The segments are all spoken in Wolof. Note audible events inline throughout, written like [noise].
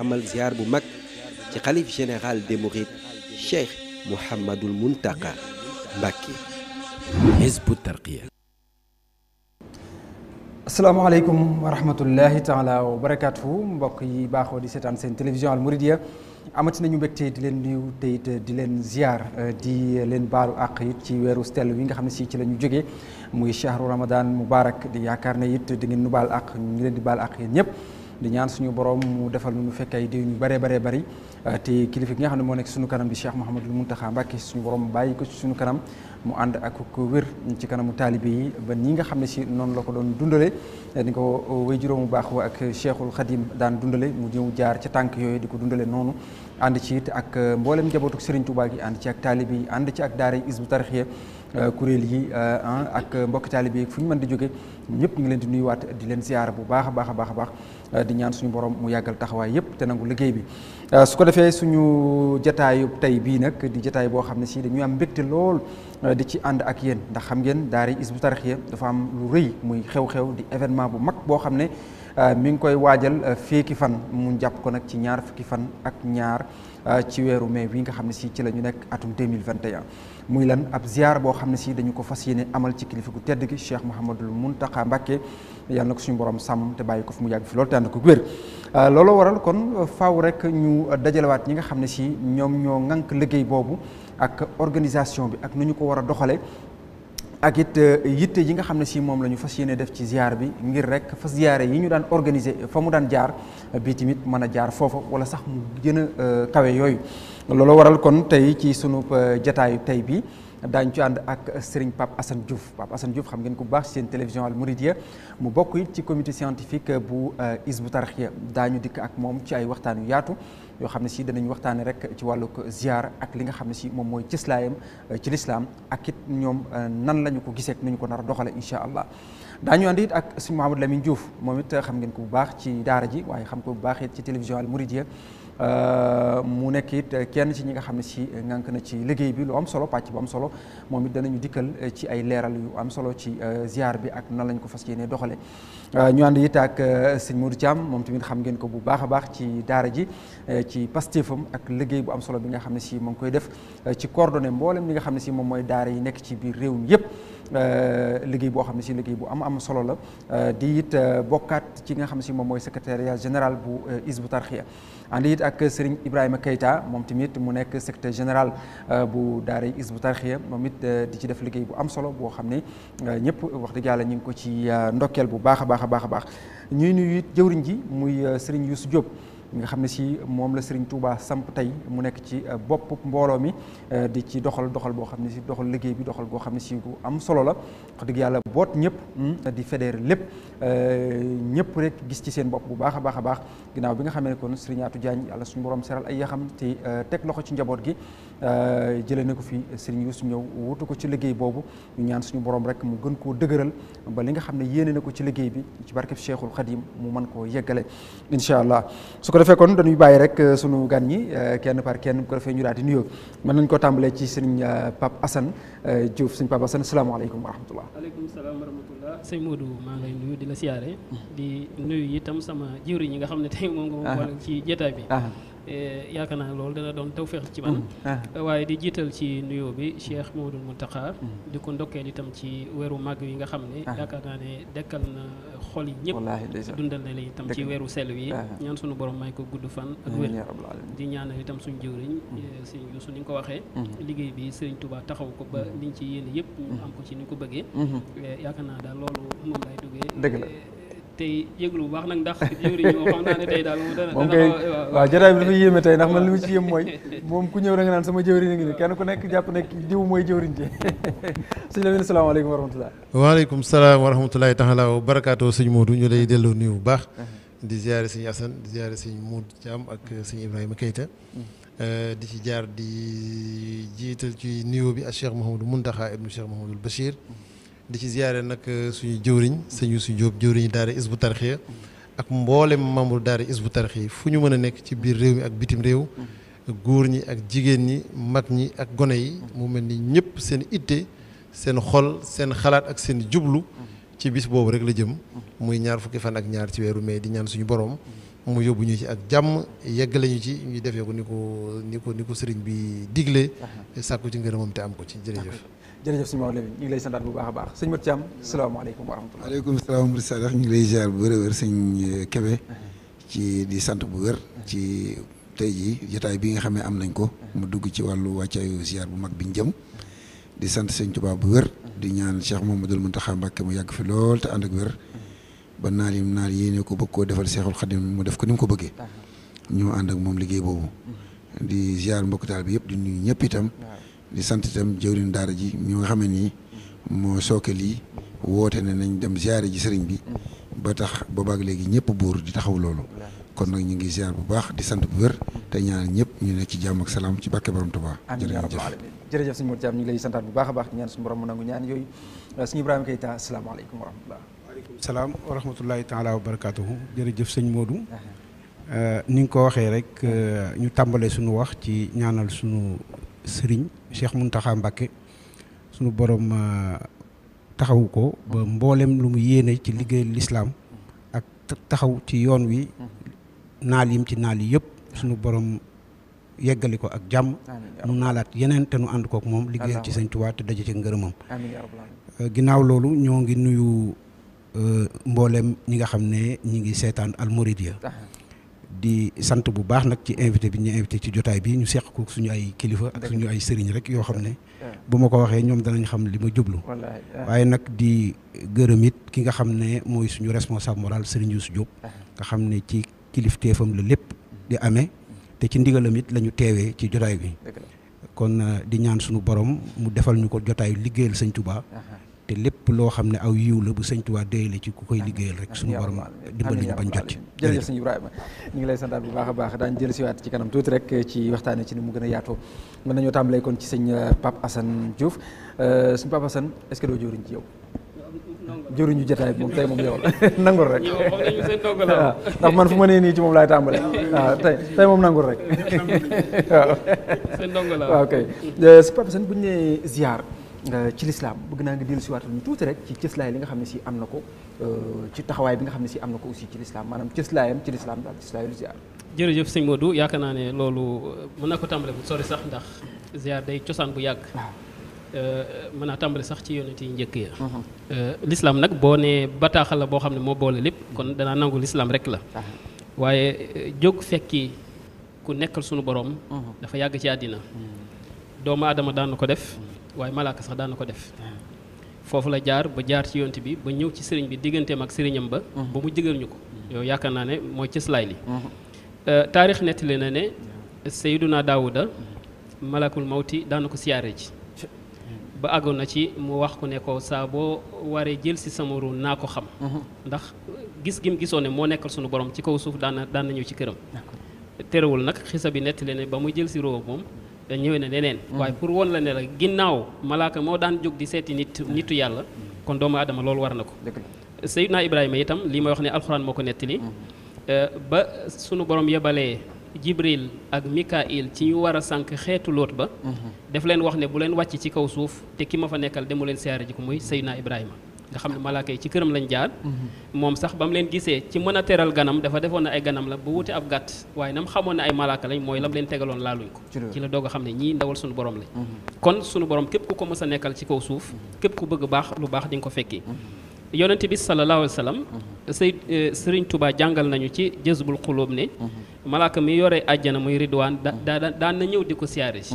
amal ziar bu mag ci xalif général des mourides cheikh mouhamadul muntaka mbàkke hizbu tarqiya asalaamaaleykum wa rahmatullahi taala wa barakaatuhu mbokk yi baaxoo di seetaan seen télévision al mouridiya amati nañu mbégte di leen nuyu di leen ziar di leen baalu àq it ci weeru sell wi nga xam ne si ci lañu ñu jógee muy shahru ramadan mubarak di yaakaar ne it di ngeen baal àq ñu leen di baal àq yéen ñëpp di ñaan suñu borom mu defal nu fekk ay déwén yu bëree baree bëri euh, te kilifa gi nga xam ne moo nekk suñu kanam di Cheikh Mouhamadul Mountakha Mbacké suñu borom bàyyi ko ci suñu kanam mu ànd ak ko wér ci kanamu taalibe yi ba nii nga xam ne si noonu la ko doon dundale euh, ni ko way juróom bu baax wa ak Cheikhul Khadim daan dundale mu ñëw jaar ca tànk yooyu di ko dundale noonu ànd ci ak euh, mboolem njabootu Serigne Touba gi ànd ci ak taalibe yi ànd ci ak daara Hizbut Tarqiyyah kuréel yi ak mbokk taalibe yi fu ñu mën di jóge ñëpp ñu ngi leen di nuyuwaat di leen ziyaara bu baax a baax a baax baax Euh, di ñaan suñu borom mu yàggal taxawaay yëpp te nangu liggéey bi euh, su ko defee suñu jataayu tey bii nag di jataay boo xam ne sii dañuy am mbégte lool euh, di ci ànd ak yéen ndax xam ngeen daara Hizbut Tarqiyyah dafa am lu rëy muy xew-xew di événement bu mag boo xam ne mi ngi koy waajal féeki fan mu jàpp ko nag ci ñaar fukki fan ak ñaar ci weeru mai wi nga xam ne si ci la ñu nekk mille 2021 muy lan ab ziar boo xam ne si dañu ko fas yéene amal ci kilifa gu tedd gi Cheikh Mouhamadul Mountakha Mbacké yàlla na ko suñu borom sàmm te bàyyi ko fu mu yàgg fi loolu te ànd ko wér ah, looloo waral kon faw rek ñu dajalewaat ñi nga xam ne si ñoom ñoo ŋànk liggéey boobu ak organisation bi ak nu ñu ko war a doxale ak it euh, yitte yi nga xam ne si moom la ñu fas yéene def ci ziar bi ngir rek fas ziare yi ñu daan organiser fa mu daan jaar bi tamit mën a jaar foofa wala sax mu gën a euh, kawe yooyu loolu waral kon tey ci sunu euh, jataayu tey bii daañu ci ànd ak Serigne pap Assane Diouf Pape Assane Diouf xam ngeen ko bu baax seen télévision Al Mouridiyyah mu bokk it ci comité scientifique bu euh, Hizbut Tarqiyyah daañu dikk ak moom ci ay waxtaan yu yaatu yoo xam ne si danañ waxtaane rek ci wàllu ziar ak li nga xam ne si moom mooy cëslaayam euh, ci lislaam ak it ñoom euh, nan lañu ko gisee nu ñu ko nar a doxale incha allah daañu ànd it ak Serigne Mouhamadou Lamine Diouf moom it xam ngeen ko bu baax ci daara ji waaye xam ko bu baax ci télévision Al Euh, mu nekk it kenn ci ñi nga xam ne si ngànk na ci liggéey bi lu am solo pàcc bu am solo moom it danañu dikkal euh, ci ay leeral yu am solo ci euh, ziar bi ak nan lañ ko fas yéene doxale ñu ànd it ak sëñ Modou Thiam moom tamit xam ngeen ko bu baax a baax ci daara ji ci pastéefam ak liggéey bu am solo bi nga xam ne si moo ngi koy def ci coordonné mboolem li nga xam ne si moom mooy daara yi nekk ci biir réew mi yëpp Euh, liggéey boo xam ne si liggéey bu am am solo la euh, di it euh, bokkaat ci nga xam si moom mooy secrétariat général bu Hizbut Tarqiyyah ànd it ak Serigne Ibrahima Keita moom tamit mu nekk secrétaire général bu daara Hizbut Tarqiyyah moom it di ci def liggéey bu am solo boo xam ne ñëpp wax dëgg ñu ngi ko ci ndokkeel bu baax a baax a baax a baax ñuy nuyu it jëwriñ ji muy Serigne Youssou Diop. nga xam ne si moom la Serigne Touba samp tey mu nekk ci euh, bopp mbooloo mi euh, di ci doxal doxal boo xam ne si doxal liggéey bi doxal goo xam ne si bu am solo la wax dëgg yàlla boot ñëpp hmm, di fédérer lépp euh, ñëpp rek gis ci seen bopp bu baax a baax a baax ginnaaw bi nga xamee ne kon Serigne Atou yàlla suñu borom seral ay yaxam te teg loxo ci njaboot gi Euh, jëlee na ko fi Serigne Youssou ñëw wutu ko ci liggéey boobu ñu ñaan suñu borom rek mu gën koo dëgëral ba li nga xam ne yéene na ko ci liggéey bi ci barkeb Cheikhul Khadim mu man koo yeggale incha allah su ko defee kon dañuy bàyyi rek euh, suñu gan ñi euh, kenn par kenn ko defee ñu daal di nuyoo mën nañ ko tàmbalee ci Serigne Pape assan Diouf Serigne Pape Assane salaamaaleykum wa rahmatullah aleykum salaam wa di la siyaare mm-hmm. di nuyu itam sama jiwri ñi nga xam ne tey moom nga ma yaakaar naa loolu dana doon tawféex ci man mm-hmm. ah. waaye di jiital ci nuyoo bi Cheikh Mouhamadoul Mountakha mm-hmm. di ko ndokkeel itam ci weeru màgg yi nga xam ne ah. yaakaar naa ne dekkal na xol yi ñëpp dundal na leen itam ci weeru sel yi ah. ñaan suñu borom may ko gudd fan ak wér di ñaanal itam suñu jëwriñ mm-hmm. eh, sëñ Youssou ni ko waxee liggéey bi sëriñ Touba taxaw ko ba liñ ci yéene yëpp ñu am ko ci ni ko bëggee eh, yaakaar naa daal loolu moom lay duggee tey yëglu bu baax nag ndax jëwriñ moom xam naa ne tey daal kay waaw jotaay bi dafa yéeme tey ndax man li mu ci yéem mooy [laughs] moom ku ñëw da nga naan sama jëwriñ a ngi nii kenn ku nekk jàpp nekk diw mooy jëwriñ ci [laughs] sëñ Lamine salaamaaleykum wa rahmatulah waaleykum salaam wa rahmatulahi taala wa barakaatu sëñ Modou ñu lay delloo nuyu bu baax di ziare sëñ Assane di ziare sëñ Modou Thiam ak sëñ Ibrahima Keita eh, di ci jaar di jiital ci nuyoo bi ak Cheikh Mouhamadou Mountakha ibnu Cheikh Mouhamadou di ci ziyaare nag euh, suñu jëwriñ sëñ Youssou Diop jëwriñu bu Hizbut Tarqiyyah ak mboolem membre daara Hizbut yi fu ñu mën a nekk ci biir réew mi ak bitim réew góor ñi ak jigéen ñi mag ñi ak gone yi mu mel ni ñëpp seen itte seen xol seen xalaat ak seen jublu ci bis boobu rek la jëm muy ñaar fukki fan ak ñaar ci weeru mai di ñaan suñu borom mu yóbbu ñu ci ak jàmm yegg lañu ci ñuy defee ko ni ko ni ko ni ko sëriñ bi digle sàkku ci ngërëmam te am ko ci jërëjëf jërëjëf sëñ Maodo Lamine lay santaat bu baax a baax sëñ Mat Thiam salaamaaleykum wa rahmatulah. waaleykum salaam wa rahmatulah ñu ngi lay ziar bu wér a wér sëñ Kébé. Uh-huh. ci di sant bu wér. Uh-huh. ci tey jii jotaay bi nga xam ne am nañ ko. Uh-huh. mu dugg ci wàllu wàccaayu ziar bu mag bi ñu jëm. di sant sëñ Tuubaa bu wér. di ñaan moom ma Cheikh mun taxa Mbàkke mu yàgg fi lool te ànd ak wér. ba naal yi naal yéene ko bëgg koo defal Seexul Xadim mu def ko ni ko bëggee. ñoo ànd ak moom liggéey boobu. di ziar mbokk taal bi yëpp di ñëpp itam. di sant itam jëwriñ daara ji ñu nga xam ne nii moo sooke lii woote ne nañ dem ziare ji sëriñ bi ba tax boobaak léegi ñëpp buur di taxaw loolu kon nag ñu ngi ziar bu baax di sant bu wér te ñaanal ñëpp ñu nekk ci jàmm ak salaam ci barke borom Tuubaa jërëjëf jërëjëf sëñ Mor Thiam ñu ngi lay santaat bu baax a baax ñaan suñu borom mu nangu ñaan yooyu euh, sëñ Ibrahima Keita asalaamaaleykum wa rahmatullah waaleykum salaam wa euh, ni nga ko waxee rek euh, ñu tàmbalee suñu wax ci ñaanal suñu sëriñ mun taxaw Mbacké sunu borom euh, taxawu ko ba mboolem lu mu yéene ci liggéey lislaam ak taxaw ci yoon wi naal yim ci naal yi yëpp sunu borom yeggali ko ak jàmm mu naalaat yeneen te nu ànd kook moom liggéeyal ci Sëñ Tuubaa te daje ci ngërëmam euh, ginnaaw loolu ñoo ngi nuyu euh, mboolem ñi nga xam ne ñi ngi seetaan Al Mouridiyyah di sant bu baax nag ci invité bi ñu invité ci jotaay bi ñu seq ko suñu ay kilifa ak suñu ay sëriñ rek yoo xam ne ah. bu ma ko waxee ñoom danañ xam li ma jublu ah. waaye nag di gërëm it ki nga xam ne mooy suñu responsable moral sëriñ su Diop ah. nga xam ne ci kilifteefam la lépp di amee te ci ndigalam it la ñu teewee ci jotaay bi kon di ñaan suñu borom mu defal ñu ko jotaayu liggéeyal sëñ Touba te lépp loo xam ne aw yiw la bu sëñ Tuubaa doy la ci ku koy liggéeyal rek suñu borom dimbali ñu bañ jot ci jërëjëf lay santaat bu baax daañ jël si waat ci kanam tuuti rek ci waxtaane ci ni mu gën a yaatoo mën nañoo tàmbalee kon ci sëñ euh, Pape Assane Diouf euh, sëñ Pape Assane est-ce que doo jëriñ ci yow jëriñu jotaay bi moom tey moom yow la [laughs] rek [laughs] ah, ndax man fu ma nee nii ci moom laay tàmbale waaw [laughs] ah, tey tey moom nangul rek waaw waaw kay euh, si Pape Assane Euh, ci lislaam bëgg naa nga dellu si waatal ñu tuuti rek ci cëslaay li nga xam ne si am na ko euh, ci taxawaay bi nga xam ne si am na ko aussi ci lislaam maanaam cëslaayam ci lislaam daal cëslaayu ziar jërëjëf sëñ Modou yaakaar ne loolu euh, mën naa ko tàmbale bu sori sax ndax ziar cosaan bu yàgg ah. mën naa tàmbale sax ci yonent yi njëkk ya mm-hmm. lislaam nag boo nee bataaxal la boo xam ne moo boole lépp kon danaa nangu lislaam rek la ah. waaye jóg fekki ku nekkal sunu borom mm-hmm. dafa yàgg ci àddina mm. doomu aadama daan ko def mm. waaye malaaka sax daan na ko def ah. foofu la jaar ba jaar ci yont bi ba ñëw ci sëriñ bi digganteem ak sëriñam ba mm-hmm. ba mu jëgal ñu ko mm-hmm. yow yaakaar naa ne mooy cëslaay li mm-hmm. euh, taarix nettali na ne Seydunaa Daawuda malakul mawti daan na ko siyaare ji ba àggoon na ci mu wax ko ne ko saa boo waree jël si sama ruun naa ko xam ndax gis gim gisoo ne moo nekkal sunu borom ci kaw suuf daana na daan na ñëw ci këram terewul nag xisa bi nettali ne ba muy jël si roo moom te ñëwee na leneen. Mm-hmm. waaye pour woon la ne la ginnaaw malaaka moo daan jóg di seeti nit mm-hmm. nitu yàlla. kon doomu aadama loolu war na ko. Seydina Ibrahima itam lii may wax ne alxuraan moo ko nettali. Mm-hmm. Euh, ba sunu borom yebalee Jibril ak Mikail ci ñu war a sànq xeetu loot ba. daf leen wax ne bu leen wàcc ci kaw suuf te ki ma fa nekkal demu leen siyaare ji ko muy Seydina Ibrahima. nga xam ne malaaka yi ci këram lañ jaar mhm. moom sax ba mu leen gisee ci mën a teral ganam dafa defoon na ay ganam la bu wuti ab gàtt waaye nam xamoon ne ay malaaka lañ mooy lam leen tegaloon laaluñ ko ci la doog a xam ne ñii ndawal suñu borom lañ mhm. kon suñu borom képp ku ko mës a nekkal ci kaw suuf mhm. képp ku bëgg baax lu baax di nga ko fekki yonente bi sallallahu alayhi wa sallam sëy sëriñ Tuubaa jàngal nañu ci jëzbul xulóob ne malaaka mi yore àjjana muy ridwaan da daa daan na ñëw di ko siyaare si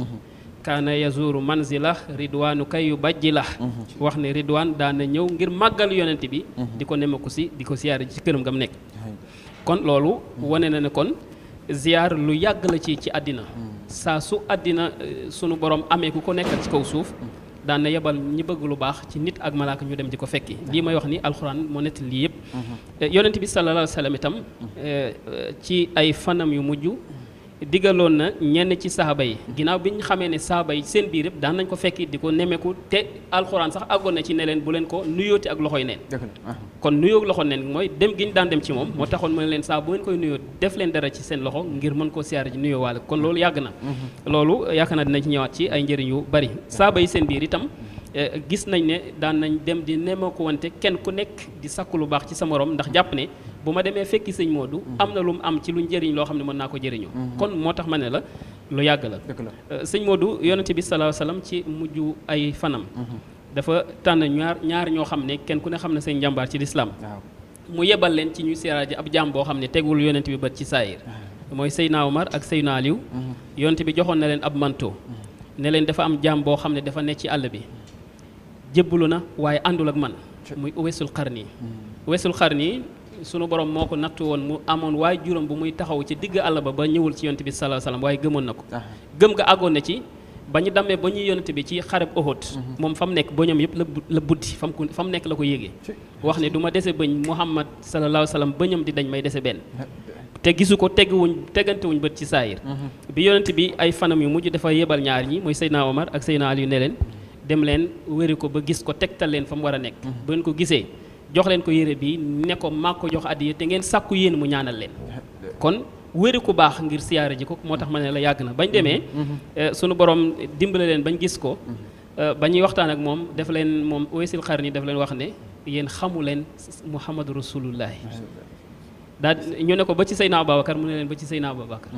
kaana yazuru manzila ridwaanu kay yu bajji la mhm. wax ne ridwaan daana ñëw ngir màggal yonent bi mhm. di ko nemaku si di ko siyaare ci këram gam nekk kon loolu mhm. wone na ne kon ziyaar lu yàgg la ci ci àddina saa su àddina eh, sunu borom amee ku ko nekkal ci kaw suuf daan na yebal ñi bëgg lu baax ci nit ak malaaka ñu dem di ko fekki lii may wax ni alxuraan moo nett lii yëpp eh, yonent bi sallallahu alayhi itam eh, ci ay fanam yu mujj digaloon na ñenn ci saaba yi ginnaaw bi ñu xamee ne saaba yi seen biir yëpp daan nañ ko fekki di ko nemeeku te alxuraan sax àggoon na ci ne leen bu leen ko nuyooti ak loxoy neen ah. kon nuyoo loxo neen mooy dem gi ñu daan dem ci moom moo taxoon mu ne leen saa bu ngeen koy nuyoo def leen dara ci seen loxo ngir mën koo siyaare ji nuyoo waale kon loolu yàgg na mm-hmm. loolu yaakaar naa dina ci ñëwaat ci ay njariñ yu bari saaba yi seen biir itam Eh, gis nañ ne daan nañ dem di nemmeeku wante kenn ku nekk di sakku lu baax ci sa morom ndax jàpp ne bu ma demee fekki sëñ Modou. Mm-hmm. am na lu mu am ci lu njëriñ loo xam ne mën naa ko jëriñoo. Mm-hmm. kon moo tax ma ne la lu yàgg la. Eh, sëñ Modou yonente bi salaahu salaam ci mujj ay fanam. Mm-hmm. dafa tànn ñaar ñaar ñoo xam ne kenn ku ne xam ne seen njàmbaar ci lislaam mu yebal leen ci ñuy seeraaji ab jaam boo xam ne tegul yonent bi bët ci saayir mooy Seydina Omar ak Seydina Aliou yonent bi joxoon na leen ab manto ne leen dafa am jaam boo xam ne dafa ne ci àll bi jébbalu na waaye àndul ak man muy wesul xarni hmm. wesul xarni sunu borom moo ko nattu woon mu amoon waaye juróom bu muy taxaw ci digg àll ba ba ñëwul ci yonent bi salaa salaam waaye gëmoon na ko ah. gëm ga àggoon na ci ba ñu demee ba ñuy yonent bi ci xareb Uhud hmm. moom fa mu nekk ba ñoom yëpp la la buddi fam ko fa mu nekk la ko yéegee wax ne du ma dese bëñ Muhammad salallaahu salaam ba ñoom di dañ may dese benn te gisu ko teguwuñ tegantewuñ bët ci saayir hmm. bi yonent bi ay fanam yu mujj dafa yebal ñaar ñi mooy ak Seydina Ali ne leen dem leen wéri ko ba gis ko tegtal leen fa mu war a nekk. Mm-hmm. ba ngeen ko gisee jox leen ko yére bi ne ko maa ko jox addiya te ngeen sàkku yéen mu ñaanal leen. kon wéri ku baax ngir siyaare ji ko moo tax ma ne la yàgg na bañ demee. Mm-hmm. Mm-hmm. Eh, sunu borom dimbale leen bañ gis ko. Eh, ba ñuy waxtaan ak moom daf leen moom Uwaysul nii daf leen wax ne yéen xamu leen Muhammadu Rasulullahi. daal ñu ne ko ba ci Seydina Abubakar mu ne leen ba ci Seydina Abubakar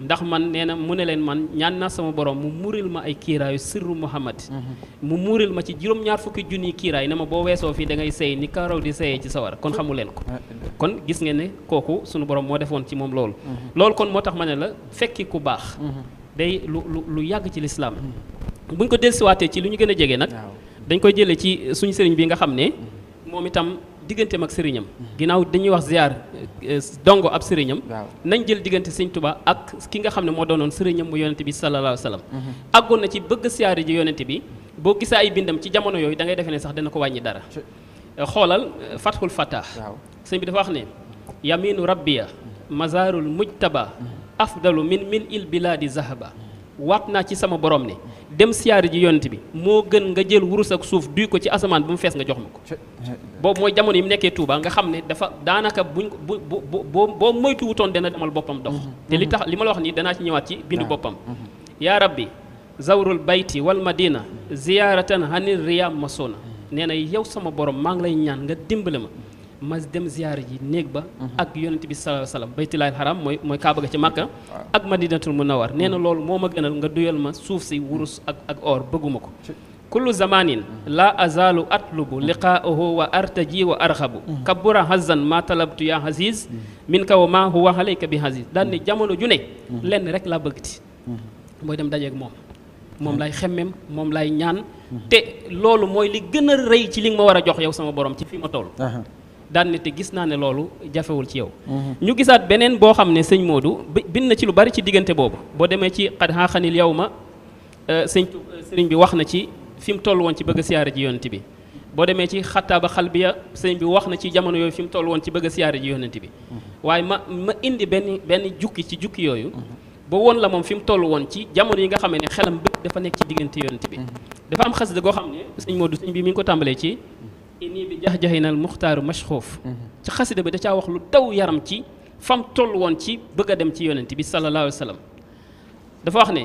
ndax man nee na mu ne leen man ñaan naa sama borom mu muuril ma ay kiiraayu sirru Muhammad mhm. mu muuril ma ci juróom-ñaar fukki junniy kiiraay ne ma boo weesoo fii da ngay seey ni kaaraw di seeyee ci sawar kon xamu ko kon gis ngeen ne kooku sunu borom moo defoon ci moom loolu mhm. loolu kon moo tax ma ne la fekki ku baax mhm. day lu lu lu yàgg ci lislaam buñ ko delsiwaatee ci li ñu gën a jege nag dañ koy jëlee ci suñu sëriñ bi nga xam ne moom itam digganteem ak sëriñam ginnaaw dañuy wax ziar eh, eh, dongo ab sëriñam nañ jël diggante sëñ tubaa ak ki nga xam ne moo doon sëriñam mu yonente bi sallallahu alayhi wa sallam mhm. àggoon na ci bëgg siyaare ji yonente bi boo gisee ay bindam ci jamono yooyu da ngay defee ne sax dana ko wàññi dara eh, xoolal fathul fatah sëñ bi dafa wax ne yaminu rabbiya mazarul mujtaba mhm. afdalu min min il biladi zahaba waat naa ci sama boroom ne dem siyaari ji yonent bi moo gën nga jël wurus ak suuf duy ko ci asamaan bu mu fees nga jox ma ko boobu mooy jamono yi mu nekkee Touba nga xam ne dafa daanaka buñ bu bu boo moytu wutoon dana demal boppam dox mhm. te li tax li ma la wax nii danaa ci ñëwaat ci bindu ah. boppam mhm. yaa bi sawarul bayti wal madina ziyaaratan hanil riyaam na mhm. nee na yow sama borom maa ngi lay ñaan nga dimbale ma ma dem ziyaar ji néeg ba mhm. ak yonent bi sa alayhi wasallam baytillaahil mooy mooy kaaba ga ci Makka ak madinatul war nee na mhm. loolu moo ma gënal nga duyal ma suuf si wurus ak ak or bëgguma ko kullu zamanin mhm. la azalu atlubu liqaahu wa artaji wa arxabu kabura hazan ma talabtu ya aziz min ka wa ma huwa alayka bi aziz daal ne jamono ju ne lenn rek laa bëggti mooy dem dajeeg moom moom lay xemmem moom laay ñaan te loolu mooy li gën a rëy ci li nga ma war a jox yow sama borom ci fi ma toll daan te gis naa ne loolu jafewul ci yow mhm. ñu gisaat beneen boo xam ne sëñ Modou bind na ci lu bari ci diggante boobu boo demee ci xad xaaxanil yow ma euh, sëñ euh, sëriñ bi wax na ci fi mu toll woon ci bëgg a siyaare ji bi boo demee ci xattaaba xal bi ya sëñ bi wax na ci jamono yooyu fi mu toll woon ci bëgg a siyaare ji yonent bi mhm. waaye ma ma indi benn benn jukki ci jukki yooyu mhm. ba woon la moom fi mu toll woon ci jamono yi nga xamee ne xelam bëgg dafa nekk ci diggante yonent bi dafa am xasida goo xam ne sëñ Modou sëñ bi mi ngi ko tàmbalee ci ini bi jax-jaxi nal muxtaaru mashxoof ci xasida bi da caa wax lu daw yaram ci fam toll woon ci bëgg a dem ci yonent bi sallallahu alayhi wa dafa wax ne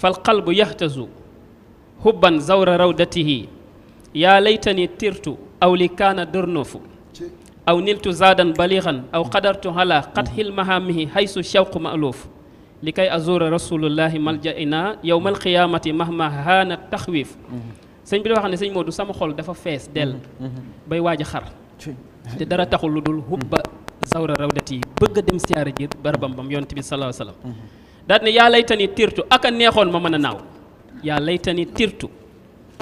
fal qalbu yahtazu hubban zawra rawdatihi yaa laytani tirtu aw li kaana dornoofu aw niltu zaadan balixan aw qadartu ala qatxil mahaamihi haysu shawqu maaloofu li kay azura rasulullahi maljaina yowma alqiyaamati mahma taxwiif sëñ bi da wax ne sëñ Modou sama xol dafa fees dell mm-hmm, mm-hmm. bay waaj a xar te dara taxul lu dul hubba sawra rawdati bëgg a dem siyaara ji barabam bam yonent bi salaahu salaam mm-hmm. daal ne yaa laytani tirtu aka neexoon ma mën a naaw yaa laytani tirtu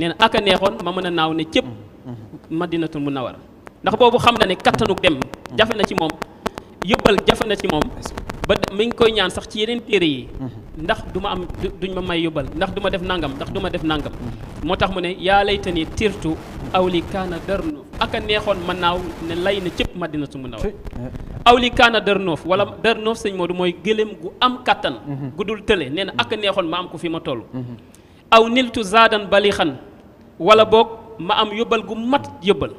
nee na aka neexoon ma mën a naaw ne cëpp madinatul munawara ndax boobu xam na ne kattanuk dem jafe na ci moom yëbbal jafe na ci moom ba mi ngi koy ñaan sax ci yeneen téere yi mm-hmm. ndax du ma am duñ ma may yóbbal ndax du def nangam ndax du def nangam mm-hmm. moo tax mu ne yaa lay tani tirtu aw li kaana dërnu aka neexoon ma naaw ne lay na cëpp madina su mu naw eh. aw li kaana dërnoof wala dërnoof sëñ Modou mooy gëléem gu am kattan mm-hmm. dul tële nee na aka neexoon ma am ko fi ma toll aw niltu zaadan balixan wala boog ma am yóbbal gu mat yóbbal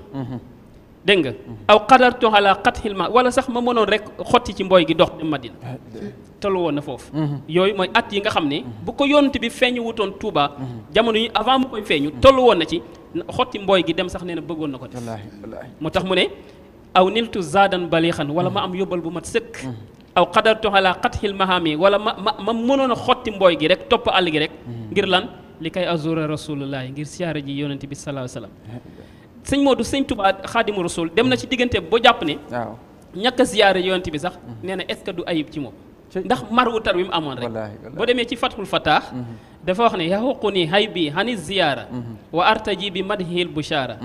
dégg nga aw xadartu ala xatxil ma wala sax ma mënoon rek xotti ci mbooy gi dox dem Madina ah, tollu woon na foofu mhm. yooyu mooy at yi nga xam ne mhm. bu ko yonent bi feeñu wutoon Touba mhm. jamono yi avant mu koy feeñu tollu woon na ci xotti mbooy gi dem sax nee na bëggoon na ko def moo tax mu ne aw niltu zaadan balixan wala ma am yóbbal bu mat sëkk aw xadartu ala xatxil mahami wala ma ma ma mënoon a xotti mbooy gi rek topp àll gi rek ngir lan li kay azura rasulullahi ngir siyaara ji yonent bi sallallahu alayhi sëñ Modou sëñ Touba xaadimu rasul dem na ci diggante ba jàpp ne. waaw ñàkk a ziyaare bi sax. Mhm. nee na est-ce que du ayib ci moom. ndax mar wu tar wi mu amoon rek. boo demee ci Fathul Fatah. Mhm. dafa wax ne yaxuqu ni hay bi hani ziyaara. Mhm. wa artaji bi madhil bushara.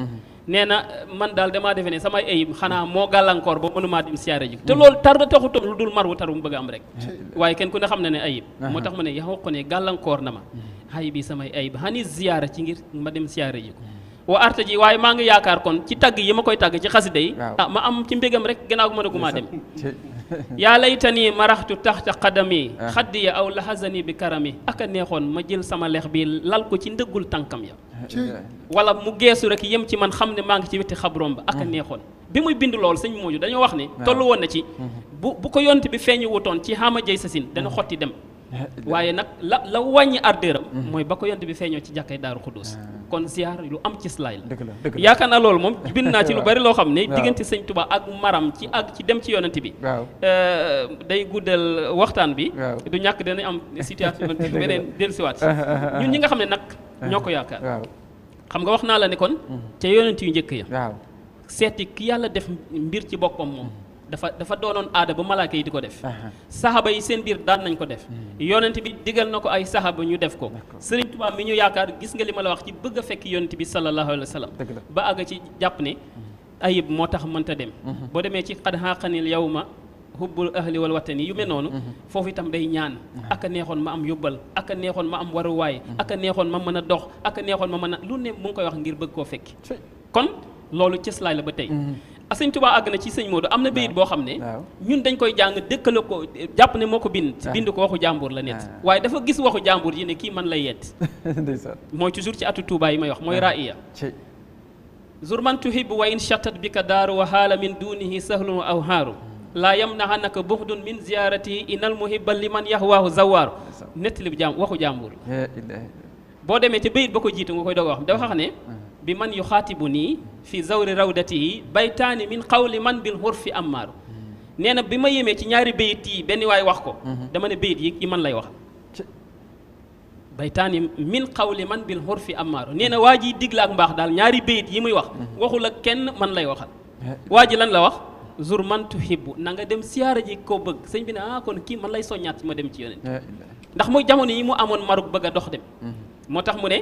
nee na man daal damaa defe ne samay ayib xanaa moo gàllankoor ba mënumaa dem siyaare ji te loolu tar da taxutoon lu dul mar wu tar bëgg am rek. Eh, eh. waaye kenn ku ne xam na ne ayib. moo tax mu ne yaxuqu ne gàllankoor na ma. hay bi samay ayib hani ziyaara ci ngir ma dem siyaare ji ko wa arta ji waaye maa ngi yaakaar kon ci tagg yi ma koy tagg ci xasida yi ah ma am ci mbégam rek gannaaw ma maa dem [laughs] yaa laytani maraxtu taxta qadami ah. xaddiya aw lahazani bi karami aka neexoon ma jël sama lex bi lal ko ci ndëggul tànkam ya wala mu geesu rek yem ci man xam ne maa ngi ci wetti xabrom ba aka ah. neexoon bi muy bind lool sëñ mooju dañoo wax ne tollu woon na ci mm-hmm. bu bu ko yont bi feeñu wutoon ci xaama jëy sasin dana mm-hmm. xotti dem [laughs] waaye nag la la wàññi ardéeram mm-hmm. mooy ba ko yont bi feeñoo ci jàkkay daaru xudduus ah. kon ziar lu am ci silaay la yaakaar naa loolu moom [laughs] bind naa ci lu bari loo xam ne diggante sëñ Tuubaa ak maram ci ak ci dem ci yonent bi euh, day guddal waxtaan bi du ñàkk dana am situation [laughs] beneen dellusiwaat [laughs] ñun ñi nga xam ne nag ñoo ko yaakaar xam nga wax naa la ne kon mm-hmm. ca yonent yu njëkk ya seeti ki yàlla def mbir ci boppam moom mm-hmm. dafa dafa doonoon aada ba malaaka yi di ko def saxaaba yi seen biir daan nañ ko def hmm. yonent bi digal na ko ay saxaaba ñu def ko sëriñ Tuubaa mi ñu yaakaar gis nga li ma la wax ci bëgg a fekk yonent bi sallallahu alayhi wa sallam ba àgg ci jàpp ne hmm. ayib moo tax mënta dem hmm. boo demee ci xad xaqanil yow ma hubbul ahli wal watani yu mel noonu foofu itam day ñaan ak neexoon ma am yóbbal ak neexoon ma am waruwaay ak neexoon ma mën a dox ak neexoon ma mën a lu ne mu koy wax ngir bëgg koo fekki kon loolu cëslaay la ba tey a sëñ Tuubaa àgg na ci sëñ Moodu am na bayit boo xam ne ñun dañ koy jàng dëkkale ko jàpp ne moo ko bind ah. bind ko waxu jàmbur la nett ah. waaye dafa gis waxu jàmbur yi ne kii man lay yett [laughs] mooy toujours ci atu Tuubaa yi may wax mooy ah. raaya zurman tuhib wa in chattat bika daaru wa haala min dunihi sahlun aw haaru hmm. laa yamnahannaka buxdun min ziyaaratihi inal muhibba liman yahwaahu zawaaru nettali bu jàmm waxu jàmbur boo demee te bayit ba ko jiitu nga koy doog a wax dafa xam ne hmm. bi man yu bu nii fi zawri yi baytaani min qawli man bil hurfi ammaaru nee na bi ma yemee ci ñaari bayit yi benn waay wax ko mhm. dama ne bayit yi yi man lay wax baytaani min qawli man bil hurfi ammaaru nee na waa ji digla ak mbaax daal ñaari bayit yi muy wax mhm. waxul ak kenn man lay waxal eh. waa ji lan la wax zur mantu tuhibbu na nga dem siyaara ji koo bëgg sëñ bi ne ah kon kii man lay soññaat ma dem ci yonent ndax muy jamono yi mu amoon maruk bëgg a dox dem mhm. moo tax mu ne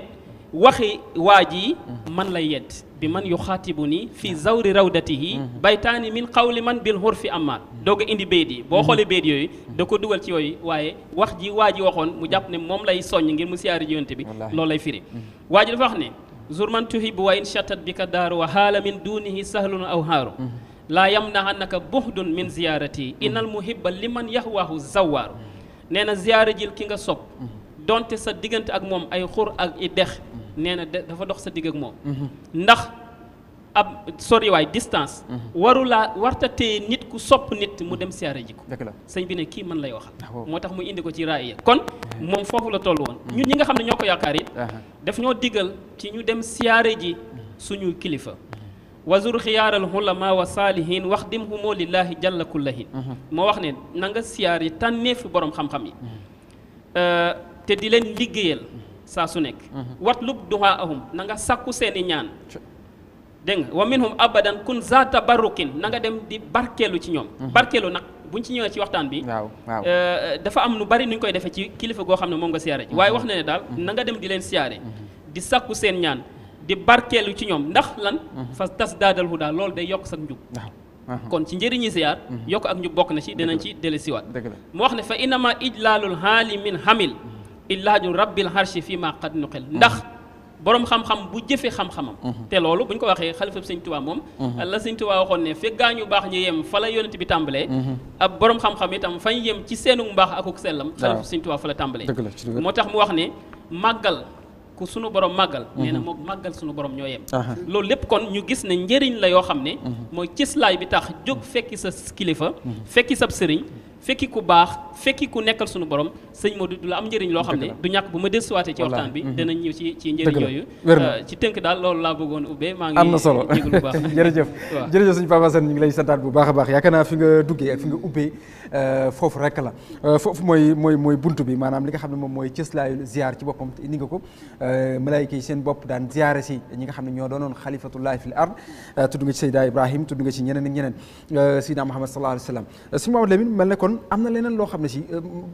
waxi waa ji mhm. man lay yedd bi man yu bu ni fii mhm. zawri rawdatihi mhm. baytaani min li man bil fi amaat doog a indi béyt yi boo xoolee béyt yooyu da ko dugal ci yooyu waaye wax ji waa ji waxoon mu jàpp ne moom lay soññ ngir mu siyaari yonte bi loolu lay firi waa ji dafa wax ne zurman tuhibu wa in shatat bi ka daaru wa haala min dunihi sahlun aw haaru laa yam yamnahannaka buhdun min ziyaarati li man liman yahwahu zawaaru nee na ziyaara jil ki nga sopp donte sa diggante ak moom ay xur ak i dex mhm. nee na de dafa dox sa digg ak moom mhm. ndax ab soriwaay distance mhm. warulaa warta téye nit ku sopp nit mu dem siyaare ji ko sëñ bi ne kii man lay waxal ah, moo tax mu indi ko ci raaya kon moom foofu la toll woon ñun ñi nga xam ne ñoo ko yaakaar it uh-huh. daf ñoo diggal ci ñu dem siyaare ji suñu kilifa wazur xiyaaral xulama wa saalihin wax dim humoo lillaahi jalla kullahin moo wax ne na nga siyaar yi tànneefi boroom xam-xam yi euh, te di leen liggéeyal saa su nekk wat mhm. watlub duhaahum na nga sàkku seeni ñaan dégg nga wa minhum abadan kun za tabarrukin na nga dem di barkeelu ci ñoom mhm. barkeelu nag buñ ci ñëwee ci waxtaan bi waaw euh, dafa am lu bari nuñ koy defee ci kilifa goo xam ne moom nga siyaare ji waaye mhm. wax na ne daal na nga dem di leen siyaare di sàkku seen ñaan di barkeelu ci ñoom ndax lan fa tas daadal huda loolu day yokk sa njub kon ci njëriñi siyaar yokk ak njub bokk na ci dinañ ci dellusiwaat mu wax ne fa inama illaaju rabbil harshi fii maa qad nuqil ndax mhm. boroom xam-xam bu jëfee xam-xamam mhm. te loolu bu ñu ko waxee xalifab sëñ Tuubaa moom mhm. la sëñ Tuubaa waxoon ne fekk gaa ñu baax ñu yem fa la yonent bi tàmbalee ab boroom xam-xam itam fañ yem ci seenu mbaax ak ak sellam xalifab sëñ Tuubaa fa la tàmbalee moo tax mu wax ne màggal ku sunu boroom màggal nee na moom màggal sunu borom ñoo yem loolu lépp kon ñu gis ne njariñ la yoo xam ne mooy cislaay bi tax jóg fekki sa kilifa fekki sab sëriñ fekki ku baax fekki ku nekkal suñu borom sëñ Modou du la am njëriñ loo xam ne du ñàkk bu ma dellusiwaatee ci waxtaan bi mhm. danañ ñëw ci ci njëriñ yooyu euh, ci tënk daal loolu laa bëggoon ubbee maa ngi am na solo [laughs] jërëjëf [laughs] jërëjëf suñu Papa Sane ñu ngi lay santaat bu baax a baax yaakaar naa fi nga duggee ak fi nga ubbee Euh, foofu rek la euh, foofu mooy mooy mooy buntu bi maanaam li nga xam ne moom mooy cëslaayu ziar ci boppam indi nga ko euh, malaayika yi seen bopp daan ziare si ñi nga xam ne ñoo doonoon xalifatullahi fi ard tudd nga ci Seyda Ibrahim tudd nga ci ñeneen ak ñeneen Seydina Muhammad sallallahu alayhi wa sallam suñu Mamadou mel ne kon am na leneen loo xam ne si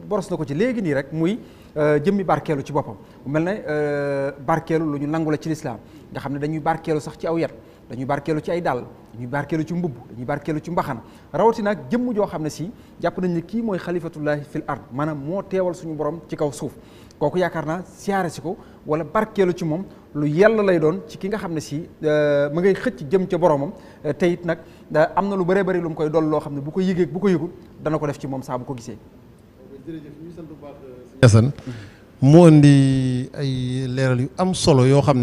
boros na ko ci léegi nii rek muy jëmmi barkeelu ci boppam mel ne barkeelu lu ñu nangu la ci lislaam nga xam ne dañuy barkeelu sax ci aw yat dañuy barkeelu ci ay daal dañuy barkeelu ci mbubb dañuy barkeelu ci mbaxana rawati nag jëmm joo xam ne si jàpp nañ ne kii mooy xalifatullahi fil ard maanaam moo teewal suñu borom ci kaw suuf kooku yaakaar naa siyaare si ko wala barkeelu ci moom lu yell lay doon ci ki nga xam ne si euh, ma ngay xëcc jëm ca boromam te nag nag am na lu bëree bëri lu mu koy dool loo xam ne bu ko yëgee bu ko yëgul dana ko def ci moom saa bu ko gisee. jërëjëf ñu sant euh, indi ay leeral yu am yoo xam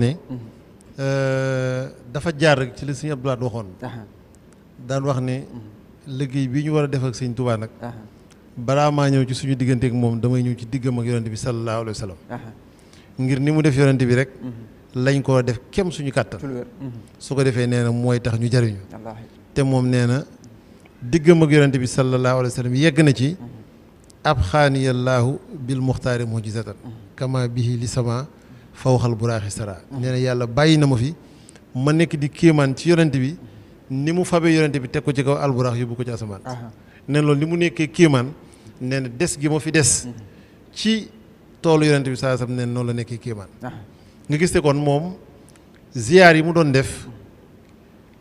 Euh, dafa jaar rek ci la sëñ Abdou Lahad waxoon daan wax ne mhm. liggéey bi ñu war a def ak sëñ Tuubaa nag balaa maa ñëw ci suñu diggante moom damay ñëw ci diggam ak yonent bi sallallahu alayhi wa ngir ni mu def yonent bi rek mhm. lañ koo def kem suñu kàttan mhm. su ko defee nee na mooy tax ñu jariñu te moom nee na diggam ak yonent bi sallallahu alayhi wa yegg na ci ab xaaniyallaahu bil muxtaari mujizatan kama bihi li sama fa waxal buraax sara nee na yàlla bàyyi na ma fi ma nekk di kéemaan ci yonent bi ni mu fabee yonent bi teg ko ci kaw alburaax yóbbu ko ci asamaan nee na li mu nekkee kéemaan nee na des gi ma fi des mhm. ci toolu yonent bi saa sam nee noonu la nekkee kéemaan nga gis te kon moom ziyaar yi mu doon def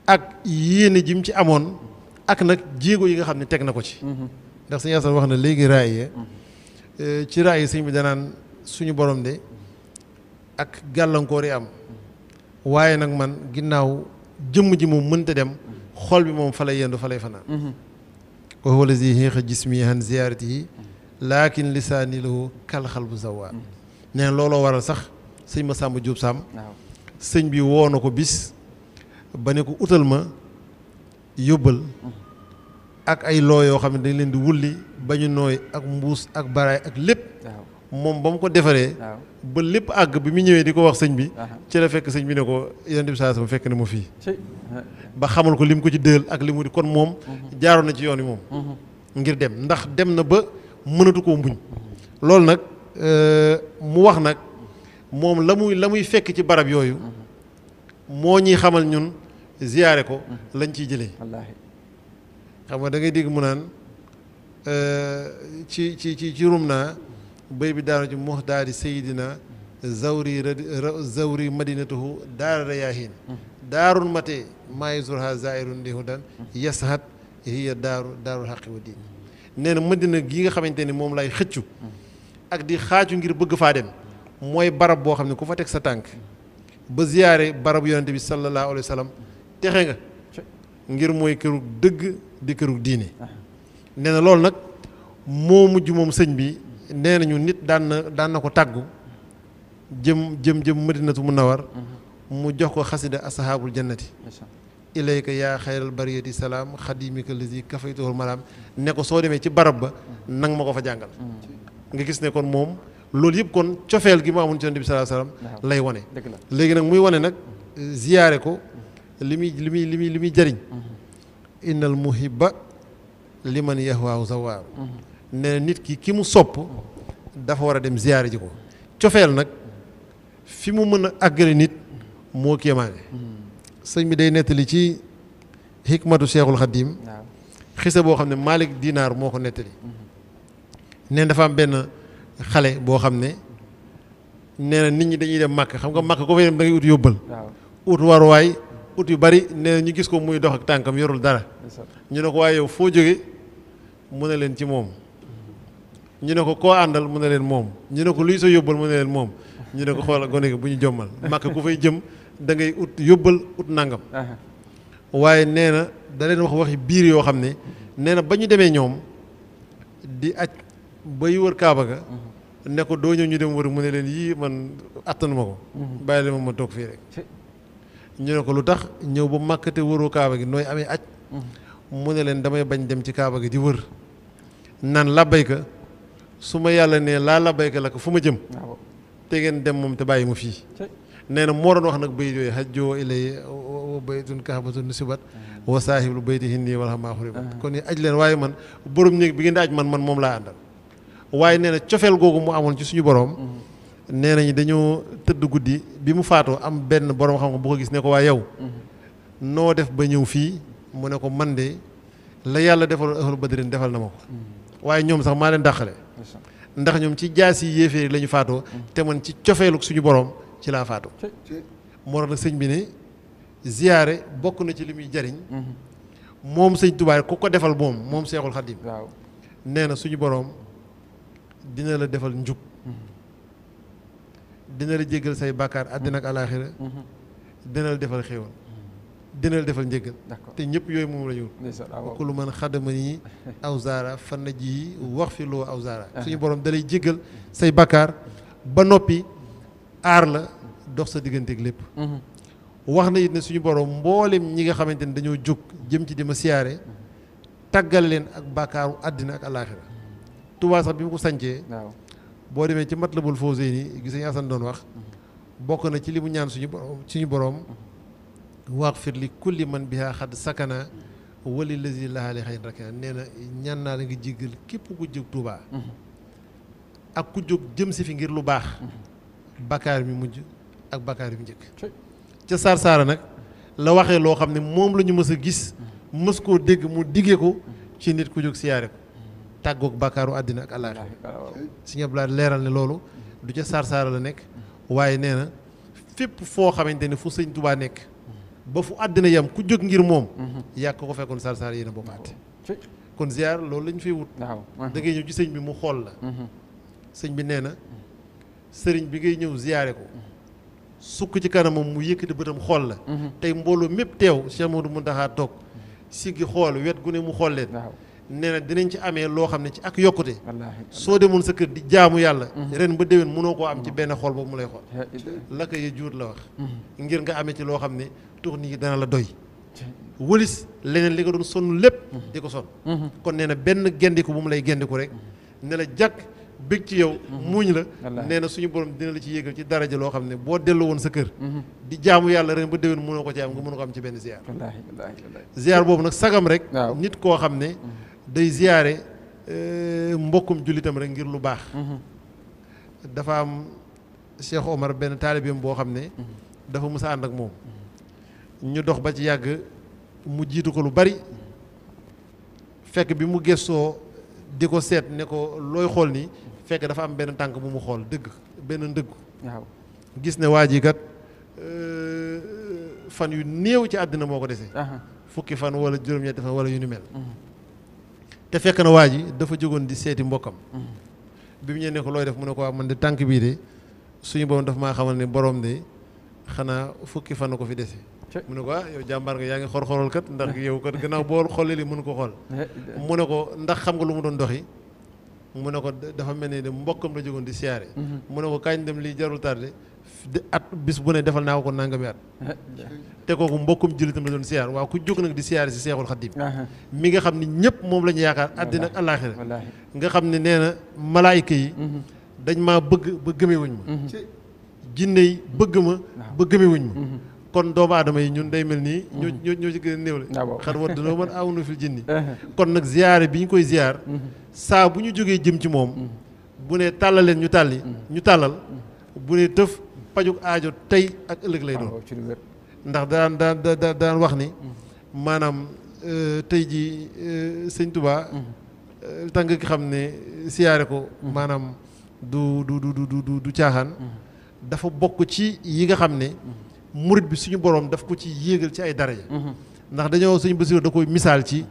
ak yéene ji mu ci amoon ak nag jéego yi nga xam ne teg na ko ci mhm. ndax sëñ Asan wax na léegi raay ya mhm. eh, ci raay yi sëñ bi danaan suñu borom de ak gàllankoor yi am waaye nag man ginnaaw jëmm ji moom mënta dem xool bi moom fa lay yendu fa lay fanaan mhm. wa huwa lazi hiiqa jismi han ziyaaratihi laakin lisaani lahu kal xal bu zawaa mhm. neen looloo waral sax sëñ ma sàmb Jóob sàmm sëñ bi woo na ko bis ba ne ko utal ma yóbbal mhm. ak ay loo yoo xam ne dañ leen di wulli ba ñu nooy ak mbuus ak baraay ak lépp moom ba mu ko defaree ba lépp àgg bi mu ñëwee di ko wax sëñ bi ci la fekk sëñ bi ne ko yonent bi saa sama fekk na ma fii ba xamal ko lim ko ci dël ak li mu di kon moom mhm. jaaroon na ci yoon wi moom mhm. ngir dem ndax dem na ba mënatu koo mbuñ loolu nag euh, mu wax nag moom la muy la muy fekk ci barab yooyu mhm. moo ñuy xamal ñun ziyaare ko lañ ciy jëlee xam nga dangay dégg mu naan euh, ci ci ci ci rum naa bëy bi daanu ci muxtaari sayidina zawri zawri madinatuhu daara rayahin daarul matee maayi zurha zairun li hudan yashat hiya daaru daarul xaqi wa diin nee na madina gi nga xamante ni moom lay xëccu ak di xaaju ngir bëgg faa dem mooy barab boo xam ne ku fa teg sa tànk ba ziyaare barab yonente bi sallallahu alayhi wa sallam texe nga ngir mooy kërug dëgg di kërug diine nee na loolu nag moo mujj moom sëñ bi nee nañu nit daan na daan na ko tàggu jëm jëm jëm madinatu munawar mhm. mu jox ko xasida asahaabul jannati ilayka yaa xayral bariyati salaam xadimika lazi kafaytuhul malaam ne ko soo demee ci barab ba mhm. nang ma ko fa jàngal mhm. nga gis ne kon moom loolu yëpp kon cofeel gi mu amoon ci yonent bi sallallahu alayhi wasallam lay wane léegi nag muy wane nag ziyaare ko li muy li muy li muy li muy jëriñ innal muhibba liman yahwaahu zawaaru ne nit ki ki mu sopp dafa war a dem ziyaare ji ko cofeel nag fi mu mën a àggale nit moo kéemaane sëñ bi day nettali ci xikmatu Seexul Xaddiim xisa boo xam ne Malick Dinaar moo ko nettali neen dafa am benn xale boo xam ne nee na nit ñi dañuy dem màkk xam nga màkk ko fay dem da ngay ut yóbbal ut waruwaay ut yu bari nee ñu gis ko muy dox ak tànkam yorul dara ñu ne ko waaye yow foo jóge mu ne leen ci moom ñu ne ko koo àndal mu ne leen moom ñu ne ko luy sa yóbbal mu ne leen moom ñu ne ko xoolal gone gi bu ñu jommal màkk ku fay jëm da ngay ut yóbbal ut nangam. waaye nee na daleen leen wax waxi biir yoo xam ne nee na ba ñu demee ñoom di aj bay wër Kaaba ga. Mhm. ne ko doo ñëw ñu dem wër mu ne leen yii man attanu ma ko. Mhm. bàyyi leen ma ma toog fii rek. ñu ne ko lu tax ñëw ba màkk te wëroo Kaaba gi nooy amee aj mhm. mu ne leen damay bañ dem ci Kaaba gi di wër naan làbbay ka su ma yàlla nee laa la béykat la ko fu ma jëm. Ah te ngeen dem moom te bàyyi mu fii. nee na moo doon wax nag bayit yooyu hajjoo ilay wa baytun kaabatun nusibat wa saahibul bayti hinni wala maa xuribat ah. kon ni aj leen waaye man borom néeg bi ngeen di aj man man moom laa àndal. waaye nee na cofeel googu mu amoon ci suñu borom. Mm-hmm. nee ñi dañoo tëdd guddi bi mu faatoo am benn boroom xam nga bu ko gis ne ko waa yow. Mm-hmm. noo def ba ñëw fii mu ne ko man de la yàlla defal ahlu badrin defal na ko. Mm-hmm. waaye ñoom sax maa leen dàqale. ndax ñoom ci jaas yi yéeféer lañu faatoo te man ci cofeeluk suñu boroom ci laa faatoo moo tax sëñ bi ne ziyaare bokk na ci li muy jariñ moom sëñ Tuubaa ku ko defal moom moom Seexul Xadiim nee na suñu boroom dina la defal njub dina la jéggal say bàkkaar àddina ak alaaxira mm-hmm. dina la defal xéewal dina defal njëggal te ñëpp yooyu moom la ñu ko lu mën xadama yi aw zaara fan na ji wax fi loo aw zaara suñu borom dalay jéggal say bakkaar ba noppi aar la dox sa digganteeg lépp mhm. wax na ne suñu borom mboolem ñi nga xamante ne dañoo jóg jëm ci di ma taggal leen ak bakkaaru àddina ak alaaxira Tuubaa sax boo demee ci Matlabul Fawzayni gis nañu Asan doon wax mhm. bokk na ci limu ñaan suñu borom suñu boroom mhm. waxfir li kulli man biha xadd sakana wali lazi lahaali xayn rakana nee na ñaan naa la nga jéggal képp ku jóg Tuubaa ak ku jóg jëm si fi ngir lu baax bakaar mi mujj ak bakaar bi njëkk ca saar saara nag la waxee loo xam ne moom lañu ñu mës a gis mës koo dégg mu diggee ko ci nit ku jóg siyaare ko tàggoog bakkaaru àddina ak àllaaxira Sëñ Abdu Lahad leeral ne loolu du ca saar saara la nekk waaye nee na fépp foo xamante ni fu sëñ Tuubaa nekk ba fu àddina yam ku jóg ngir moom. Mhm. yàgg ko fekkoon saar saar yéen a bokkaate kon ziar loolu lañ fiy wut. Mhm. da ngay ñëw ci sëñ bi mu xool la. Mhm. sëñ bi nee na sëriñ bi ngay ñëw ziare ko. sukk ci kanamam mu yëkkati bëtam xool la. tey mbooloo mépp teew Cheikh Modou Mountakha toog siggi xool wet gu ne mu xool leen. nee na dinañ ci amee loo xam ne ci ak yokkute. soo demoon sa kër di jaamu yàlla. ren ba déwén mënoo ko am ci benn xool boobu mu lay xool. la ko ya juut la wax. ngir nga amee ci loo xam ne. tourni nii dana la doy wëlis leneen li nga doon sonn lépp mhm. di ko sonn mhm. kon nee na benn gendiku bu mu lay ko rek mhm. ne la jàkk bëgg ci yow muuñ la nee na suñu borom dina la ci yéegal ci daraja loo xam ne boo delloo sa kër di jaamu yàlla ren ba déwén mënoo ko ci am nga am ci benn ziar ziar boobu nag sagam rek nit koo xam ne day ziare euh, mbokkum jullitam rek ngir lu baax dafa am Cheikh Omar benn taalibeem boo xam ne dafa musa ànd ak moom ñu dox ba ci yàgg mu jiitu ko lu bari fekk bi mu gëstoo di ko seet ne ko looy xool nii fekk dafa am benn tànk bu mu xool dëgg benn dëgg waaw gis ne waa ji kat euh, fan yu néew ci àddina moo ko dese fukki fan wala juróom-ñetti fan wala yu ni mel mhm. te fekk na waa ji dafa jógoon di seeti mbokkam mhm. bi mu ñëwee ne ko looy def mu ne ko waa man tànk bii de suñu borom dafa maa xamal ne boroom de xanaa fukki fan ko fi dese mu ne ko ah yow jàmbaar nga yaa ngi xor xorol kat ndax yow kat gannaaw boo xoolee li mën ko xool eh, mu ne ko ndax xam nga lu ma doon doxi mu ne ko dafa mel ni de mbokkam la jógoon di siyaare mhm. mu ne ko kañ dem li jarul tardé di at bis bu ne defal naa ko ko nangami at eh, te kooku mbokkum jullitam la doon siyaar waaw ku jóg nag di siyaare si seexul xaddim mi nga xam ne ñëpp moom la ñu yaakaar àddina ak àllaaxira nga xam ne nee na malaayika yi mhm. dañ maa bëgg ba gëmewuñ mhm. bëgg ma kon doomu aadama yi ñun day mel nii. ñoo mhm. ñoo ñoo ci gën a néewle. xar war dina mën aawuna fil jinni [laughs] uh-huh. kon nag ziyaare bi ñu koy ziyaar. Mhm. saa bu ñu jógee jëm ci moom. Mhm. bu ne tàllal leen ñu tàlli ñu tàllal bu ne tëf pajuk aajo tey ak ëllëg lay doon. ndax daan daan daan wax ni. maanaam euh, tey ji euh, sëñ Touba. tàng ki xam ne siyaare ko. maanaam du du du du du du caaxaan. dafa bokk ci yi nga xam ne. murit bi suñu borom daf ko ci yéegal ci ay daraja mhm. ndax dañoo suñu Basiru da koy misaal ci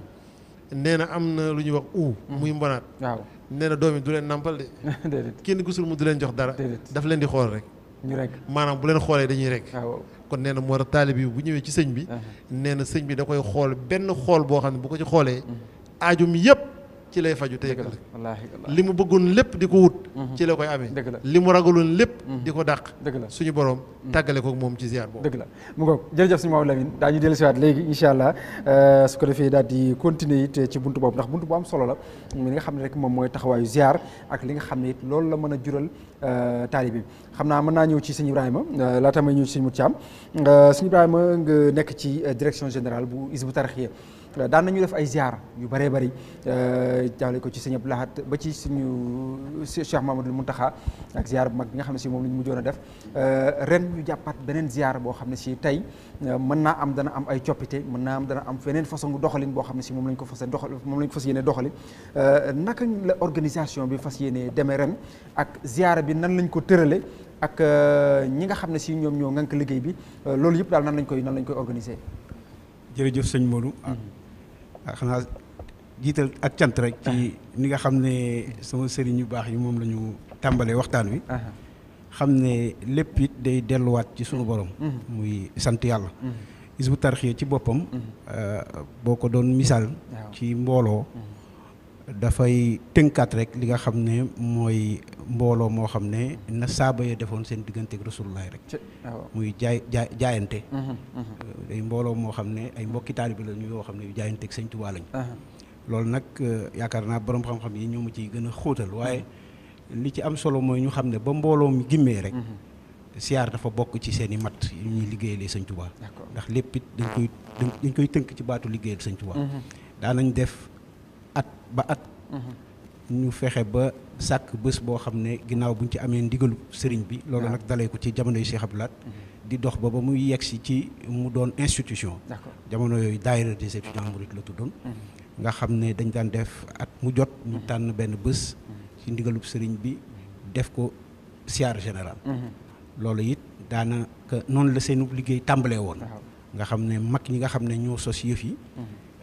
nee na am na lu ñuy wax u mhm. muy mbonaat waaw nee doom yi du leen nampal de [laughs] kenn gisul mu du leen jox dara daf leen di xool rek ñu rek maanaam bu leen xoolee dañuy rek ah, kon nee na moo a taalib bi bu ñëwee ci sëñ bi ah. nee na sëñ bi da koy xool benn xool boo xam ne bu ko ci xoolee mhm. aajum yëpp ci lay faju tey li mu bëggoon lépp di ko wut mhm. ci la koy amee li mu ragaloon lépp mhm. di ko dàq suñu borom mhm. tàggale ko moom ci ziar boobu dëgg la mu ngoog jërëjëf suñu maam Lamine daañu dellu siwaat léegi incha allah euh, su ko defee daal di continuer it ci buntu boobu ndax buntu bu am solo la mi nga xam ne rek moom mooy taxawaayu ziar ak li nga xam ne it loolu la mën a jural euh, taalibe bi xam naa mën naa ñëw ci ma Ibrahima euh, laata may ñëw ci sëñ Moutiam sëñ Ibrahima nga nekk ci direction général bu Hizbut Tarqiyyah Euh, daan nañu def ay ziar yu bëree bëri euh, jaale ko ci sëñ Abdou Lahad ba ci suñu Cheikh Mamadou Mountakha ak ziar bu mag bi nga xam ne si moom la ñu mujjoon a def euh, ren ñu jàppaat beneen boo xam ne si tey mën naa am dana am ay coppite mën naa am dana am feneen façon doxalin boo xam ne si moom lañ ko fas doxal moom lañ ko fas yéene doxali naka la organisation bi fas yéene demee ren ak ziar bi nan lañ ko tërale ak ñi nga xam ne si ñoom ñoo ko liggéey bi loolu yëpp daal nan lañ koy nan lañ koy organiser. jërëjëf sëñ Modou. Mm-hmm. xanaa jiital ak cant rek ci ni nga xam ne sama sëriñ yu baax yi moom lañu ñu tàmbalee waxtaan wi xam ne lépp it day delluwaat ci sunu borom mhm. muy sant yàlla mhm. isbu tarxiya ci boppam mhm. euh, boo ko doon misaal ci mbooloo dafay tënkaat rek li nga xam ne mooy mbooloo moo xam ne na saaba ya defoon seen diggante ak rasulullahi rek muy jaay jaay jaayante mhm, mhm. Euh, ay mbooloo moo xam ne ay mbokki taalibe la ñu yoo xam ne yu jaayante ak sëñ Tuubaa lañ mhm. loolu nag euh, yaakaar naa boroom xam-xam yi ñoo ma ciy gën a xóotal waaye li ci am solo mooy ñu xam ne ba mbooloo mi gimmee rek siyaar dafa bokk ci seen i mat yu ñuy liggéeyalee sëñ Tuubaa ndax lépp it dañ koy koy tënk ci baatu liggéeyal sëñ Tuubaa daanañ def at ba at ñu fexe ba sàkk bés boo xam ne ginnaaw buñ ci amee ndigalu sëriñ bi loolu ah. nag dalee ko ci jamono yu Cheikh Abdou Lahad mhm. di dox ba ba muy yegsi ci mu doon institution jamono yooyu daayira des étudiants mourides la tuddoon mhm. nga xam ne dañ daan def at mu jot ñu mhm. tànn benn bés ci ndigalub sëriñ bi def ko siyaar général loolu it daanaka noonu la seen liggéey tàmbalee woon nga xam ne mag ñi nga xam ne ñoo sos yëf yi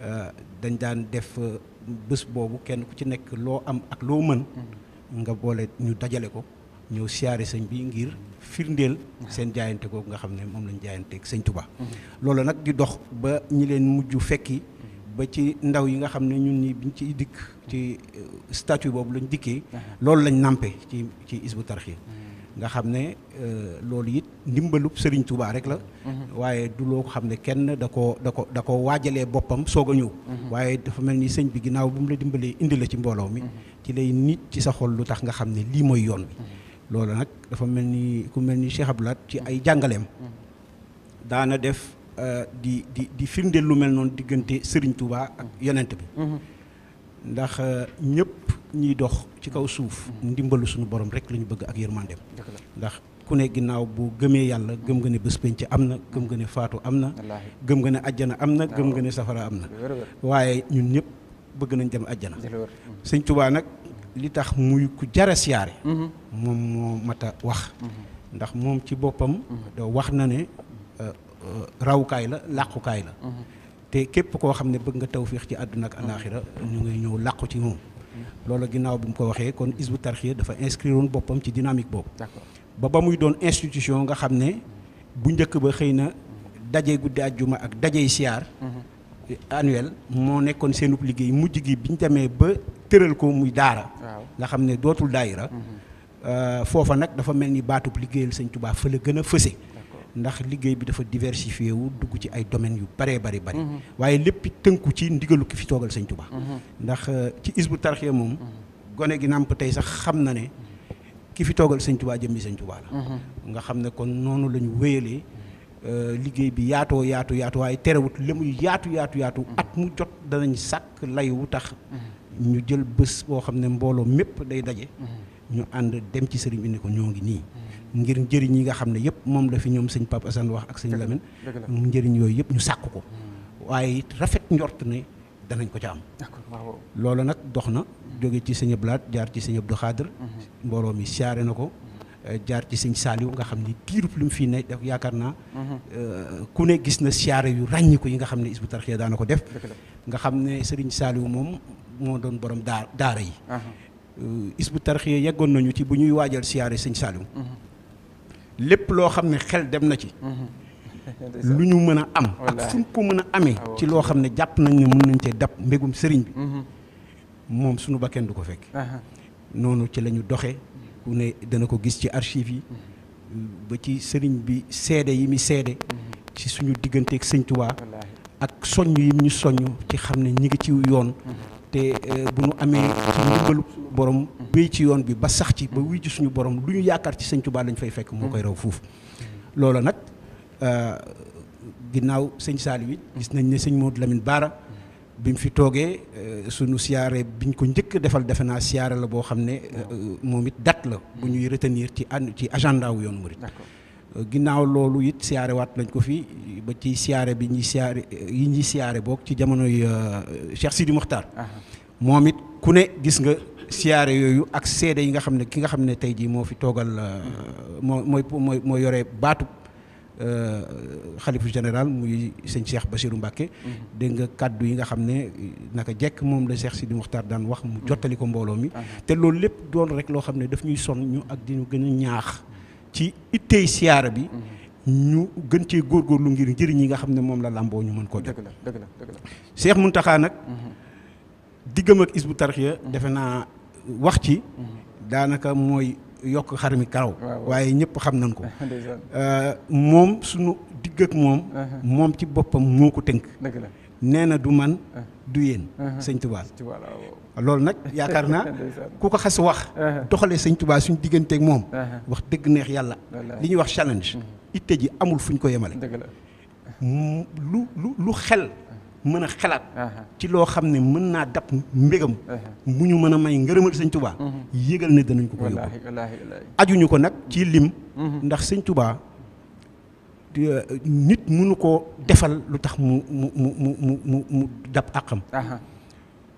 euh, dañ daan def euh, bés boobu kenn ku ci nekk loo am ak loo mën mm-hmm. nga boole ñu dajale ko ñëw siyaare sëñ bi ngir firndeel mm-hmm. seen jaayante googu nga xam ne moom lañ jaayanteeg sëñ Tuubaa mm-hmm. loolu nag di dox ba ñi leen mujj fekki ba ci ndaw yi nga xam ne ñun nii biñ ci dikk ci statu boobu lañ dikkee uh-huh. loolu lañ nàmpe ci ci Hizbut Tarqiyyah nga xam ne euh, loolu it ndimbalub Serigne Touba rek la. Mm-hmm. waaye du loo xam ne kenn da koo da ko da koo waajalee boppam soog a ñëw. Mm-hmm. waaye dafa mel ni sëñ bi ginnaaw bu mu la dimbalee indi la ci mbooloo mi. Mm-hmm. ci lay nit ci sa xol lu tax nga xam ne lii mooy yoon bi. loolu nag dafa mel ni ku mel ni Cheikh Abdou Lahad ci ay jàngaleem. daana def euh, di di di firndeel lu mel noonu diggante Serigne Touba ak yonent bi. ndax euh, ñëpp ñuy dox ci kaw suuf mm-hmm. ndimbalu suñu borom rek la ñu bëgg ak yërmandeem ndax ku ne ginnaaw bu gëmee yàlla gëm nga ne bés penc am na gëm nga ne faatu am na gëm nga ne ajjana am na gëm nga ne safara am na waaye ñun ñëpp bëgg nañ dem ajjana sëñ Tuubaa nag li tax muy ku jara siyaare mm-hmm. moom moo mat a wax mm-hmm. ndax moom ci boppam wax na ne euh, euh, rawukaay la làqukaay la te képp koo xam ne bëgg nga tawfiix ci àdduna ak alaaxira ñu ngay ñëw làqu ci moom loolu ginnaaw bi mu ko waxee kon Hizbut Tarqiyyah dafa inscrire woon boppam ci dynamique boobu ba ba muy doon institution nga xam ne bu njëkk ba xëy na dajee guddi àjjuma ak dajey siyaar mm-hmm. annuel moo nekkoon seenub liggéey mujj gi biñ demee ba tëral ko muy daara nga xam ne dootul daayira mm-hmm. euh, foofa nag dafa mel ni baatub liggéeyal sëñ Tuubaa fa la gën a fëse ndax liggéey bi dafa diversifié wu dugg ci ay domaines yu bëree bëri bëri mhm. waaye lépp tënku ci ndigalu ki fi toogal sëñ Tuubaa mhm. ndax euh, ci isbu tarxee moom mhm. gone gi nàmp tey sax xam na ne ki fi toogal sëñ Tuubaa jëmmi sëñ Tuubaa la nga xam ne kon noonu la ñu wéyalee euh, liggéey bi yaato yaatu yaatu waaye terewut li muy yaatu yaatu yaatu at mu jot danañ sàkk lay wu tax ñu jël bés boo xam ne mbooloo mépp day daje ñu ànd dem ci sëriñ bi ko ñoo ngi nii ngir njëriñ yi nga xam ne yëpp moom la fi ñoom sañ Pape Assane wax ak sëñ Lamine njëriñ yooyu yëpp ñu sàkk ko hmm. waaye it rafet njort ne danañ ko ca am loolu nag dox na jóge ci sëñ Ablaat jaar ci sëñ Abdou Khadre hmm. mbooloo mi siyaare na ko hmm. eh, jaar ci sëñ Saaliw nga xam ne diirub lu mu fii ne def yaakaar naa eh, ku ne gis na siyaare yu ràññi ko yi nga xam ne Hizbut Tarqiyyah daana ko def nga xam ne sëriñ Saaliw moom moo doon borom daa daara yi eh, Hizbut Tarqiyyah yeggoon nañu ci bu ñuy waajal siyaare sëñ Saaliw lépp loo xam ne xel dem na ci. Mm-hmm. lu ñu mën a am. ak fu ko mën a amee. Ah, ci loo xam ne jàpp nañ ne mën nañ cee dab mbégum sëriñ bi. Mm-hmm. moom suñu ba kenn du ko fekk. Uh-huh. noonu ci lañu doxe ku ne dana ko gis ci archives yi. Mm-hmm. ba ci sëriñ bi seede yi mi seede. ci suñu digganteeg sëñ Tuubaa ak soññ yi ñu soññ ci xam ne ñi ngi ci yoon. te euh, bu ñu amee ci ndimbalu borom béy ci yoon bi ba sax ci ba wuy ci suñu borom lu ñu yaakaar ci sëñ Tuubaa lañ fay fekk moo koy raw fuuf loolo nag euh, ginnaaw sëñ Saliou it gis nañ ne sëñ Modou Lamine baara bi mu fi toogee euh, suñu siyaare biñ ko njëkk defal defe naa siyaare la boo xam ne moom it date la bu ñuy retenir ci an ci agenda wu yoon ginnaaw loolu it siyaare waat lañ ko fii ba ci siyaare bi ñuy siyaare yi ñi siyaare boog ci jamonoy euh, Cheikh Sidi Mokhtar. moom it ku ne gis nga siyaare yooyu ak seede yi nga xam ne ki nga xam ne tey jii moo fi toogal euh, moo mooy mooy moo yore baatu. Euh, xalifu général muy sëñ Cheikh Bassirou Mbacké mhm. dégg nga kàddu yi nga xam ne naka jekk moom la Cheikh Sidi Mokhtar daan wax mu jottali ko mbooloo mi te loolu lépp doon rek loo xam ne daf ñuy son ñu ak di ñu gën ñaax ci ittey siyaara bi mhm. ñu gën cee lu ngir njëriñ yi nga xam ne moom la làmboo ñu mën koo jot dëgg la Cheikh Mountakha nag mhm. diggam ak Hizbut Tarqiyyah mhm. defe naa wax ci daanaka mooy yokk xar mi karaw waaye ñëpp xam nañ ko [laughs] euh, moom suñu digg ak moom uh-huh. moom ci boppam moo ko tënk dëgg nee na du man ah. du yéen ah. sëñ Touba loolu nag yaakaar naa [laughs] ku ko xas wax ah. doxalee sëñ tubaa suñ digganteek moom wax dëgg neex yàlla li ñuy wax challenge mm-hmm. te ji amul fu ñu ko yemale mm, lu lu lu xel mën a xalaat ci loo xam ne mën naa dab mbégam mu ñu mën a may ngërëmal sëñ tubaa mm-hmm. yégal ne danañ ko ko yóbbu ajuñu ko nag ci lim mm-hmm. ndax sëñ Touba Euh, nit mënu koo defal lu tax mu mu mu mu mu mu dab àqam.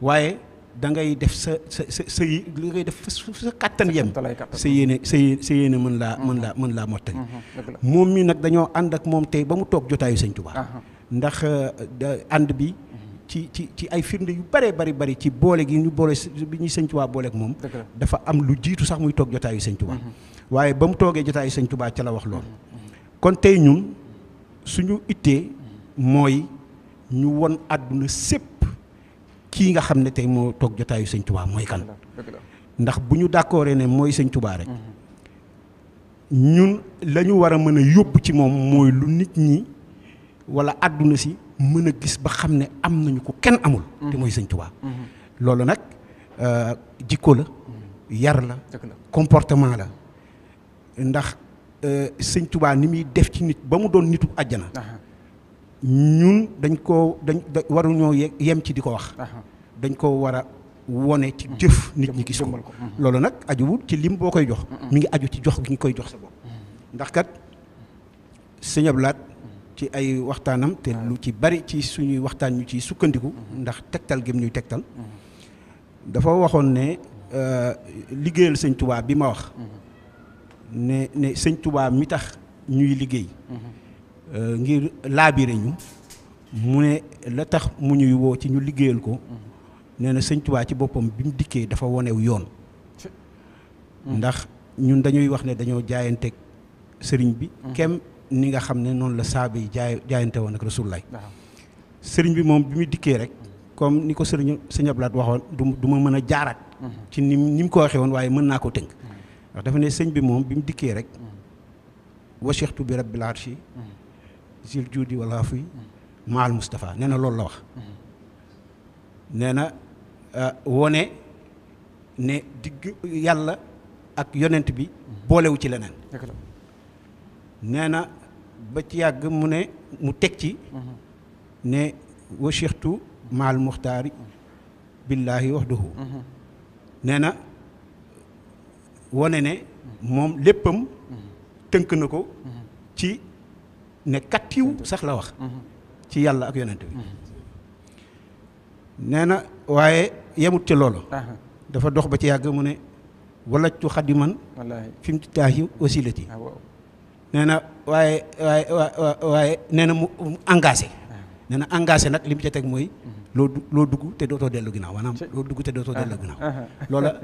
waaye dangay def sa sa sa sa yi li ngay def sa kàttan yem sa yéene sa yéene mën laa mën laa mën laa mottali moom mi nag dañoo ànd ak moom tey ba mu toog jotaayu sëñ Tuubaa ndax euh, ànd bi ci ci ci ay firnde yu bare bari bari ci boole gi ñu boole bi ñuy sëñ Tuubaa booleeg moom dafa am lu jiitu sax muy toog jotaayu sëñ Tuubaa waaye ba mu toogee jotaayu sëñ Tuubaa ca la wax loolu kon tey ñun suñu ittee mooy ñu won àdduna sépp kii nga xam ne tey moo toog jotaayu sëñ Touba mooy kan ndax bu ñu d'accordee ne mooy sëñ Touba rek mhm. ñun lañu war a mën a yóbbu ci moom mooy lu nit ñi wala àdduna si mën a gis ba xam ne am nañu ko kenn amul te mhm. mooy sëñ Touba mhm. loolu nag euh, jikko la yar la comportement la ndax Euh, sëñ Touba ni muy def ci nit ba mu doon nitu àjjana ñun dañ ko dañ waruñoo yem ci di ko wax dañ koo war a wone ci jëf nit ñi gis ko loolu nag ajuwul ci lim boo koy jox mi ngi aju ci jox gi koy jox sa bopp ndax kat sëñ ci ay waxtaanam te lu ci bari ci suñuy waxtaan ñu ci sukkandiku ndax tegtal gém ñuy tegtal dafa waxoon ne euh, liggéeyal sëñ Touba bi ma wax ne ne sëñ Touba mi tax ñuy liggéey euh, ngir laabire ñu mu ne la tax mu ñuy woo ci ñu liggéeyal ko nee na sëñ tubaa ci boppam bi mu dikkee dafa wonew yoon ndax ñun dañuy wax ne dañoo jaayanteeg sëriñ bi kem ni nga xam ne noonu la saaba yi jaay jaayante woon ak Rasulullaay sëriñ bi moom bi mu dikkee rek comme ni ko sëriñ sëñ Ablaat waxoon du du ma mën a jaaraat ci ni ni mu ko waxee woon waaye mën naa ko tënk ndax dafa ne sëñ bi moom bi mu dikkee rek wasixtu bi rabbil arshi zil juudi wala maal Moustapha nee na lool la wax nee na euh, wone ne digg yàlla ak yonent bi boolewu ci leneen nee na ba ci yàgg mu ne mu teg ci ne wasixtu maal muxtaari billaahi waxduhu mhm. nee na wone ne moom léppam tënk na ko ci ne kattiw sax la wax ci yàlla ak yonent bi nee na waaye yemut ci loolu ah. dafa dox ba ci yàgg mu ne wala cu xadiman fi mu ci taax yi wasilati ah, nee na waaye waaye waaye nee na mu engagé ah. nee na engagé nag li mu ca teg mooy mm-hmm. loo loo dugg te dootoo dellu ginnaaw maanaam loo dugg te dootoo dellu ginnaaw loola [laughs]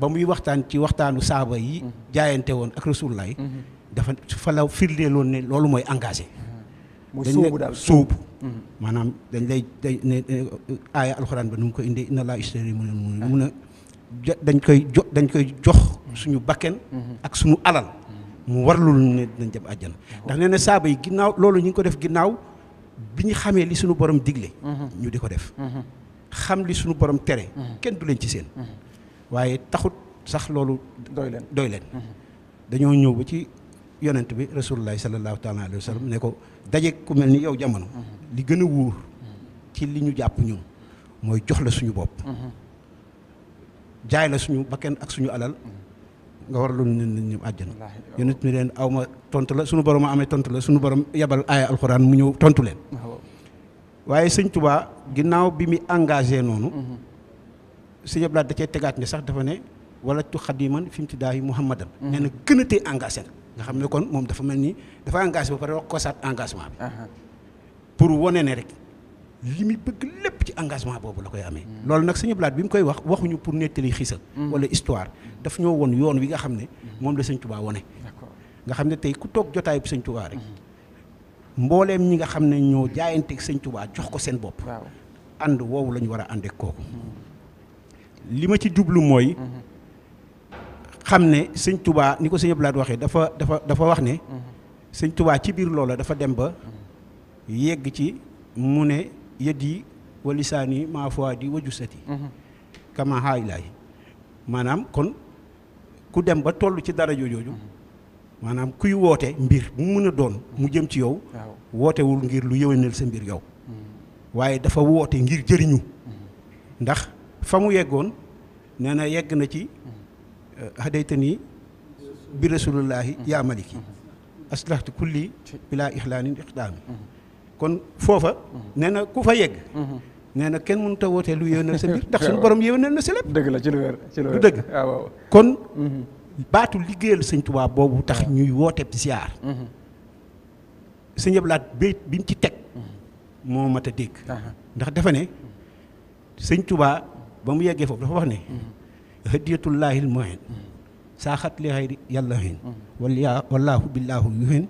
ba muy waxtaan ci waxtaanu saaba yi mhm. jaayante woon ak rasulullaay mhm. dafa fa la firndeeloon ne loolu mooy engagé mhm. dañ ne suubu maanaam dañ lay dañ ne aaya alxuraan ba nu ko indee inna laa mu ne mun a dañ koy jo dañ koy jox suñu bakken ak suñu alal mu warlul ne dañ dem àjjana ndax nee na saaba yi ginnaaw loolu ñu ngi ko def ginnaaw bi ñu xamee li suñu borom digle ñu di ko def xam li suñu borom tere kenn du leen ci seen waaye taxut sax loolu. doy leen mhm. dañoo ñëw ba ci yonent bi rasulullah sallallahu taala alayhi wa sallam ne ko daje ku mel ni yow jamono. Mhm. li gën a wóor. ci li ñu jàpp ñun. mooy jox la suñu bopp. Mhm. jaay la suñu bakkan ak suñu alal. nga war lu ñu ñu àjjana yonent mi leen aw ma tontu la suñu borom a amee tontu la suñu borom yebal aaya alxuraan mu ñëw tontu leen. waaye sëñ Tuubaa ginnaaw bi mu engagé noonu. sëñ Abdoulaye da cee tegaat ne sax dafa ne wala tu xadiman fi mu ci daa yi muhammadan mhm. nee na gën a tee engagé na nga xam ne kon moom dafa mel ni dafa engagé ba pare wax saat engagement bi pour wane ne rek li muy bëgg lépp ci engagement boobu la koy amee mhm. loolu nag sëñ Abdoulaye bi mu koy wax waxuñu pour nettali xisa mhm. wala histoire daf ñoo won yoon wi nga xam ne moom la sëñ Touba wane nga xam ne tey ku toog jotaay bu sëñ Touba rek mbooleem ñi nga xam ne ñoo jaayanteeg sëñ Touba jox ko seen bopp ànd woowu la ñu war a àndeek kooku li ma ci jublu mooy xam ne sëñ tubaa ni ko sëñ Abdou waxee dafa dafa dafa wax ne sëñ tubaa ci biir loola dafa dem ba yegg ci mu ne yët yi wa lisaan yi maa fuwaad yi maanaam kon ku dem ba toll ci dara jooju maanaam kuy woote mbir mu mën a doon mu jëm ci yow wootewul ngir lu yëwénal sa mbir yow mm. waaye dafa woote ngir jëriñu mm. ndax fa mu yeggoon nee na yegg na ci eh, hadayta nii bi rasulullahi yaa maliki aslahtu kulli bilaa ixlaanin ixdaami kon foofa nee na ku fa yegg nee na kenn mënut a wootee lu yéwénal sa mbir ndax suñu [laughs] borom yéwénal na si lépp dëgg la ci lu wér ci dëgg ah, kon mhm. baatu liggéeyal sëñ Tuubaa boobu tax ah. ñuy woote ziar mhm. sëñ Abdu Lahat bi mu ci teg mhm. moo mat a dégg ndax dafa ne sëñ Tuubaa ba mu yeggee foofu dafa wax ne hadiyatullahil muhin saa xat li xayri yàlla hin wala wallaahu billaahu yuhin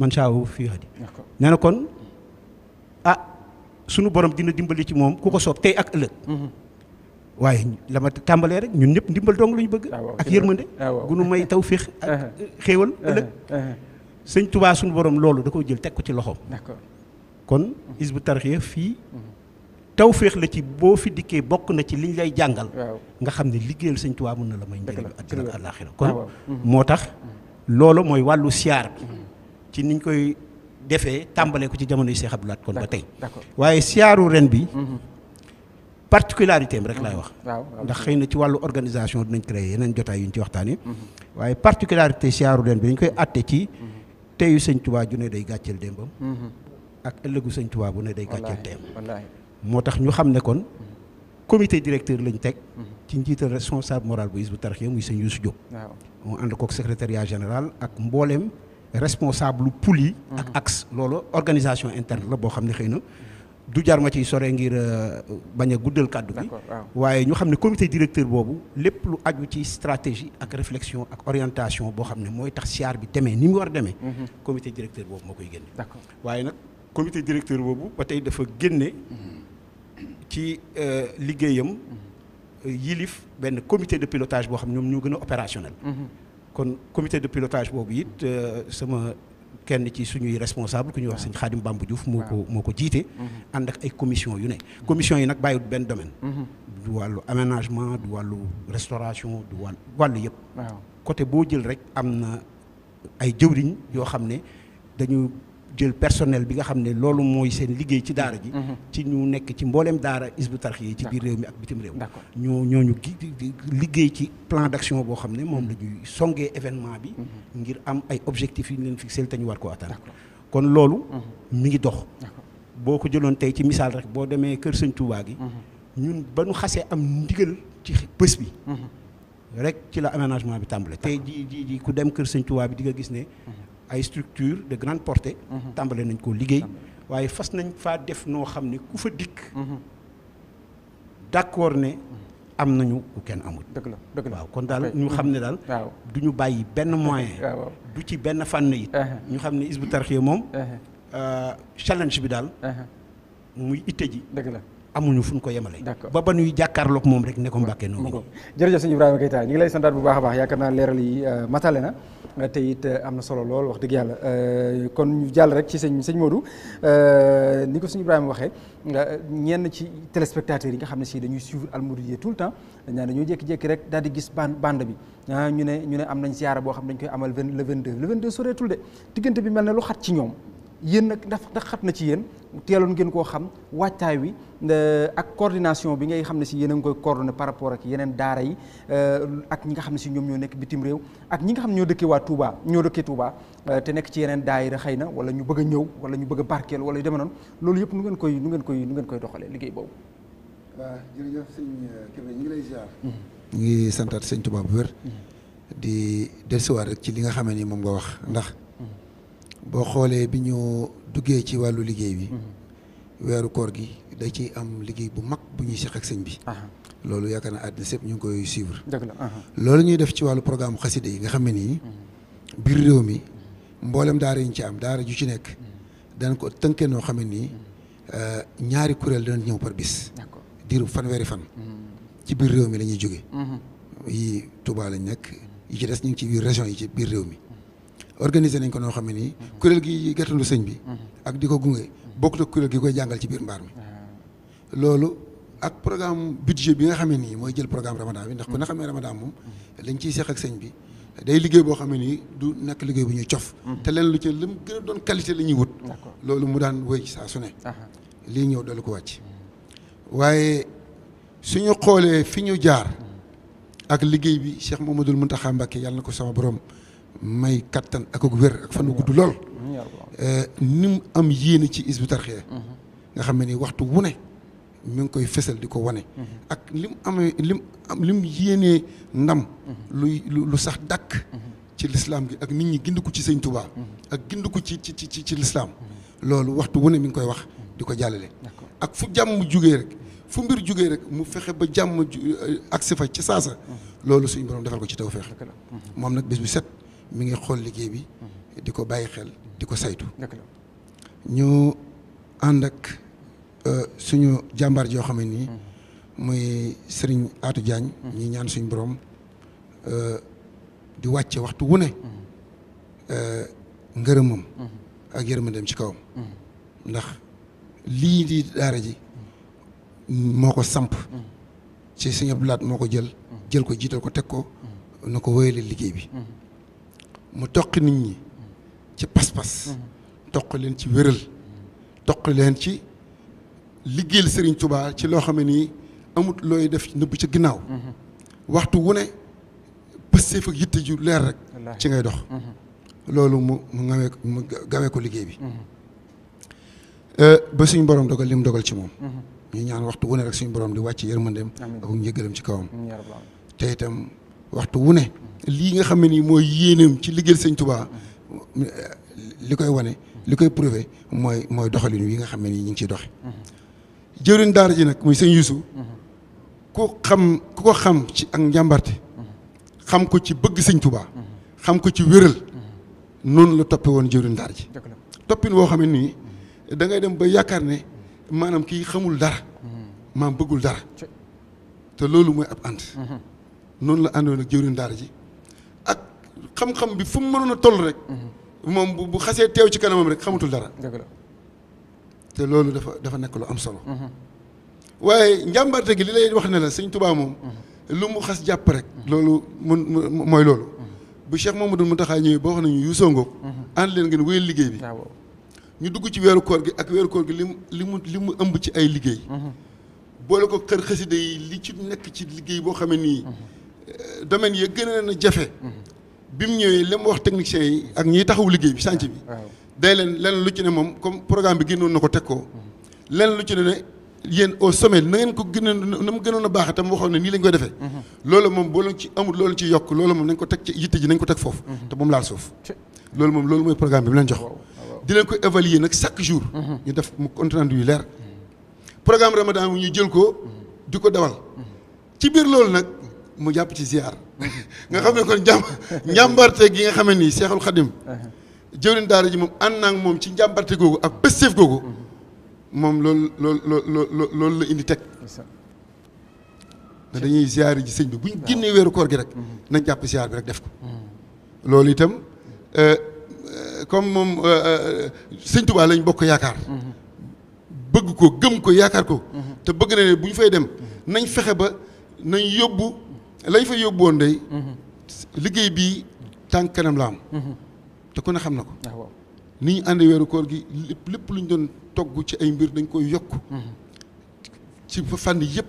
man saawu fii hadi nee kon ah sunu borom dina dimbali ci moom ku ko soob tey ak ëllëg mhm. waaye lama ma tàmbalee rek ñun ñëpp ndimbal dong lañu bëgg ah, ak yërmande ah, gunu may taw féex ak ah, xéewal ëllëg sëñ tubaa sunu borom loolu da ko jël teg ko ci loxoom kon isbu tarxiya fii mhm. tawféex la ci boo fi dikkee bokk na ci liñ lay jàngal. nga xam ni liggéeyal sëñ Tuubaa mën na la may njëriñu àddina ak àllaaxira kon moo tax loolu mooy wàllu siyaar bi mm-hmm. ci niñ koy defee tàmbale ko ci jamono yi Seex Abdou Lahad kon ba tey waaye siyaaru ren bi mm-hmm. particularité rek laay mm-hmm. wax ndax xëy na ci wàllu organisation dinañ créé yeneen jotaay yu ñu ci waxtaanee waaye particularité siyaaru ren bi dañ koy àtte ci teyu sëñ ju ne day gàcceel démbam ak ëllëgu sëñ bu ne day moo tax ñu xam ne kon comité directeur lañ teg ci njiital responsable moral bu Hizbut Tarqiyyah muy sëñ Youssou Diop mu ànd kook secrétariat général ak mbooleem responsable lu poul yi mm-hmm. ak axe loolu organisation interne la boo xam ne xëy na du jar ma ciy sore ngir euh, bañ a guddal kàddu bi waaye ñu xam ne comité directeur boobu lépp lu aju ci stratégie ak réflexion ak orientation boo xam ne mooy tax siyaar bi demee ni mu war a demee mm-hmm. comité directeur boobu moo koy génne boobu ba tey ci euh, liggéeyam euh, yilif benn comité de pilotage boo xam ñoom ñoo gën a opérationnel. Mm-hmm. kon comité de pilotage boobu it euh, sama kenn ci suñuy responsable ku ñuy wax ah. sëñ Xaadim Bamba Diouf moo moo ko jiite. Mm-hmm. ànd ak ay commission yu ne. Mm-hmm. commission yi nag bàyyiwul benn domaine. du wàllu aménagement du wàllu restauration du wàllu wàllu yëpp. côté boo jël rek am na ay jëwriñ yoo xam ne dañu jël personnel bi nga xam ne loolu mooy seen liggéey ci daara ji mhm. ci ñu nekk ci mbooleem daara isbu tarxiya ci biir réew mi ak bitim réew ñoo ñooñu liggéey ci plan d'action boo xam ne moom la ñuy songee événement bi mhm. ngir am ay objectifs yu ñu leen fixé te ñu war ko atteindre kon loolu mhm. mi ngi dox boo ko jëloon tey ci misaal rek boo demee kër sëñ Touba gi ñun ba ñu xasee am ndigal ci bés bi rek ci la aménagement bi tàmbale tey jii jii jii ku dem kër sëñ Touba bi ay structure de grande porté mhm. tàmbale nañ koo liggéey waaye fas nañ faa def noo xam ne ku fa dikk mhm. d'accord ne mhm. am nañu ku kenn amul dëgg la dëgg waaw kon daal ñu xam ne daal du ñu bàyyi benn moyen du ci benn fànn it uh-huh. ñu xam ne Hizbut Tarqiyyah moom uh-huh. euh, challenge bi daal uh-huh. muy itte ji dëgg la amuñu fu ñu ko yemale ba ba ñuy jàkkaarloog moom rek ne ko mbàkkee noonu jërëjëf sëñ Ibrahima Keita ñu ngi bu baax a baax yaakaar naa leeral yi euh, matale na Euh, te it euh, am na solo lool wax dëgg yàlla euh, kon ñu jàll rek ci sëñ sëñ Modou ni ko suñu Ibrahima waxee ñenn ci téléspectateurs yi nga xam ne si dañuy suivre Almouridiyyah tout le temps ñaan dañoo jékki-jékki rek daal di gis bande bande bi ah, ñu ne ñu ne am nañ ziara boo xam dañ koy amal le 22 le 22 soreetul de diggante bi mel na lu xat ci ñoom. yéen nag dafa xat na ci yéen teeloon ngeen koo xam waajtaay wi eh, ak coordination bi ngay xam ne si yéen a ngi koy coordonné par rapport ak yeneen daara yi eh, ak nga xam ne si ñoom ñoo nekk bitim réew ak ñi nga xam ñoo dëkkee waa Touba ñoo dëkkee Touba eh, te nekk ci yeneen daayira xëy na wala ñu bëgg ñëw wala ñu bëgg a barkeel wala yu demee noonu loolu yëpp nu ngeen koy nu ngeen koy nu koy doxalee liggéey boobu. waaw jërëjëf sëñ Kébé mm-hmm. ñu ngi santaat sëñ Touba bu wér. Mm-hmm. di dellusiwaat rek ci li nga xam ne ni moom nga wax ndax boo xoolee bi ñu duggee ci wàllu liggéey bi mhm. weeru koor gi day ciy am liggéey bu mag bu ñuy seq ak sëñ bi loolu yaakaar na àddina sépp ñu ngi koy suivre loolu ñuy def ci wàllu programme xasida yi nga xam ne nii mhm. biir réew mi mhm. mboolem daara yi ñu ci am daara ju ci nekk dan ko tënkee noo xam ne nii euh, ñaari kuréel dana ñëw par bis diiru fanweeri fan ci biir réew mi lañuy jóge yi Touba lañ nekk yi ci des ñu ngi ci biir région yi ci biir réew mi organiser nañ ko noo xam ne nii kuréel gi gertalu sëñ bi ak di ko gunge bokkut ak kuréel gi koy jàngal ci biir mbaar mi loolu ak programme budget bi nga xam ne nii mooy jël programme ramadan bi ndax ku na xam ne ramadan moom lañ ciy seq ak sëñ bi day liggéey boo xam ne nii du nakk liggéey bu ñuy cof te leen lu ci lim gën a doon qualité la ñuy wut loolu mu daan wéy ci saa su ne lii ñëw dal ko wàcc waaye suñu xoolee fi ñu jaar ak liggéey bi Cheikh Mamadou Mountakha Mbacké yàlla na ko sama borom may kattan ak ak wér ak fan gudd lool euh, ni mu am yéene ci Hizbut Tarqiyyah nga xam ne ni waxtu wu ne mi ngi koy fësal di ko wane ak lim amee lim am lim yéenee ndam luy lu sax dàkk ci lislaam gi ak nit ñi gind ko ci sëñ Tuubaa ak gind ko ci ci ci ci lislaam loolu waxtu wu ne mi ngi koy wax di ko jàllale ak fu jàmm jógee rek fu mbir jógee rek mu fexe ba jàmm euh, agsi fa ci saasa mm-hmm. loolu suñu borom defal ko ci tew tawfeex moom nag bés bu set mi ngi xool liggéey bi mhm. di ko bàyyi xel di ko saytu ñu ànd ak euh, suñu jàmbaar joo xam ne nii mhm. muy sëriñ Atou Diagne mhm. ñi ñaan suñu borom euh, di wàcce waxtu wu ne euh, ngërëmam ak yërmandeem ci kawam ndax lii di daara ji moo ko samp ci suñu blaat moo ko jël jël ko jiital ko teg ko na ko wéyale liggéey bi mu toq nit ñi ci pas-pas toq leen ci wéral toq leen ci liggéeyal sëriñ Touba ci loo xam ne nii amut looy def nëbb ci ginnaaw waxtu wu ne pësteef ak yitte ju leer rek ci ngay dox loolu mu mu ngawee mu gawee ko liggéey bi euh, ba suñ borom dogal li mu dogal ci moom ñu ñaan waxtu wu ne rek suñu borom di wàcc yërmandeem ak njëgalam ci kawam te itam waxtu wu ne lii nga xam ne nii mooy yéeneem ci liggéeyal sëñ Tuubaa li koy wane li koy prouvé mooy mooy doxalin wi nga xam ne nii ñu ngi ciy doxe jëwriñ daara ji nag muy sëñ Youssou ku xam ku ko xam ci ak njàmbarte xam ko ci bëgg sëñ Tuubaa xam ko ci wéral noonu la toppe woon jëwriñ daara ji toppin woo xam ne nii dangay dem ba yaakaar ne maanaam kii xamul dara maam bëggul dara te loolu mooy ab ànd mhm. noonu la àndoon ak jëwriñ daara ji xam-xam bi fu mu mënoon a toll rek. moom bu bu xasee teew ci kanamam rek xamatul dara. te loolu dafa dafa nekk lu am solo. Mhm. waaye njàmbarte gi li lay wax ne la sëñ Tuubaa moom. Mhm. lu mu xas jàpp rek. loolu mun mooy loolu. Mhm. bu Cheikh Mamadou Mountakha ñëwee boo xam ne ñu yuusoo ànd leen ngeen wéyal liggéey bi. ñu dugg ci weeru koor gi ak weeru koor gi li mu li mu li mu ëmb ci ay liggéey. boole ko kër xasida yi li ci nekk ci liggéey boo xam ne nii. Eh, domaine ya gën a jafe. bi mu ñëwee li mu wax techniciens yi ak ñiy taxaw liggéey bi sànc bi day leen leen lu ci ne moom comme programme bi génnoon na ko teg ko leen lu ci ne ne yéen au sommet na ngeen ko gënoon na mu gënoon a baax tam waxoon ne nii lañ koy defee mhm. loolu moom boo leen ci amul loolu ci yokk loolu moom nañ ko teg ci yitte ji nañ ko teg foofu mhm. te moom laal suuf loolu moom loolu mooy programme bi mu leen jox di leen ko évaluer nag chaque jour mhm. ñu def mu compte rendu yu leer programme ramadan bi ñu jël ko di ko dawal ci biir loolu nag mu jàpp ci ziar nga xam ne kon jàmb njàmbarte gi nga xam ne nii Seexul Xadim jëwriñ daara ji moom ànd naa moom ci njàmbarte googu ak pëstéef googu moom loolu loolu loolu loolu la indi teg na dañuy ziyaar ji sëñ bi bu ñu génnee weeru koor gi rek mm-hmm. nañ jàpp ziyaar bi rek def ko mm-hmm. loolu itam euh, euh, comme moom euh, sëñ Tuubaa lañ bokk yaakaar mm-hmm. bëgg ko gëm ko yaakaar ko te bëgg na ne bu ñu fay dem nañ fexe ba nañ yóbbu lañ fa yóbbuwoon de mhm. liggéey bii tànk kanam la am mhm. te ku ne xam na ko ah, ni ñu ànd weeru koor gi lépp lépp lu doon togg ci ay mbir dañ koy yokk mhm. ci fànn yëpp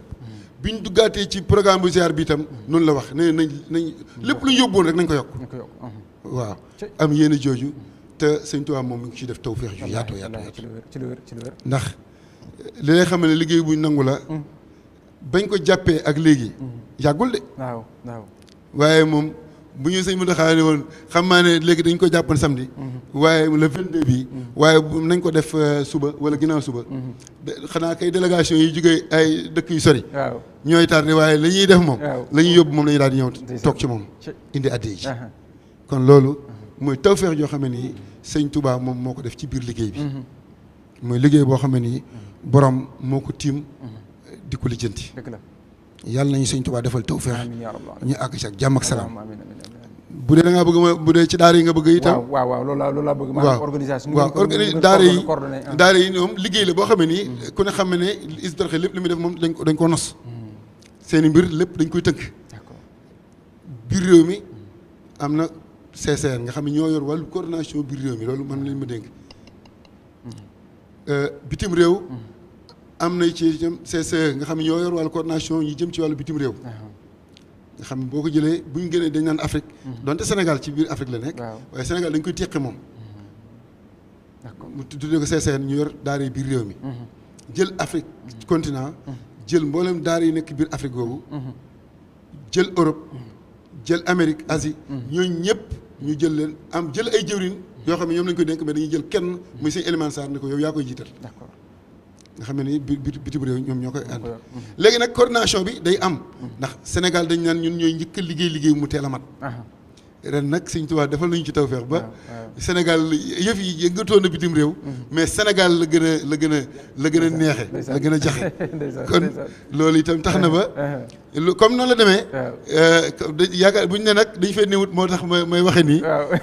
bi duggaatee ci programme bu ziar bi itam noonu la wax ne nañ nañ lépp lu ñu rek nañ ko yokk waaw am yéen jooju te sëñ Tuubaa moom mi ngi ciy def tawféex yu yaatu yaatu yaatu ndax li lay xam ne liggéey buñ nangu la bañ ko jàppee ak léegi yàggul de waaye moom bu ñu sëñ mu taxaa ne woon xam maa ne léegi dañ ko jàppoon samedi mhm. waaye le 22 bi mhm. waaye nañ ko def euh, suba wala ginnaaw suba mhm. xanaa kay délégation yi jógee ay dëkk yu sori waaw ñooy tardé waaye la ñuy def moom la yóbbu moom la ñuy daal di ñëw toog ci moom indi addi ji kon loolu mooy feex joo xam ne nii sëñ Touba moom moo ko def ci biir liggéey bi mooy liggéey boo xam ne nii borom moo ko tiim di ko lijjanti. dëgg la yàlla nañu sëñ Tuubaa defal tawfeex ñu àgg si ak jàmm ak salaam. bu ma bu dee ci daara yi nga bëgg itam. waaw waaw loolu laa loolu laa bëgg. maanaam organisation waaw waaw daara yi ah. boo xam ne nii. Mm. xam ne ne lépp li muy def moom ko dañ ko nos. Mm. seen lépp dañ koy tënk. biir réew mi mm. am na CCR nga xam ne ñoo yor wàllu coordination biir réew mi loolu man lañ ma dénk euh, bitim réew. am na ci itam CCE nga xam ne ñoo yor wàllu coordination ñu jëm ci wàllu bitim réew. nga xam ne boo ko jëlee bu ñu gënee dañ naan Afrique. Mhm. donte Sénégal ci biir Afrique la nekk. waaye Sénégal dañ koy teqe moom. Mhm. d'accord mu tuddee ko CCN e ñu yor daara yi biir réew mi. Mhm. jël Afrique continent. jël mboolem daara yi nekk biir Afrique boobu. jël Europe. jël Amérique Asie. ñooñu ñëpp ñu jël leen am jël ay jëwriñ yoo xam ne ñoom lañ koy dénk mais dañuy jël kenn muy seen élément Sarr ne ko yow yaa koy jiital. d'accord nga xam ne ni bitim réew ñoom ñoo koy ànd léegi nag coordination bi day am mm-hmm. ndax Sénégal dañ naan ñun ñooy njëkk liggéey liggéey mu teel a mat ren nag Sëñ Tuubaa defal nañu ci tawféex ba ah, ah. Sénégal yëf yi yëngatoon na bitim réew mm-hmm. mais Sénégal la gën a la gën la gën neexe la gën a jaxe [laughs] kon loolu tam tax na ba [laughs] uh-huh. comme noonu la demee euh, yaakaar bu ñu ne nag dañu fee néewut moo tax ma may waxe nii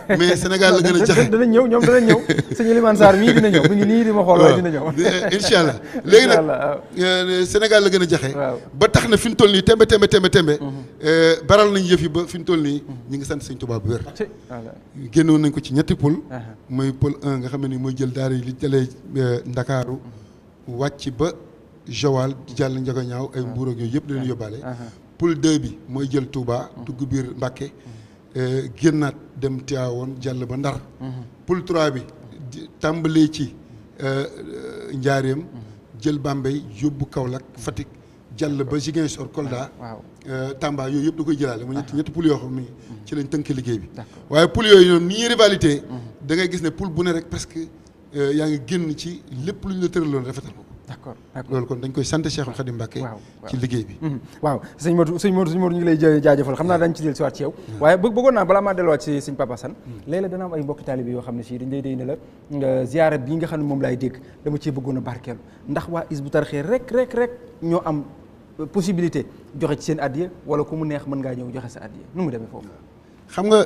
[laughs] mais Sénégal la gën a jaxe dana ñëw ñoom dana ñëw sëñ Elimane nii di ma xool waaye dina ñëw incha allah léegi euh, la gën a ba tax na fi ñu toll nii tembe tembe tembe tembe mm-hmm. euh, baral nañu yëf yi ba fi ñu toll nii mm-hmm. ñu ngi sant Sëñ Tuubaa Touba bu wér génnoon nañ ko ci ñetti pël mooy pël nga xam ne ni mooy jël daara yi li jëlee euh, Ndakaaru mhm. wàcc ba Joal jàll njago ñaaw ay mbuur ak yooyu yëpp dinañ yóbbaale pël 2 bi mooy jël Touba mhm. dugg biir Mbàkke mhm. euh, génnaat dem Tiwaawoon jàll ba Ndar pël 3 bi tàmbalee ci euh, njaareem jël Bambey yóbbu Kaolack Fatick jàll ba Ziguinchor Kolda. Ah, waaw euh, Tamba yooyu yëpp da koy jëlaale. mu ñetti ah. ñetti poul yoo xam mm-hmm. mm-hmm. ne poul euh, la tëraloon rafetal ko. dañ koy sant ne la ziyaara bii nga xam ne moom laay dégg dama ciy bëggoon a barkeelu ndax waa Hizbut Tarqiyyah rek rek rek ñoo am possibilité joxe ci seen addiya wala ku mu neex mën ngaa ñëw joxe sa addiya nu mu demee foofu. xam nga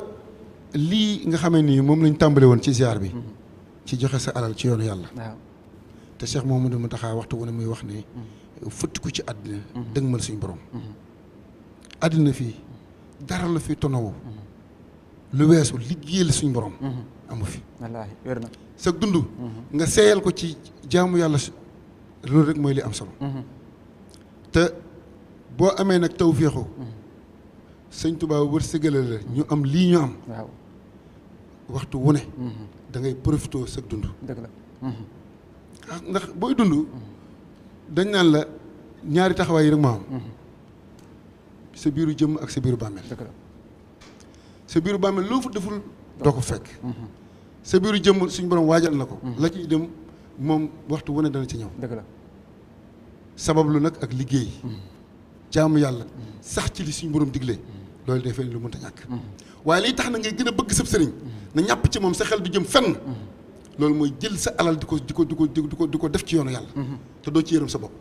lii nga xame nii moom lañ tàmbali woon ci ziar bi. Mm-hmm. ci joxe sa alal ci yoonu yàlla. waaw te Cheikh Mouhamadou Mountakha waxtu wu ne muy wax ne. Mm-hmm. fëttiku ci àddina. Mm-hmm. dëgmal suñu borom. àddina fii dara la fi tonawu. lu weesu liggéeyal suñu borom. amu fi. wallaahi dund. nga seeyal ko ci jaamu yàlla loolu rek mooy li am solo. te boo amee nag tawféexu sëñ Tuubaa wërsëgale la ñu am lii ñu am waxtu wu ne mhm. da ngay profité sa dund dëgg la mhm. ah, ndax booy dund dañ naan la ñaari taxawaay yi moo am mhm. sa biiru jëmm ak sa biiru bàmmeel sa biiru bàmmeel loo fa deful doo ko fekk sa biiru jëmm suñ borom waajal na ko la ciy dem moom waxtu wu ne dana ci ñëw dëgg la sabablu nag ak liggéey jaamu yàlla sax ci li suñu borom digle loolu de dafay lu mënta ñàkk waaye liy tax na ngay gën a bëgg sab sëriñ na ñàpp ci moom sa xel di jëm fenn loolu mooy jël sa alal ko di ko di ko di ko di ko def ci yoonu yàlla te doo ci yërëm sa bopp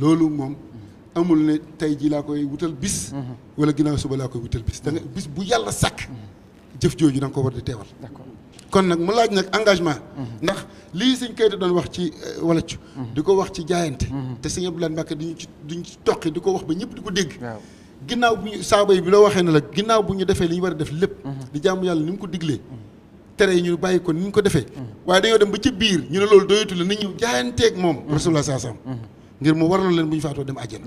loolu moom amul ne tey jii laa koy wutal bis mhm. wala ginnaaw suba laa koy wutal bis da bis bu yàlla sàkk jëf jooju da nga ko war di teewal kon nag mu laaj nag engagement. Mhm. ndax lii sëñ Keita doon wax ci euh, walacc mhm. di ko wax ci jaayante. Mhm. te sëñ Abdoulaye Mbacke duñu ci duñu ci toqi di ko wax ba ñëpp di ko dégg. ginnaaw bu ñu saaba yi bi la waxee ne la ginnaaw bu ñu defee li ñu war a def lépp. di jaamu yàlla ni mu ko diglee. tere yi ñu bàyyi ko ni ñu ko defee. waaye dañoo dem ba ci biir ñu ne loolu doyatul na ñu jaayanteeg moom. rasulullah sallallahu alayhi ngir mu waraloon leen bu ñu faatoo dem àjjana.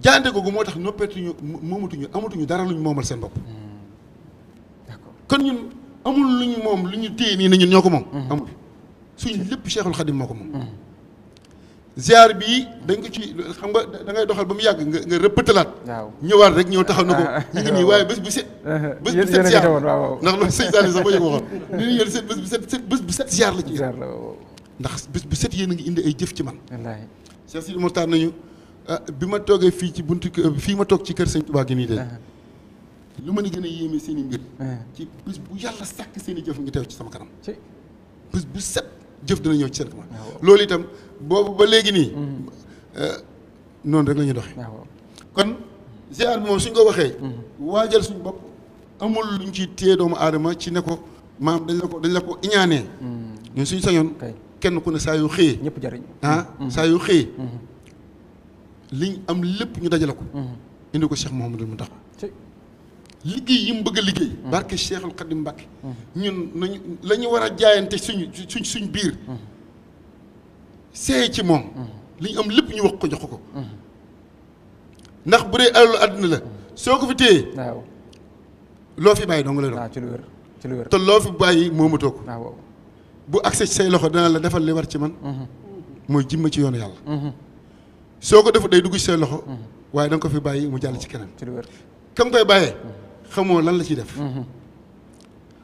d'accord ko googu moo tax noppeetuñu moomatuñu amatuñu dara luñ moomal seen bopp. amul lu ñu moom lu ñu téye nii nañu ñoo ko moom. Mmh. amul suñ lépp Cheikhul Khadim moo ko moom. Mmh. ziar bii dañ ko ci xam nga dangay doxal ba mu yàgg nga nga rëppëtalaat. waaw ñëwaat rek ñëw taxaw na ko. [laughs] ñu ngi nii waaye bés bu set. [laughs] bés bu set ziar ndax loolu sëñ Saliou sax ma yëg waxoon. [laughs] ñu ngi yéen set bés bu set la ci ndax bés bu set yéen a ngi indi ay jëf ci man. wallaahi Cheikh Sidi Mokhtar nañu ah, bi ma toogee fii ci buntu fii ma toog ci kër sëñ Touba gi nii de lu mën a gën a yéeme seen i eh. ci bés bu yàlla sàkk seen i jëf ngi teew ci sama kanam. bés bu set jëf dina ñëw ci seen kanam. loolu itam boobu ba léegi nii. Mm-hmm. Eh, noonu rek la ñuy doxee. kon ziar bi moom suñ ko waxee. Mm-hmm. waajal suñ bopp amul luñ ci téye doomu aadama ci ne ko maam dañ la ko dañ la ko iñaanee. Mm-hmm. ñun suñ sañoon. kenn ku ne saa yu xëyee. ñëpp jariñ ah saa yu xëyee. liñ am lépp ñu dajale ko. indi ko Cheikh mu Mountakha. liggéey yi mu bëgg a liggéey. Mm-hmm. barke Cheikhul Khadim Mbacke. Mm-hmm. ñun nañu la war a jaayante suñ suñ biir. Mm-hmm. seey ci moom. li ñu am lépp ñu wax ko jox ko. ndax bu dee alalu àdduna la soo ko fi téye. waaw loo fi bàyyi dong la doon. Ah, ci lu wér ci lu wér te loo fi bàyyi moomatoo ko. Ah, bu accès ci say loxo dana la defal li war ci man. mooy jimma ci yoonu yàlla. soo ko defut day dugg ci say loxo. waaye da ko fi bàyyi mu jàll ci keneen. Ah, ci lu wér kam koy bàyyee. xamoo lan la ciy def. Mhm.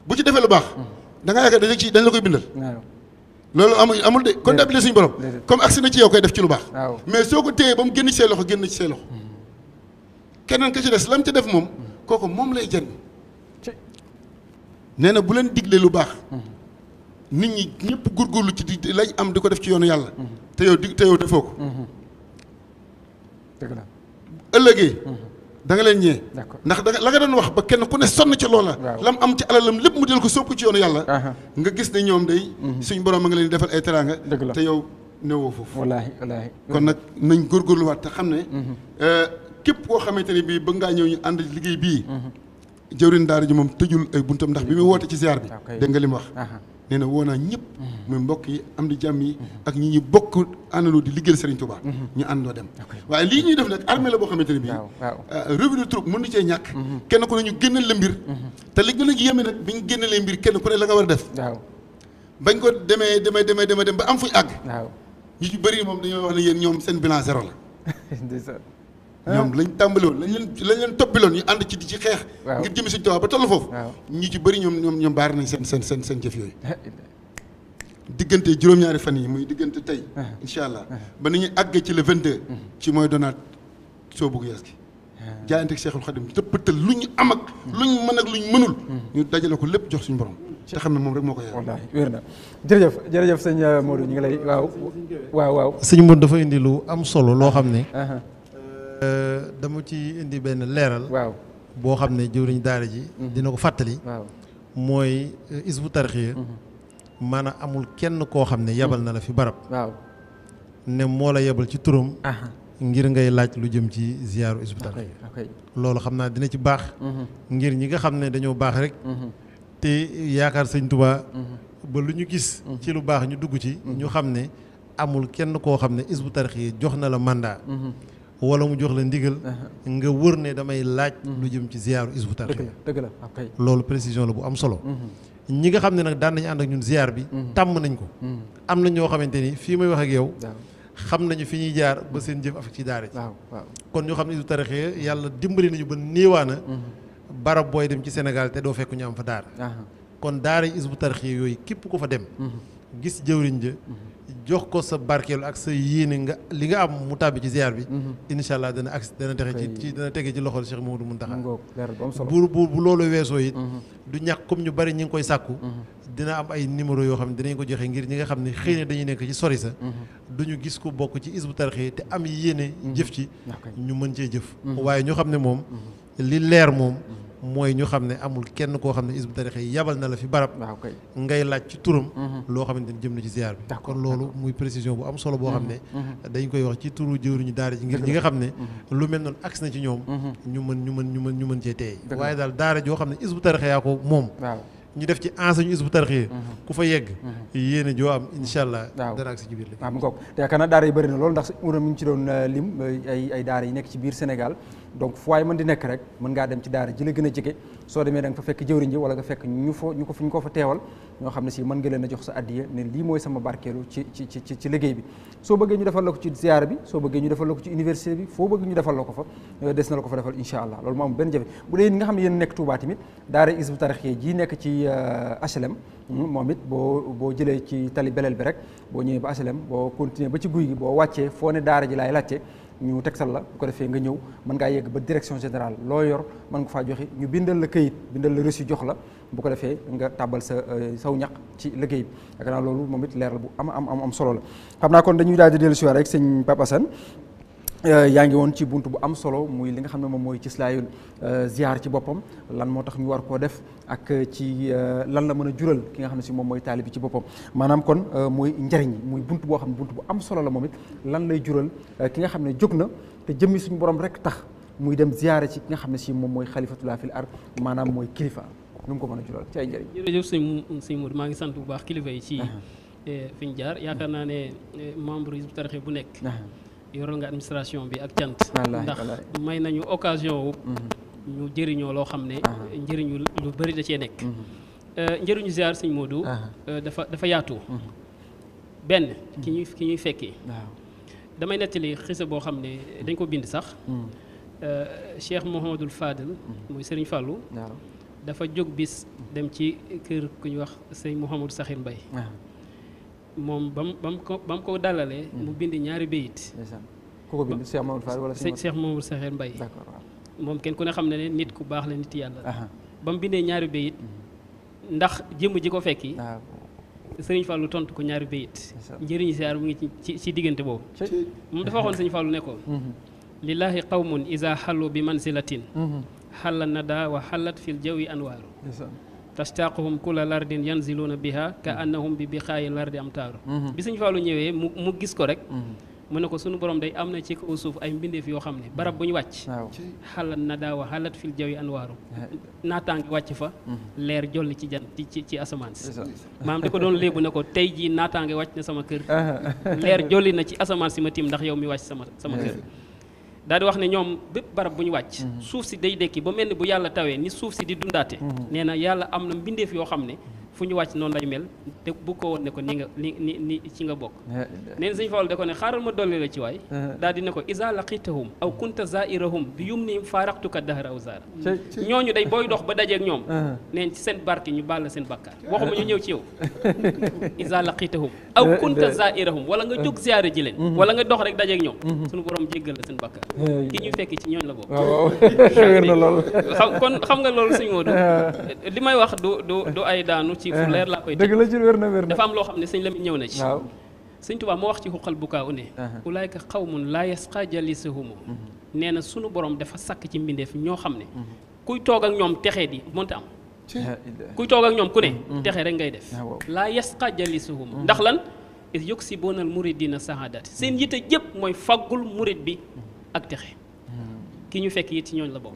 bu ci defee lu baax. Mhm. da nga dañ la ciy dañ la koy bindal. loolu amul amul de comptabiliser suñu borom. comme agsi na ci yow koy def ci lu baax. mais soo ko téyee ba mu génn ci say loxo génn ci say loxo. Mhm. keneen ka ci des lam ci def moom. kooku moom lay jënd. nee na bu leen digle lu baax. nit ñi ñëpp góorgóorlu ci di lañ am di ko def ci yoonu yàlla. te yow di te yow defoo ko. dëgg la ëllëgee. da nga leen ñee ndax danga la nga doon wax ba kenn ku ne sonn ci loola lam am ci alalam lépp mu del ko sóob ko ci yoonu yàlla nga gis ne ñoom day mhm. suñ borom a nga leen defal ay teraanga te yow newoo foofu wallaahi wallaahi kon nag nañ góorgóorluwaat te xam ne mhm. euh, képp koo xamante ne bii bëgg ngaa ñëw ñu ànd liggéey bii mhm. jëwrin daara ji moom tëjul ay buntam ndax bi muy woote ci ziar bi dégg nga li mu wax nee na woo naa ñëpp mm-hmm. mbokk yi am di jàmm yi mm-hmm. ak ñu ñu bokk àndaloo di liggéeyal Serigne Touba mm-hmm. ñu àndoo dem waaye lii ñuy def nag armée la boo xamante ne bii euh, revue troupe mën na cee ñàkk kenn ko ne ñu génnal la mbir te li gën a yéeme nag bi ñu génnalee mbir kenn ku ne la nga war a def bañ ko demee demee demee demee dem ba am fuñ àgg ñu ci bëri moom dañoo wax ne yéen ñoom seen bilan zéro la [laughs] Ah. ñoom lañ tàmbali woon lañ leen lañ leen toppiloon ñu ànd ci di ci xeex ngir jëmi sëñ Tuubaa ba toll foofu ñu ci bëri ñoom ñoom ñoom baar nañ seen seen seen seen jëf yooyu ah, diggante juróom-ñaari fan yi muy diggante tey ah. incha allah ba ni ñuy àggee ci le 22 mm-hmm. ci mooy donaat soo bugg yees gi jaayante ak Seexul Xadim tëppatal lu ñu am ak mm. lu ñu mën ak lu ñu mënul mm. ñu dajale ko lépp jox suñu borom te xam ne moom rek moo ko yore wér na jërëjëf jërëjëf sëñ Modou ñu ngi lay waaw waaw waaw sëñ Modou dafa indi lu am solo loo xam ne Euh, dama ci indi benn leeral. waaw boo xam ne jëwriñ daara ji. Mhm. dina ko fàttali. mooy euh, isbu tarxiya. Mhm. maanaam amul kenn koo xam ne yebal mhm. na la fi barab. ne moo la yebal ci turam. ngir ngay laaj lu jëm ci ziyaaru isbu tarxiya. loolu xam naa dina ci baax. ngir ñi nga xam ne dañoo baax rek. te yaakaar sëñ Tuubaa. ba lu ñu gis. ci lu baax ñu dugg ci. ñu xam ne amul kenn koo xam ne isbu yi jox na la mandat. wala mu jox la ndigal nga wër ne damay laaj mhm. lu jëm ci ziyaaru isbu tarxiya dëgg la loolu précision la bu am solo mhm. ñi nga xam ne nag daan nañu ànd ak ñun ziyaar bi mhm. tàmm nañ ko am na ñoo xamante ni fii may wax ak yow xam nañu fi ñuy jaar ba seen jëf afek ci daara ji kon ñoo xam ne isbu tarxiya yàlla dimbali nañu ba néewaana barab booy dem ci Sénégal te doo fekk ñu am fa daara kon daara yi isbu tarxiya yooyu képp ko fa dem gis jëwriñ ja jox ko sa barkeelu ak sa yéene nga li nga am mu tàbbi ci ziar bi. Mhm. incha allah dana agsi dana texe ci ci dana tege ci loxol Cheikh Mouhamadou Mountakha. bu bu bu loolu weesoo it. Mhm. du ñàkk comme ñu bari ñu ngi koy sàkku. Mhm. dina am ay numéro yoo xam ne dinañ ko joxe ngir ñi nga xam ne xëy na dañuy nekk ci sori sa. duñu gis ko bokk ci Hizbut Tarqiyyah te am yéene. jëf ci ñu mën cee jëf. waaye ñu xam ne moom. li leer moom. mooy ñu xam ne amul kenn koo xam ne isbu tarixa yi yabal na la fi barab ngay laaj ci turam mhm. loo xamante ne jëm na ci ziar bi kon loolu muy précision bu am boo xam ne mhm, mhm. dañ koy wax ci turu jëwriñu daara ji ngir ñi nga xam ne lu mel noonu agsi na ci ñoom ñu mën ñu mën ñu mën ñu mën cee teey waaye daal daara joo xam ne isbu tarixa yaa ko moom ñu def ci enseigne isbu tarix ku fa yegg yéene joo am incha allah dana ak si ci biir la waaw mu ngoog yi bëri na loolu ndax mu mi ngi ci doon euh, lim ay ay daara yi nekk ci biir Sénégal donc fu waay mën di nekk rek mën ngaa dem ci daara ji la gën a jege soo demee da fa fekk jëwriñ ji wala nga fekk ñu fa ñu ko fu ñu ko fa teewal ñoo xam ne si mën nga a jox sa addiya ne lii mooy sama barkeelu ci ci ci ci liggéey bi soo bëggee ñu defal la ko ci ziara bi soo bëggee ñu defal la ko ci université bi foo bëgg ñu defal la ko fa euh, des na la ko fa defal incha allah loolu moo am benn jafe bu dee nga xam ne yéen nekk Touba ci euh, HLM hmm, moom it boo boo jëlee ci tali bi rek boo ñëwee ba HLM boo continuer ba ci guy gi boo wàccee foo daara ji laay ñu tegsal la bu ko defee nga ñëw mën ngaa yegg ba direction générale loo yor mën nga faa joxe ñu bindal la këyit bindal la reçu jox la bu ko defee nga tàbbal sa euh, saw ñax ci liggéey bi. yaakaar naa loolu moom it leer la bu am am am solo la xam naa kon dañuy daal di dellu si rek sëñ Papa Euh, yaa ngi woon ci bunt bu am solo muy li nga xam ne moom mooy ci islaayul euh, ziar ci boppam lan moo tax ñu war koo def ak ci euh, lan la mën a jural ki nga xam ne si moom mooy taali bi ci boppam maanaam kon muy njariñ muy bunt boo xam ne bunt bu am solo la moom lan lay jural ki xam ne jóg na te jëmmi suñu borom rek tax muy dem ziare ci ki nga xam ne si moom mooy xalifatullah fil ard maanaam mooy kilifa nu mu ko mën a jural ci ay njariñ sëñ sëñ Mour maa ngi sant bu baax kilifa yi ci eh, fi ñu jaar yaakaar naa ne eh, membre yi bu bu nekk yoral nga administration bi ak cant ndax may nañu occasion wu mhm. ñu jëriñoo loo xam ne njëriñu lu bari da cee nekk mhm. euh, njëriñu ziar sëñ Modou euh, dafa dafa yaatu mhm. benn ki ñuy ki fekkee damay nettali xisa boo xam ne dañ ko bind sax euh, Cheikh Mouhamadul Fadel mooy Serigne Fallou dafa jóg bis dem ci kër ku ñuy wax sëñ Mouhamadou Saxir Mbaye moom ba mu ba mu ko ba mu ko dalalee. Mm-hmm. mu bind ñaari béyit. ku ko bind Cheikh Mamadou Fall wala Cheikh Mamadou Sakhir Mbaye. d'accord moom kenn ku ne xam na ne nit ku baax la nit yàlla. ba mu bindee ñaari béyit mm-hmm. ndax jëmm ji ko fekki. Ah, sëriñ Fallou tontu ko ñaari béyit. njëriñu ziar mu ngi ci ci diggante boobu. moom dafa waxoon sëriñ Fallou ne ko. Mm-hmm. lillaahi qawmun iza xallu bi manzilatin xalla nada wa xallat fil jawi anwaaru tastaaquhum kula lardin yanziluuna biha ka annahum bi bixaayi lardi am taaru mhm. bi sëñ Fallou ñëwee mu mu gis ko rek mhm. mu ne ko sunu borom day am na ci kaw suuf ay mbindeef yoo xam ne mhm. barab bu ñu wàcc xalat na daawa xalat fil jawi anwaaru [laughs] naataange wàcc fa leer jolli ci jan ci ci asamaan si maam di ko doon léebu ne ko tey jii naataange wàcc na sama kër [laughs] leer jolli na ci asamaan si ma tiim ndax yow mi wàcc sama sama [laughs] kër daal wax ne ñoom bépp barab bu ñu wàcc. Mhm. suuf si day dekki ba mel ni bu yàlla tawee ni suuf si di dundaate. Mhm. nee na yàlla am na mbindeef yoo xam ne. fu ñu wàcc noonu lañu mel te bu ko woon ne ko ni nga ni ni ni ci nga bokk eh, neen sëñ Fallu da ko ne xaaral ma dolli la ci waay eh. daal dina ko isa laqitahum aw kunta zairahum bi yum ni faaraqtuka dahra aw zaara ñooñu dox ba dajeeg ñoom eh. neen ci seen barke la seen bakkaar waxuma ñu ñëw ci yow [laughs] isa laqitahum aw kunta zairahum wala nga jóg ziyaare ji leen mm-hmm. wala nga dox rek dajeeg ñoom mm-hmm. suñu borom jéggal la seen bakkaar ki ñu fekk ci ñooñ la bokk [laughs] kon xam nga loolu [laughs] fii fu eh, leer laa koy dëgg la ci wér na wér am loo xam ne sëñ Lamine ñëw na ci waaw sëñ Tuubaa moo wax ci xuqal bukaa u ne ulaayka xawmun laa yasqa jalisuhumu mhm. nee na sunu borom dafa sàkk ci mbindeef ñoo xam ne mhm. kuy toog ak ñoom texe di monte am kuy toog ak ñoom ku ne mhm, texee rek ngay def ah, laa yasqa jalisuhumu ndax lan is yokk si boonal muridina sahaadati seen yitte jëpp mooy faggul murit bi ak texe ki ñu fekk yit ci ñooñ la bokk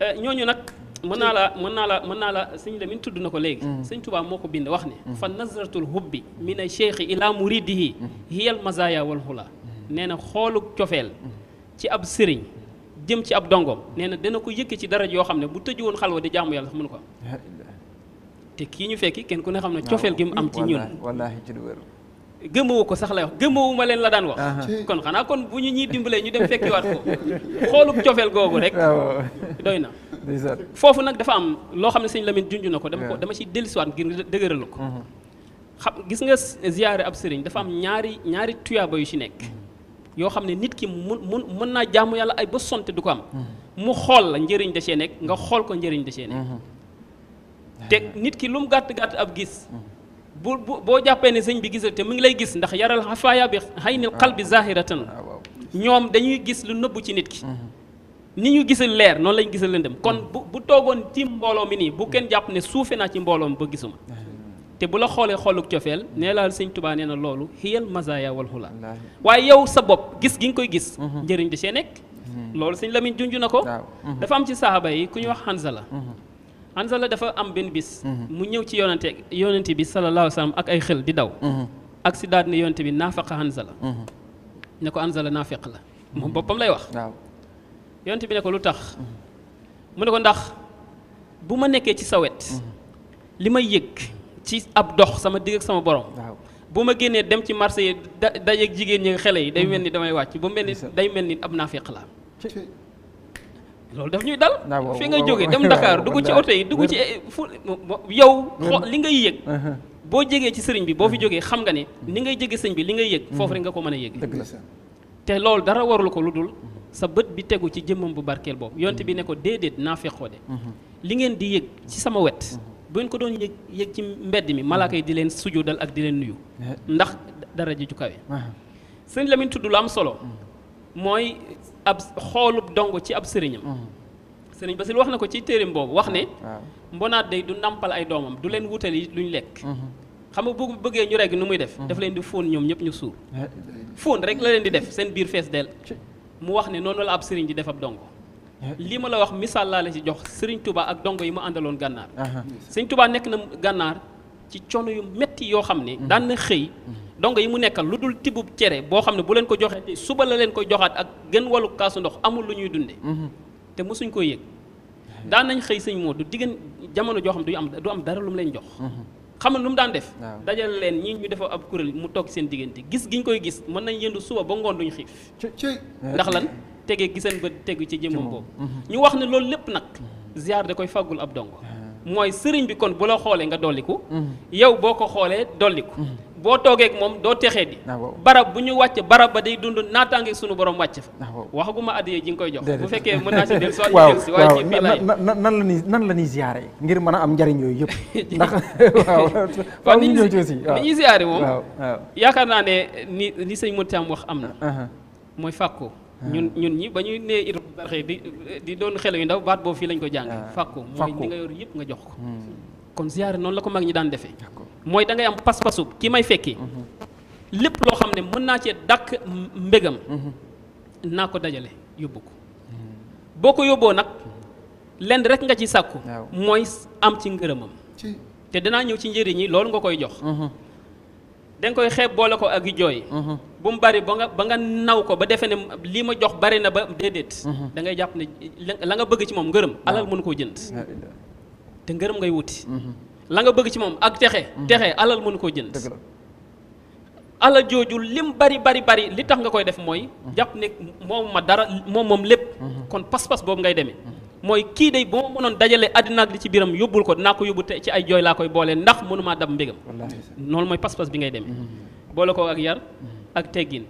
eh, ñooñu nag mën naa la mën naa la mën naa la sëñ Lamin tudd na ko léegi mm. sëñ Tuubaa moo ko bind wax ne mm. fa nazratul hubbi min a cheikhi ila muridihi mm. hiyal mazaya wal la nee na xoolug cofeel ci ab sëriñ jëm ci ab dongoom nee na dina ko yëkk ci dara yoo xam ne bu tëju woon xalwa di jaamu yàlla sax ko am te kii ñu fekki kenn ku ne xam ne cofeel gi mu am ci ñun gëmëwu ko sax la wax gëmëwu ma leen la daan wax kon xanaa kon bu ñu ñuy dimbalee ñu dem fekkiwaat ko xoolu cofeel googu rek [laughs] doy na foofu nag dafa am loo xam ne sëñ Lamine junj na ko dama ko dama ciy dellusiwaat ngir dëgëral ko mhm. xam gis nga ziyaare ab sëriñ dafa am ñaari ñaari tuyaaba yu ci nekk mhm. yoo xam ne nit ki mun mun mën naa jàmm yàlla ay ba sonte du ko am mhm. mu xool la njëriñ da cee nekk nga xool ko njëriñ da cee nekk te nit ki lu mu gàtt gàtt ab gis bu boo jàppee ne sëñ bi gisal te mu ngi lay gis ndax yaral xafaaya bi xaynil qalbi ah. zahiratan ah, ñoom dañuy gis lu nëbbu ci nit ki mm-hmm. ni ñu gisal leer noonu lañ gisal lëndëm kon mm-hmm. bu bu toogoon ci mbooloo mi nii bu kenn jàpp ne suufe naa ci mbooloo mi ba gisuma mm-hmm. te bu la xoolee xooluk cofeel nee laal sëñ tubaa nee na loolu xiyal mazaya wal xula waaye yow sa bopp gis gi nga koy gis njëriñ da see nekk loolu sëñ Lamine junj na ko dafa am ci saaba yi ku ñu wax Hanzala la dafa am benn bis. Mhm. mu ñëw ci yonante yonante bi sallallahu alayhi wa sallam ak ay xel di daw. Mhm. ak si daal ne yonante bi naafaqa Hanzala. Mhm. ne ko Hanzala naafeq la moom boppam lay wax. waaw bi ne ko lu tax. mu ne ko ndax bu ma nekkee ci sa wet. li may yëg ci ab dox sama digg ak sama borom. bu ma génnee dem ci marché yi da dajeeg jigéen ñi xale yi day mel ni damay wàcc bu mel ni day mel ni ab naafeq la loolu daf ñuy dal. Ah, fi ngay jógee dem Dakar dugg ci [laughs] oto yi dugg ci eh, fu yow. li ngay yëg. Uh-huh. boo jegee ci sëriñ bi boo fi uh-huh. jógee xam nga ne uh-huh. ni ngay jege sëñ bi li ngay yëg foofu rek nga ko mën a yëg te loolu dara warul ko lu dul sa bët bi tegu ci jëmmam bu barkeel boobu yonte bi ne ko déedéet naa feqoo de li ngeen di yëg ci sama wet bu ngeen ko doon yëg yëg ci mbedd mi malaaka yi di leen sujudal ak di leen nuyu ndax dara ji ju kawe sëñ Lamine tudd am solo ab xoolub dong ci ab sëriñam mhm. sëriñ Basil wax na ko ci téereem boobu wax ne mbonaat day du nàmpal ay doomam du leen wutal yi luñ lekk mhm. xam nga bu bëggee ñu regg nu muy def mhm. daf leen di fóon ñoom ñëpp ñu suur eh, foon rek la leen di def seen biir fees del mu wax ne noonu la ab sëriñ di def ab dongo eh. lii ma la wax misaal laa la ci jox sëriñ Touba ak dongo yi ma àndaloon gànnaar sëriñ Touba nekk na gànnaar ci coono yu metti yoo xam ne daan na xëy donc yi mu nekkal lu dul tibub cere boo xam ne bu leen ko joxee suba la leen koy joxaat ak gën wàllu kaasu ndox amul lu ñuy dunde mm-hmm. te mosuñ ko yëg daan nañ xëy sëñ moo du diggan jamono joo xam du am du am dara lu mu leen jox mm-hmm. xam nga lu mu daan def dajale leen ñi ñu defa ab kuréel mu toog seen diggante gis gi ñu koy gis mën nañ yendu suba ba ngoon duñ xiif ndax lan tegee giseen ba tegu ci jëmmam boobu mm-hmm. ñu wax ne loolu lépp nag ziar da koy faggul ab dongo ah. mooy sëriñ bi kon bu xoolee nga dolliku yow boo ko xoolee dolliku boo toogee moom doo texee di ah, barab bu ñu wàcc barab ba day dund naataange sunu borom wàcc fa ah, waxaguma addiye ji nga koy jox bu fekkee mën naa si [laughs] del si waaw si waaye nan la ñuy nan la ñuy ziyaare ngir mën a am njariñ yooyu yëpp [laughs] ndax [laughs] waaw waaw ñu ñëw ci yaakaar naa ne ni li sëñ Moutiam wax am na ah, mooy fàkkoo ñun ñun ñi ba ñuy nee it di di doon xel yu ndaw baat boobu fii lañ ko jànge fàkkoo mooy li nga yor yëpp nga jox ko hmm. kon ziyaare noonu la ko mag ñi daan defee mooy dangay ngay am pas-pasu ki may fekki. lépp loo xam ne mën naa cee dàkk mbégam. naa ko dajale yóbbu ko. boo ko yóbboo nag lenn rek nga ci sàkku. mooy am ci ngërëmam. te danaa ñëw ci njëriñ yi loolu nga koy jox. danga koy xeeb boole ko ak i jooy. bu mu bari ba nga ba nga naw ko ba defe ne lii ma jox bari na ba déedéet. da ngay jàpp ne la nga bëgg ci moom ngërëm alal mënu koo jënd. te ngërëm ngay wuti. la nga bëgg ci moom ak texe mhm. texe alal mënu koo jënd alal jooju lim bari bari bari li tax nga koy def mooy mhm. jàpp ne moom ma dara moom moom lépp mhm. kon pas-pas boobu ngay demee mooy kii day boo mënoon dajale àddina ak li ci biram yóbbul ko dinaa ko yóbbu te ci ay jooy laa koy boole ndax mënumaa dab mbégam noonu mooy pas-pas bi ngay demee boole ko ak yar ak teggin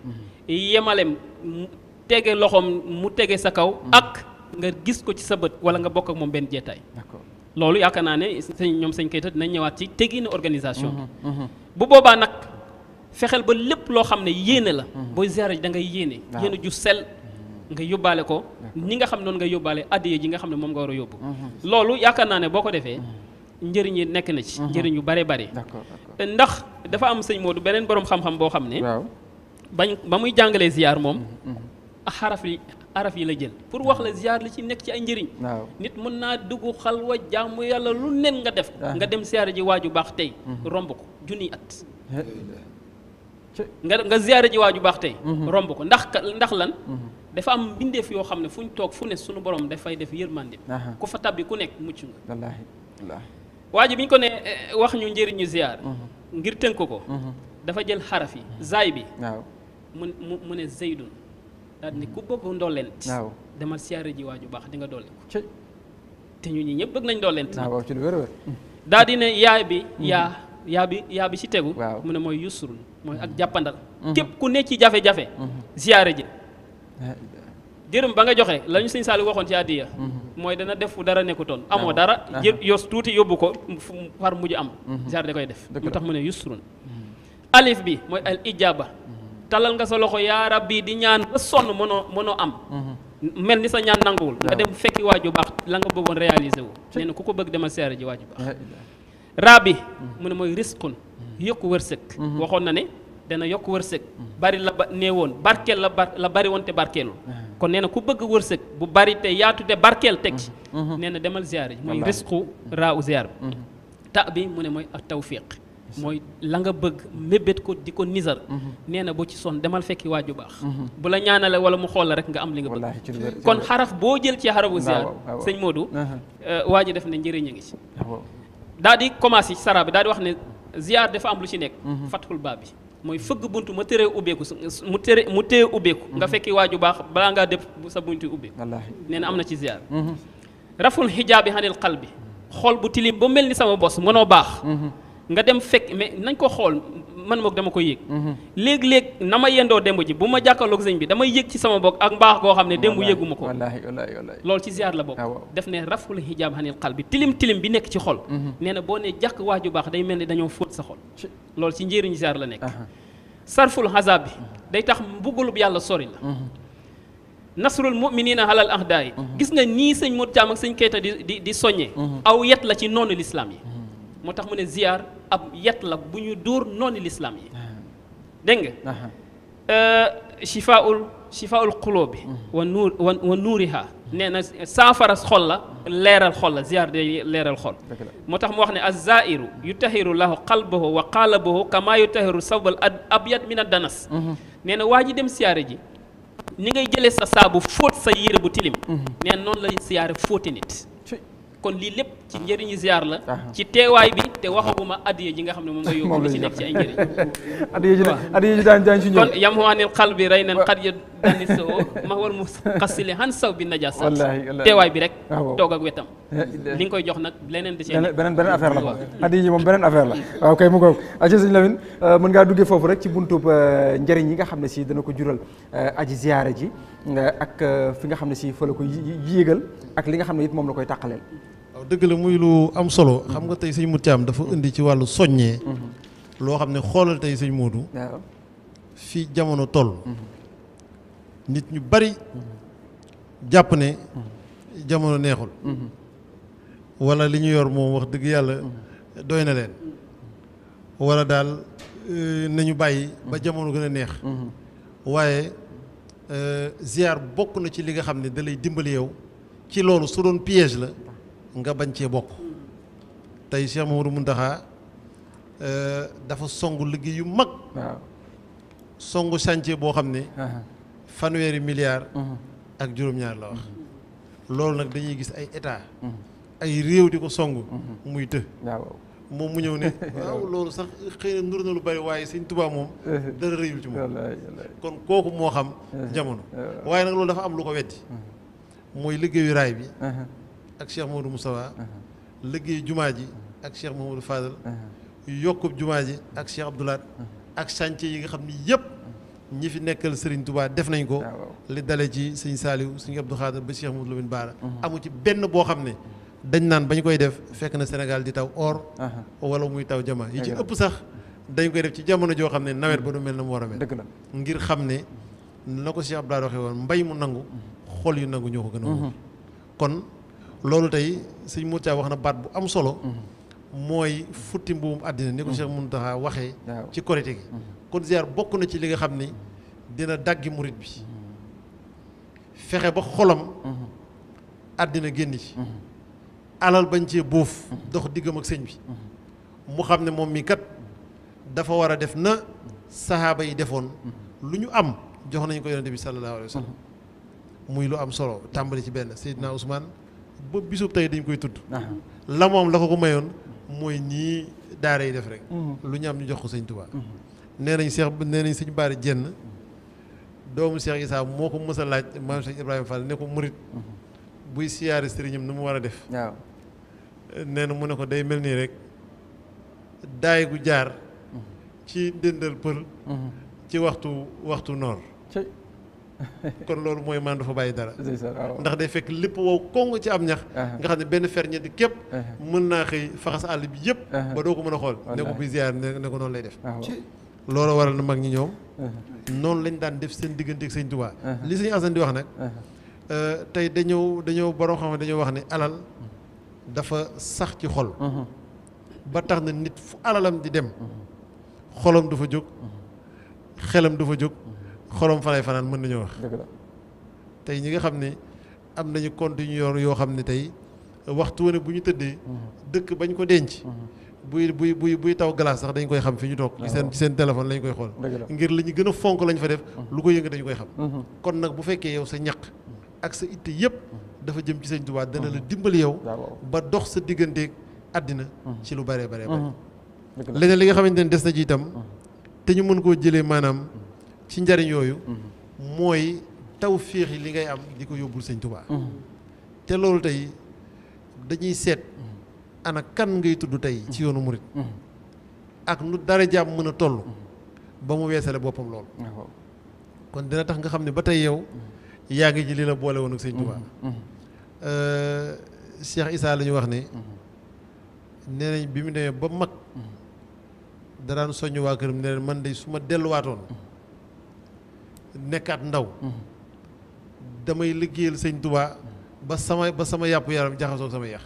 yemalem tege loxoom mu tege sa kaw ak nga gis ko ci sa bët wala nga bokk ak moom benn jeetaay d'accord loolu yaakaar naa ne sëñ ñoom sëñ Keita dinañ ñëwaat ci teggiinu organisation bi mm-hmm, mm-hmm. bu boobaa nag fexeel ba lépp loo xam ne yéene la mm-hmm. booy ziyaara ji da ngay yéene yéene ju sel nga yóbbaale ko ñi nga xam noonu nga yóbbaale addiya ji nga xam ne moom nga war a yóbbu loolu yaakaar naa ne boo ko defee njëriñ yi nekk na ci njëriñ yu bare bare ndax dafa am sëñ Modou beneen boroom xam-xam boo xam ne bañ ba muy jàngalee ziyaar moom xaraf yi araf yi la jël pour wax la ziar li ci nekk ci ay njëriñ nit mën naa dugg xalwa jàmm yàlla lu nen nga def ah. nga dem ziar ji waaju baax tey mm-hmm. romb ko junniy at nga nga ziar ji waaju baax tey mm-hmm. romb ko ndax ndax lan mm-hmm. dafa am mbindeef yoo xam ne fu ñu toog fu ne suñu borom dafay def yërmande ku fa tabbi ku nekk mucc nga waaju bi ñu ko ne eh, wax ñu njëriñu ziar ngir tënk ko dafa jël xaraf yi zaay bi mu mu ne zaydun daal ni ku bëgg ndollent waaw demal siyaare ji waaju baax di nga dolli ko te ñu ñi ñëpp bëgg nañ ndollent waaw ci lu mm. daal di ne yaay bi mm. yaa yaa bi yaa bi ci tegu mu ne mooy yusrun mooy ak jàppandal mm-hmm. képp ku ne ci jafe-jafe mm-hmm. siyaare ji eh, eh. jërëm ba nga joxe la ñu sëñ waxoon ci ya mm-hmm. mooy dana def fu dara nekkutoon amoo dara ah. yoos tuuti yóbbu ko far mujj am siyaare da koy def mu tax mu ne yusrun alif bi mooy al ijaba talal nga sa loxo yaa rabbi di ñaan ba sonn mënoo mënoo am mhm. mel ni sa ñaan nanguwul nga dem fekki waaju baax la nga bëggoon réaliser wu nee na ku ko bëgg demal seere ji waaju baax rabbi mhm. mu ne mooy risqun mhm. yokku wërsëg waxoon na ne dana yokk wërsëg bari la ba néewoon barkeel la la bari woon te kon nee na ku bëgg wërsëg bu bari te yaatu te barkeel teg ci na demal ziar ji mooy risqu raa u ziar bi ta bi mu ne mooy ak tawfiq mooy la nga bëgg mébét ko di ko nisar mhm. nee na boo ci son demal fekki waaju baax mhm. bu la ñaanale wala mu xool la rek nga am li nga bëgg kon xaraf boo jël ci xarafu ziar sëñ Modou mhm. euh, waa ji def ne njëriñ a ngi ci ah, daa di commencé ci sara bi daa di wax ne ziar dafa am lu ci nekk fathul baa bi mooy fëgg buntu ma tëree ubbeeku mu tëree mu téye ubbeeku nga fekki waaju baax balaa ngaa dëpp sa buntu ubbeeku nee na am na ci ziar raful xijaabi xanil xal bi baax nga dem fekk mais nañ ko xool man moog dama ko yëg. Mhm. léeg-léeg na ma yendoo démb ji bu ma jàkkaarloog sëñ bi damay yëg ci sama bopp ak mbaax goo xam ne démb yëguma ko. wallaahi loolu ci ziar la bokk. Ah, def ne raful hijab hanil xal bi tilim tilim bi nekk ci xol. Mhm. nee na boo nee jàkk wax ju baax day mel ni dañoo fóot sa xol. loolu ci njëriñu ziar la nekk. sarful xasaab bi mhm. day tax mbugulub yàlla sori la. nasrul muminina halal ahdaay gis nga nii sëñ Modou Thiam ak sëñ Keita di di soññee. aw yet la ci noonu lislaam yi moo tax mu ne ziyaar ab yat la bu ñu dóor noonu lislaam yi dégg nga euh, shifaul shifaul qulubi mm. wa nuur wa nuuriha nee na saafara xol la leeral xol la ziyaar day leeral xol moo tax mu wax ne az-zaa'iru yutahiru lahu qalbahu wa qaalabahu kama yutahiru sawbal abyad min ad-danas mm-hmm. nee na waa ji dem siyaare ji ni ngay jële sa saabu fóot sa yére bu tilim mm-hmm. nee noonu la siyaare fóoti nit kon lii lépp ci njëriñu ziar la. Ah. ci teewaay bi te waxaguma adiya ji nga xam ne moom nga yóbbu li ci nekk ci ay njëriñ. [laughs] adiya ji daan daan kon yam waanil xal bi rey nañ xat ya [laughs] dani ma war mu xasile han bi najaas. teewaay bi rek. Ah, toog ak wetam. li nga koy jox nag leneen da cee nekk beneen beneen affaire la ko adiya ji beneen affaire la waaw kay mu ko aji euh, mën ngaa duggee foofu rek ci buntub euh, njëriñ yi nga xam ne si dana ko jural euh, aji ziyaara ji ak fi nga xam ne si fa la koy yéegal ak li nga xam ne it moom la koy tàqaleel dëgg la muy lu am solo xam nga tey sëñ Modou Thiam dafa indi ci wàllu soññee mhm. loo xam ne xoolal tey sëñ Modou fii jamono toll mhm. nit ñu bari mhm. jàpp ne jamono neexul wala li ñu yor moom wax dëgg yàlla doy na leen wala daal euh, nañu bàyyi ba jamono gën a neex waaye euh, ziar bokk na ci li nga xam ne da lay dimbali yow ci loolu su doon piège la nga bañ cee bokk tey Cheikh Mamadou Mountakha euh, dafa songu liggéey yu mag songu chantier boo xam ne fanweeri milliards ak juróom-ñaar la wax loolu nag dañuy gis ay état ay réew di ko songu muy të moom mu ñëw ne [laughs] waaw loolu sax xëy na nur na lu bari waaye sëñ Tuubaa moom dara rëyul ci moom kon kooku moo xam jamono waaye nag loolu dafa am lu ko weddi mooy liggéeyu raay bi ak Cheikh Mamadou Moustapha uh-huh. liggéey jumaa ji uh-huh. ak Cheikh Mamadou Fadal uh-huh. yokkub jumaa ji ak Cheikh Abdoulaat ak chantier yi nga xam ni yëpp ñi fi nekkal Serigne Touba def nañ ko ah, li dale ci sëñ Saaliw sëñ Abdou Xaadar ba Cheikh Mamadou Lamine Baara amu ci benn boo xam ne dañ naan ba ñu koy def fekk na Sénégal di taw or wala muy taw jama yi ci ëpp sax dañ koy def ci jamono joo xam ne nawet ba du mel na mu war a ngir xam ne na ko Cheikh Abdoulaat waxee woon mbay mu nangu xol yu nangu gën loolu tey sëñ Mourtada wax na baat bu am solo. Mhm. mooy futti mbuum àddina ni ko mhm. Cheikh Mountakha waxee. ci korite gi. Mhm. kon ziar bokk na ci li nga xam ni dina daggi murit bi fexe ba xolam. àddina génn ci. alal bañ cee bóof dox diggam ak sëñ bi. mu xam ne moom mii kat dafa war a def na saxaaba yi defoon lu ñu am jox nañu ko yonente bi sallallahu alayhi wa muy lu am solo tàmbali ci benn Seydina Ousmane. ba bisub tey dañu koy tudd la moom la ko ko mayoon mooy nii daara yi def rek mhm. lu ñu am ñu jox ko sëñ Tuubaa mhm. nee nañ seex nee nañ baar Baari Jenn doomu Seex Isaa moo ko mës a laaj maam sëñ Ibrahima Fall ne ko murit mhm. buy siyaare sëriñam nu mu war a def waaw nee na mu ne ko day mel nii rek daay gu jaar ci dëndal pël ci waxtu waxtu noor kon loolu mooy maan dafa bàyyi dara ndax day fekk lépp wow kong ci am ñax nga xam ne benn ferñeenti képp mën naa xëy faxas àll bi yëpp ba doo ko mën a xool ne ko buy ziar ne ko noonu lay def loolu waral na mag ñi ñoom noonu lañ daan def seen diggante ak sëñ Tuubaa li sëñ Asan di wax nag euh, tey dañoo dañoo borom xam ne dañoo wax ne alal dafa sax ci xol ba tax na nit fu alalam di dem xolam du fa jóg xelam du fa jóg xorom fa lay fanaan mën nañoo wax. tey ñi nga xam ne am nañu compte yoo xam ne tey waxtu wane bu ñu tëddee. Mhm. dëkk bañ ko denc. Mhm. buy buy buy buy taw glace sax dañ koy xam fi ñu toog. ci seen ci seen téléphone lañ koy xool. ngir li ñu gën a fonk lañ fa def. Mhm. lu ko yënga dañu koy xam. kon nag bu fekkee yow sa ñaq ak sa itte yëpp. dafa jëm ci sëñ Tuubaa dana la dimbali yow. ba dox sa digganteeg àddina. ci lu bëree bare leneen li nga xamante ne des na ci itam. te ñu mën koo jëlee maanaam. ci njariñ yooyu mhm. mooy taw féex yi li ngay am di ko yóbbul sëñ Tuubaa mhm. te loolu tey dañuy seet mhm. anak kan ngay tudd tey ci yoonu murit ak nu dara jàmm mën a toll ba mu weesale boppam loolu ah, kon dina tax nga xam ne ba tey yow yaa ngi ji li la boole woon ak sëñ Tuubaa euh, Cheikh Issa la ñu wax ne nee bi mu demee ba mag daraan soññ waa këram ne leen man de su ma delluwaatoon nekkaat ndaw mm-hmm. damay liggéeyal sëñ Tuubaa mm-hmm. ba sama ba sama yàpp yaram jaxasoog sama yax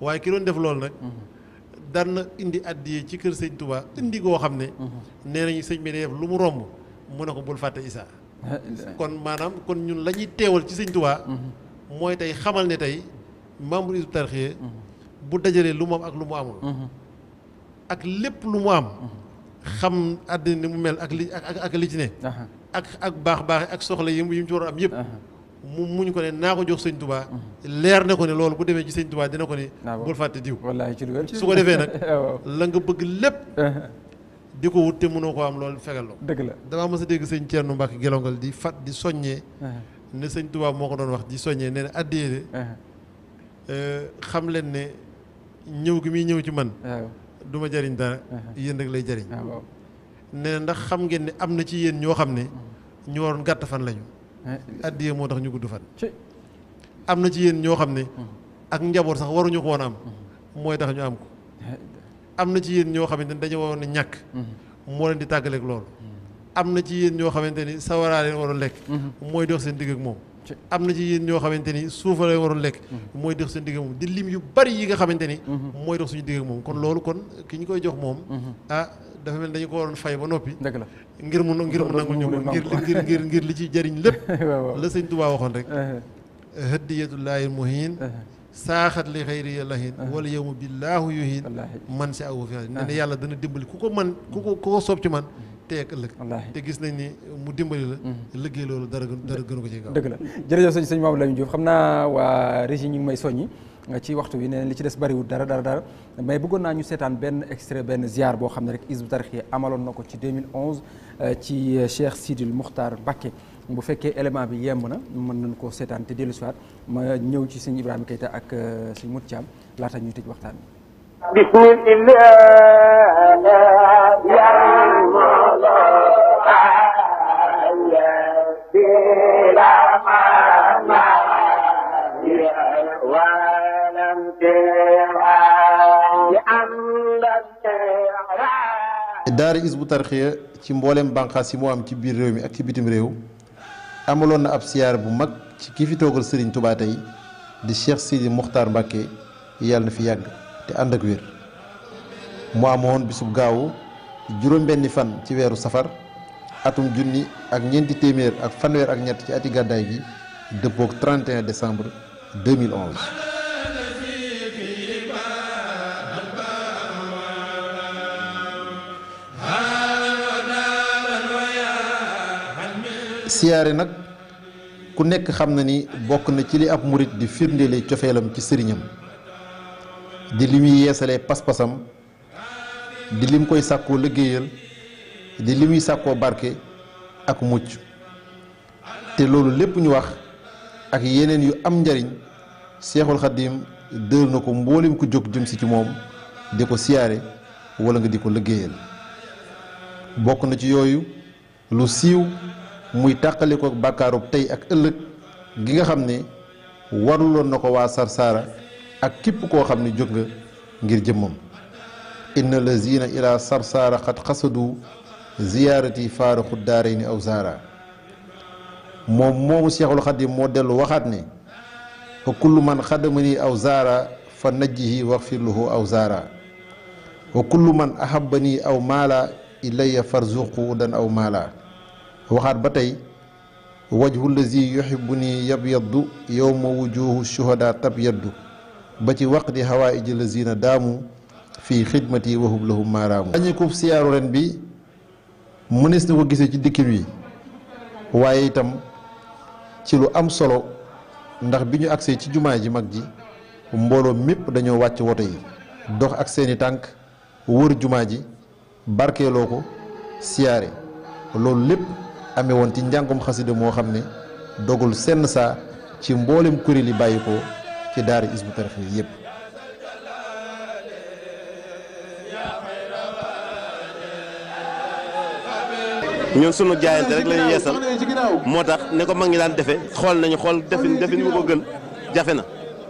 waaye ki doon def loolu nag mm-hmm. daan na indi àddiyee ci kër sëñ Tuubaa indi koo xam ne nee nañu sëñ bi day def lu mu romb mu ne ko bul fàtte Isaa kon maanaam kon ñun lañuy teewal ci sëñ Tuubaa mooy tey xamal ne tey membre Hizbut Tarqiyyah bu dajalee lu mu am ak lu mu amul ak lépp lu mu am xam àddina ni mu mel ak li ak ak li ci ne ak ak baax baax ak soxla yi mu ci war a am yëpp mu muñ ko ne naa ko jox sëñ Touba leer na ko ne loolu bu demee ci sëñ Touba dina ko ne bul fàtte diw su ko defee nag [laughs] la nga bëgg lépp di ko wut te mënoo ko am loolu fegal la dëgg la damaa mës a dégg sëñ Thierno Mbacke Gelongal di fat di soññee ne sëñ tubaa moo ko doon wax di soññee nee na addiyee de euh, xam leen ne ñëw gi muy ñëw ci man du ma jëriñ dara yéen rek lay jëriñ ah, ne ndax xam ngeen ne am na ci yéen ñoo xam ne ñu waroon gàtt fan lañu eh. addiye moo tax ñu gudd fan am na ci yéen ñoo xam ne ak njaboot sax waruñu ko woon am mooy tax ñu am ko eh. am na ci yéen ñoo xamante ne dañu waroon a ñàkk moo leen di tàggaleeg loolu am na ci yéen ñoo xamante ni sawaraa leen waroon lekk mooy dox seen digg ak moom am na ci yéen ñoo xamante ni suufa lay waroon lekk mooy dox seen digg moom di lim yu bari yi nga xamante ni mooy dox suñu digg moom kon loolu kon ki ñu koy jox moom ah dafa mel dañu ko waroon fay ba noppi dëgg la ngir mu ngir mu nangu ñoom ngir ngir ngir ngir li ci jëriñ lépp [laughs] la sëñ Tuubaa waxoon rek hëddiyatullaahi uh-huh. muhin uh-huh. saaxat li xayri yàllahin uh-huh. wala yowma billaahu yuhin man si awu fi ne ne yàlla dana dimbali ku ko man ku ko ku ko soob ci man tey ak ëllëg te gis nañ ni mu dimbali la mm-hmm. liggéey loolu dara dara gënu ko ci kaw dëgg la jërëjëf sëñ sëñ Mamadou Lamine Diouf xam naa waa régie ñu ngi may soññi ci waxtu bi nee li ci des bariwul dara dara dara mais bëggoon naa ñu seetaan benn extrait benn ziar boo xam ne rek Hizbut Tarqiyyah amaloon na ko ci 2011 euh, ci euh, Cheikh Sidil Mukhtar Mbacké bu fekkee élément bi yemb na mën nañ koo seetaan te dellu siwaat ma ñëw ci sëñ Ibrahima Keita ak euh, sëñ Mout Thiam laata ñuy tëj waxtaan bi بسم الله يا daara ci mboolem bànqaas yi moo am ci biir réew mi ak ci bitim réew amaloon na ab siyaar bu mag ki fi toogal Serigne Touba tey di Cheikh Sidi Mokhtar Mbacke yàlla na fi yàgg. te ànd ak wér mu amoon bisub gaawu juróom-benni fan ci weeru safar atum junni ak ñeenti téeméer ak fanweer ak ñett ci ati gàddaay gi dëppook 31 décembre 2011. siyaare nag ku nekk xam na ni bokk na ci li ab murit di firndeele cofeelam ci sëriñam di li muy yeesalee pas-pasam di lim koy sàkkoo liggéeyal di li muy sàkkoo barke ak mucc te loolu lépp ñu wax ak yeneen yu am njariñ seexul xaddim dër na ko mboolem ko jóg jëm si ci moom di ko siyaare wala nga di ko liggéeyal bokk na ci yooyu lu siiw muy tàqale ko bàkkaarub tey ak ëllëg gi nga xam ni waruloon na ko waa Sarsara ak képp koo xam ne jóg nga ngir jëmmam inna lazina ila sarsaara xat xasadu ziyaarati faaraxu daarayni aw zaara moom moomu seexul xadim moo dellu waxaat ni fa kullu man xadamani aw zaara fa najjihi waxfir lahu aw zaara wa kullu man ahabani aw maala ilayya farzuqu dan aw maala waxaat ba tey wajhu lazi yuhibbu ni yabyaddu yowma wujuhu shuhada tabyaddu ba ci di waqti hawaaiji lazina daamu fii xidmati wahum lahum maaraamu añikub siyaaru ren bi mënees na ko gisee ci dikkin wi waaye itam ci lu am solo ndax bi ñu agsee ci jumaa ji mag ji mbooloo mépp dañoo wàcc woto yi dox ak seeni tànk wër jumaa ji barkeeloo ko siyaare loolu lépp amee woon ci njàngum xasida moo xam ne dogul senn saa ci mboolem kuréel yi bàyyi ko ci daara isbu tarxiya yépp ñun sunu jaayante rek la yeesal moo tax ne ko mag ñi daan defee xool nañu xool defin defin bu ko gën jafe na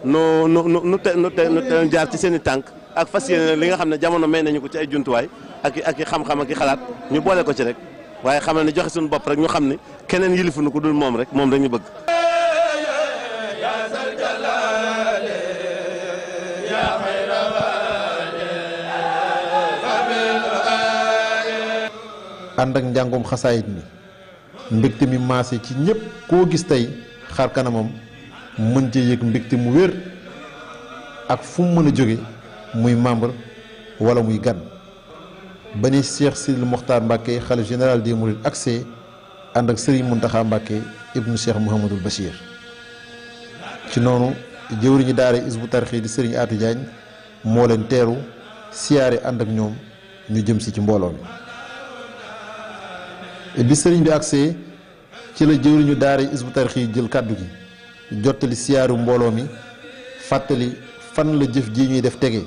nu nu nu nu te jaar ci seeni tànk ak fas yéene li nga xam ne jamono may nañu ko ci ay jumtuwaay ak i ak i xam-xam ak i xalaat ñu boole ko ci rek waaye xam ne joxe suñu bopp rek ñu xam ne keneen yilifu nu ko dul moom rek moom rek ñu bëgg. ànd ak njàngum xasaayit mi mbégte mi maase ci ñépp koo gis tey xar kanamam mën cee yëg mbégte mu wér ak fu mën a jóge muy membre walla muy gan ba ni Cheikh Sidil Mokhtar Mbacke xalif général des Mourides accès ànd ak Serigne Mountakha Mbacke ibnu Cheikh Mouhamadul Bachir ci noonu jëwriñu daara isbu tarxi di Serigne Atou Diagne moo leen teeru siyaare ànd ak ñoom ñu jëm si ci mbooloo mi bi sëriñ bi agsee ci la jëwriñu daara Hizbut Tarqiyyah jël kàddu gi jottali siyaaru mbooloo mi fàttali fan la jëf ji ñuy def tege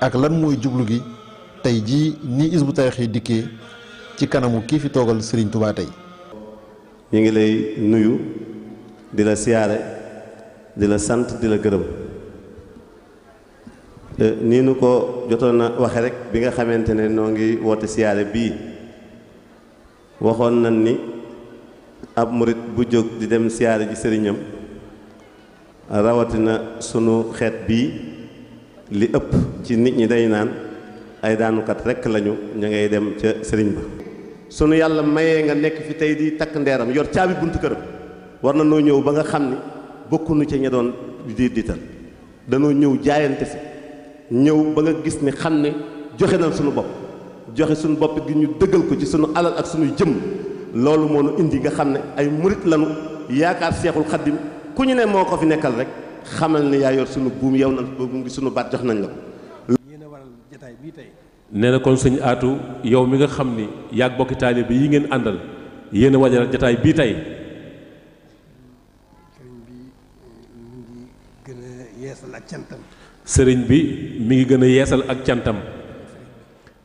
ak lan mooy jublu gi tey jii nii Hizbut Tarqiyyah dikkee ci kanamu kii fi toogal sëriñ Touba tey. ñu ngi lay nuyu di la siyaare di la sant di la gërëm eh, nii nu ko jotoon na waxe rek bi nga xamante ne noo ngi woote siyaare bii. waxoon nañ ni ab murit bu jóg di dem siyaare ji sëriñam rawatina sunu xeet bii li ëpp ci nit ñi day naan ay daanukat rekk lañu ñu ngay dem ca sëriñ ba sunu yàlla mayee nga nekk fi tey di takk ndeeram yor caabi buntu këram war na noo ñëw ba nga xam ni bokkunu ca ña doon diir diital danoo ñëw jaayante si ñëw ba nga gis ni xam ne joxe nañ sunu bopp joxe suñu bopp gi ñu dëggal ko ci suñu alal ak suñu jëm loolu moo nu indi nga xam ne ay murit lanu yaakaar seexul xaddim ku ñu ne moo ko fi nekkal rek xamal ne yaa yor suñu buum yow na buum ngi suñu baat jox nañ la ko nee na kon suñu aatu yow mi nga xam ni yaag bokki taalibe yi ngeen àndal yéen a wajaral jataay bii tey eh, sëriñ bi mi ngi gën a yeesal ak cantam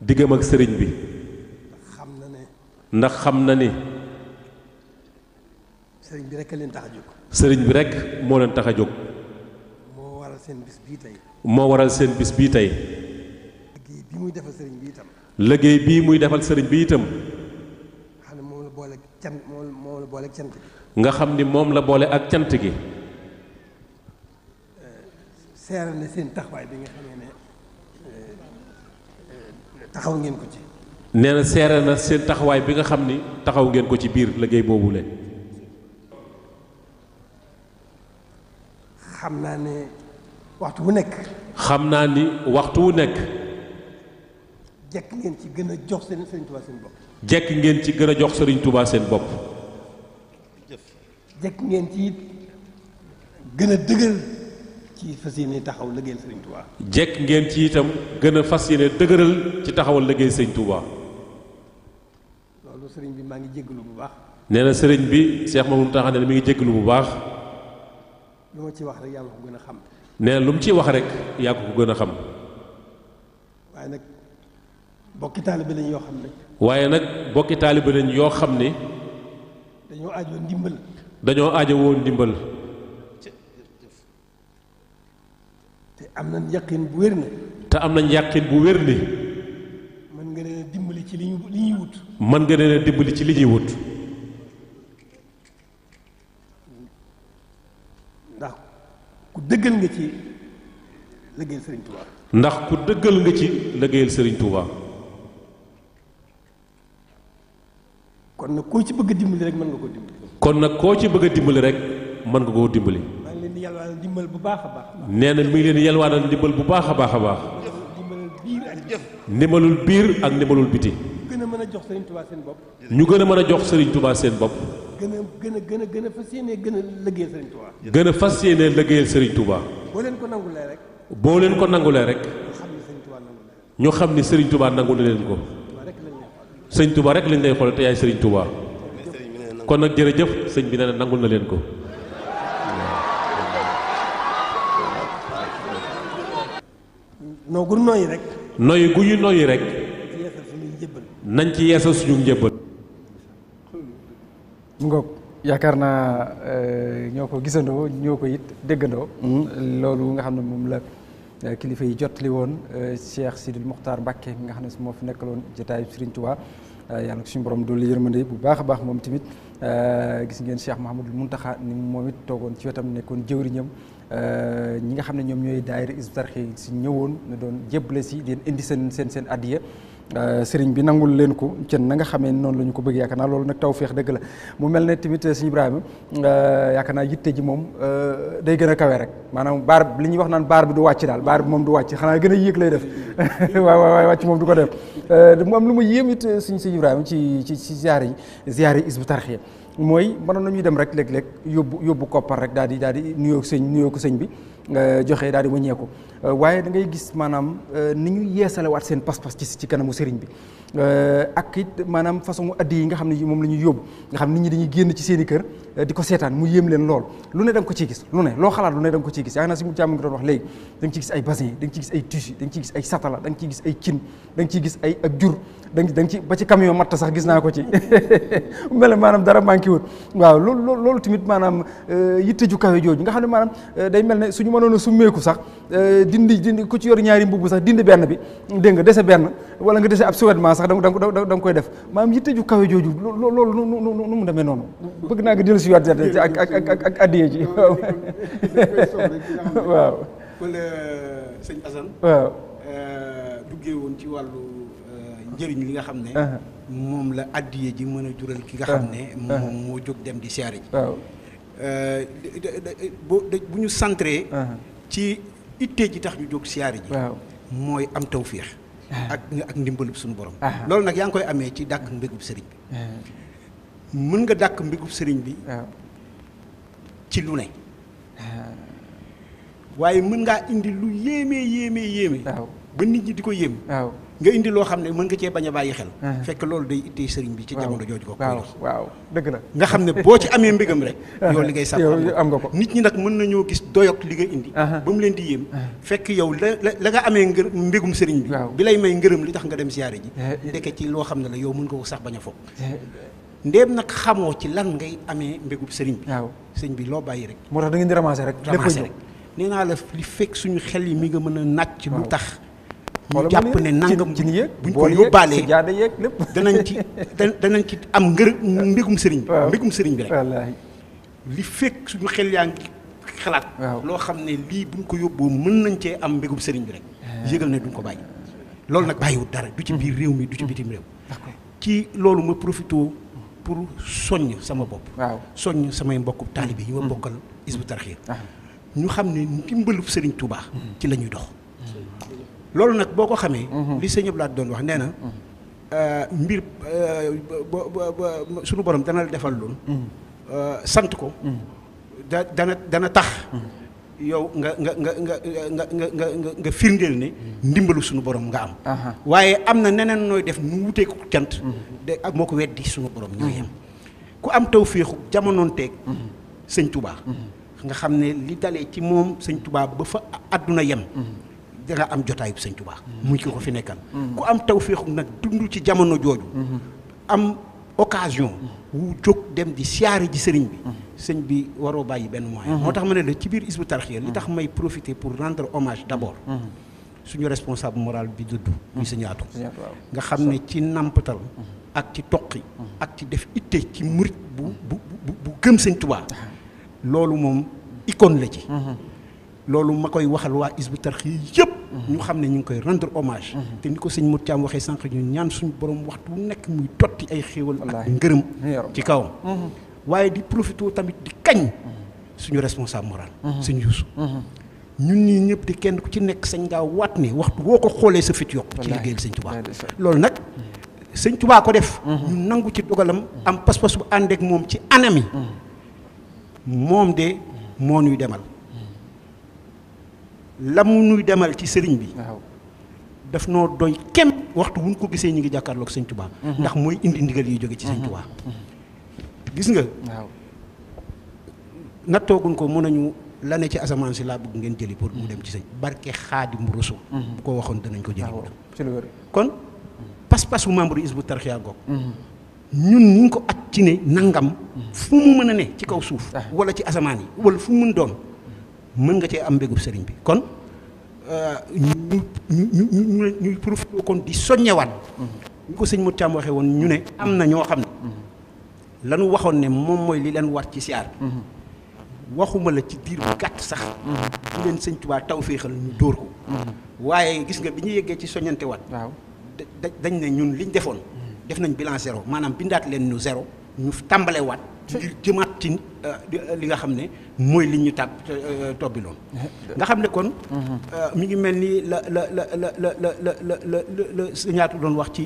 diggam ak sëriñ bi xam na ne ndax xam na ni sëriñ bi rek leen tax a jóg sëriñ bi rek moo leen tax a jóg moo waral seen bis bii tey moo waral seen bii tey liggéey muy defal sëriñ bi itam liggéey bii muy defal sëriñ bi itam xam ne moom la boole ak cant gi nga xam ni moom la boole ak cant gi seeral na seen taxawaay bi nga xam ne taxaw ngeen ko ci. nee na seere na seen taxawaay bi nga xam ni taxaw ngeen ko ci biir liggéey boobu leen. xam naa ne waxtu wu nekk. xam naa ni waxtu wu nekk. jekk ngeen ci gën a jox seen Serigne seen bopp. jekk ngeen ci gën a jox Serigne Touba seen bopp. jekk ngeen ci gën a dëgër. ci fas ni taxaw liggéeyal sëriñ Touba. jekk ngeen ci itam gën a fas yéene dëgëral ci taxawal liggéey sëriñ Touba. loolu sëriñ bi maa ngi jégalu bu baax. nee na sëriñ bi Cheikh Mamadou Taxa ne mi ngi jégalu bu baax. lu ma ci wax rek yàlla gën a xam. nee na lu mu ciy wax rek yaa ko gën a xam. waaye nag bokki taalibe lañ yoo xam ne. waaye nag bokki taalibe lañ yoo xam ne. dañoo aajoo ndimbal. dañoo woo ndimbal. am na yàqin bu wér na te am nañ yàqin bu wér li mën nga leen a dimbali ci li ñuy wut. mën nga leen a dimbali ci li ñuy wut. ndax ku dëggal nga ci liggéeyal sëriñ Touba. ndax ku dëggal nga ci liggéeyal sëriñ Touba. kon nag koo ci bëgg dimbali rek mën nga koo kon nag koo ci bëgg dimbali rek mën nga koo dimbali. di yalwaanal ndimbal bu baax a baax. nee na mi ngi leen di yalwaanal ndimbal bu baax a baax a baax. ndimbalul biir ak jëf. ndimbalul biir ak ndimbalul biti. gën a mën a jox Serigne seen bopp. ñu gën a mën a jox Serigne Touba seen bopp. gën a gën a gën a gën a fas yéenee gën a lëggéeyal Serigne Touba. gën a fas yéenee lëggéeyal Serigne Touba. boo leen ko nangulee rek. boo leen ko nangulee rek. ñu xam ni Serigne Touba nangu na leen ko. Serigne Touba rek lañ lay xool te yaay Serigne Touba kon nag jërëjëf sëñ bi nee na nangul na leen ko noo gu noyyi rek. noyyi gu ñu noyyi rek. nañ ci yeesal suñu njëbbal. mu ngoog yaakaar naa euh, ñoo ko gisandoo ñoo ko it déggandoo. Mm. loolu nga xam ne moom la. Euh, kilifa yi jotali woon euh, Cheikh Sidil Mokhtar Mbacke mi nga xam ne moo fi nekkaloon jotaayu Serigne Touba yàlla na ko suñu borom dolli yërmande bu baax a baax moom tamit gis ngeen Cheikh Mouhamadul Mountakha ni moom it toogoon ci wetam nekkoon jëwriñam Euh, ñi nga xam ne ñoom ñooy daayira Hizbut Tarqiyyah si ñëwoon ñu doon jébbale si di indi seen seen seen addiya euh, sëriñ bi nangul leen ko ca nanga nga xamee noonu la ñu ko bëgg yaakaar naa loolu nag tawféex dëgg la mu mel ne tamit euh, sëñ Ibrahima yaakaar naa yitte ji moom day gën a kawe rek maanaam baar li ñuy wax naan baar bi du wàcc daal baar bi moom du wàcc xanaa gën a yéeg lay def [laughs] waaw waaw wàcc moom du ko def mu am lu ma yéem it sëñ sëñ ci ci ci ziar yi ziar yi Hizbut mooy mënoon nañuy dem rek léeg-léeg yóbbu yóbbu koppar rek daal di daal di nuyoo sëñ nuyoo ko sëñ bi nga joxe daal di ko euh, waaye da ngay gis maanaam euh, ni ñu yeesalewaat seen pas-pas ci ci kanamu sëriñ bi euh, ak it maanaam façon addi yi nga xam ne moom la ñuy yóbbu nga xam nit ñi dañuy génn ci seen i kër di ko seetaan mu yéem leen lool lu ne da ko ciy gis lu ne loo xalaat lu ne da nga ko ciy gis yaakaar naa si mu jàmm ngi doon naa ko ci mel maanaam dara manqué wut waaw loolu loolu tamit maanaam yitte ju kawe jooju nga xam ne maanaam day mel ne suñu mënoon a summeeku sax dindi dindi ku ci ñaari mbubb sax dindi benn bi dégg nga dese benn wala nga dese ab survêtement sax da nga koy def maanaam yitte ju kawe jooju loolu nu mu demee noonu si waat ci ak ak ak ak addiye ji waaw euh, waaw wala euh, sëñ duggee woon ci wàllu euh, njëriñ li nga xam ne uh-huh. moom la addiye ji mën a jural ki nga uh-huh. xam ne moom uh-huh. moo jóg dem di siyaare ji bu ñu centré ci ittee ji tax ñu jóg siyaare ji mooy am tawféex ak ak ndimbalub suñu borom loolu nag yaa ngi koy amee ci dàkk mbégub sëriñ mën nga dàkk mbigub sëriñ bi ci lu ne ah. waaye mën ngaa indi lu yéemee yéemee yéeme ba nit ñi di ko yéem nga indi loo xam ne mën nga cee bañ a bàyyi xel ah. fekk loolu day ittee sëriñ bi ci jamono jooju ko waaw waaw dëgg la nga xam ne boo ci amee mbégam rek [laughs] ah. yow li ngay sàmm am ko nit ñi nag mën nañoo gis doyog li nga indi ba mu leen di yéem fekk yow la la nga amee ngër mbégum sëriñ bi bi lay may ngërëm li tax nga dem siyaare ji eh, eh. ndeke ci loo xam ne la yow mën nga ko sax bañ a foog eh, ndéem nag xamoo ci lan ngay amee mbégub sëriñ bi. waaw sëñ bi loo bàyyi rek. moo tax da ngeen di ramasser rek. ramasser rek nee naa la li fekk suñu xel yi mi nga mën a nàcc lu tax. ñu jàpp ne nangam ci yéeg buñ ko yóbbaalee jaada yéeg lépp danañ ci [laughs] danañ ci am ngër mbégum sëriñ bi sëriñ bi rek li suñu xel yaa ngi xalaat loo xam ne lii buñ ko yóbboo mën nañ cee am mbégum sëriñ bi rek eh. yëgal ne duñ ko bàyyi loolu nag bàyyiwut dara du ci mm-hmm. biir réew mi du ci mm-hmm. bitim réew ci loolu ma profité pour soññ sama bopp. waaw soññ samay mbokku taalibe yi ma mm-hmm. bokkal Hizbut Tarqiyyah ah. ñu xam ne ndimbalu Serigne Touba. Mm-hmm. ci la ñuy dox. loolu nag boo ko xamee. Mm-hmm. li sëñ Abdou Lahad doon wax nee na. Euh, mbir euh, suñu borom dana la defal loolu. Euh, sant ko. da dana dana tax. yow nga nga nga nga nga nga nga nga firndeel ne ndimbalu suñu borom nga am waaye am na neneen nooy def nu wutee ko cant mhm. de ak moo ko weddi suñu borom ñoo mhm. yem ku am tawféexu jamonoonteeg mhm. sëñ Touba nga xam ne li dalee ci moom sëñ Touba ba fa àdduna yem danga am jotaayu sëñ tubaa muy ki ko fi nekkal ku am tawféexu nag dund ci jamono jooju am occasion wu jóg dem di siyaare ji sëriñ bi mhm. sëñ bi waroo bàyyi benn moyen mhm. moo tax ma ne la ci biir Hizbut Tarqiyyah li mhm. tax may profiter pour rendre hommage d'abord suñu responsable moral bi dudd ñu sëñ nga xam ne ci nampatal ak ci toqi ak ci def itte ci murit bu bu bu gëm sëñ Tuubaa loolu moom icône la ci loolu ma koy waxal waa Hizbut Tarqiyyah yëpp ñu xam ne ñu ngi koy rendre hommage. te ni ko sëñ Modou Thiam waxee sànq ñu ñaan suñu borom waxtu nekk muy totti ay xéewal ak ngërëm ci kawam. Mhm. waaye di profité tamit di kañ. suñu responsable moral. suñu Youssou. ñu ñii ñëpp di kenn ku ci nekk sañ ngaa waat ne waxtu woo ko xoolee sa fit yokk. ci liggéeyal sëñ Touba loolu nag. sëñ Touba ko def. Mhm. ñu nangu ci dogalam. am pas-pas bu àndeek moom ci anam mhm. moom de moo ñuy demal. la mu nuy demal ci sëriñ bi. daf noo doy kenn waxtu wuñ ko gisee ñu ngi jàkkaarloog sëñ Tuubaa. Mhm. ndax mooy indi ndigal yi jóge ci sëñ mhm. Tuubaa. Mhm. gis nga. waaw nattooguñ ko mën nañu la ne ci asamaan si laa bëgg ngeen jëli pour mu dem ci sëñ barke Xaadim Rasuul. bu ko waxoon danañ ko jëli. kon pas-pasu membre yu bu Tarqiyyah goog. ñun ñu ngi ko at ci ne nangam. fu mu mën a ne ci kaw suuf. Ah. wala ci asamaan yi wala fu mu mën mën nga cee am mbégub sëriñ bi kon euh, ñu ñu ñu ñu profité kon di soññewaat. ñu ko sëñ Modou Thiam waxee woon ñu ne am na ñoo xam ne lanu waxoon ne moom mooy li leen wat ci siyaar waxuma la ci diir bu gàtt sax bu leen sëñ Tuubaa tawféexal ñu dóor ko waaye gis nga bi ñu yeggee ci soññante waat dañ ne ñun liñ defoon def nañ bilan zéro maanaam bindaat leen ñu zéro ñu tàmbalewaat ngir jëmaat tin li nga xam ne mooy li ñu tàpp tobbiloon nga xam ne kon mi ngi mel ni la la la la la la la la la sañaatu doon wax ci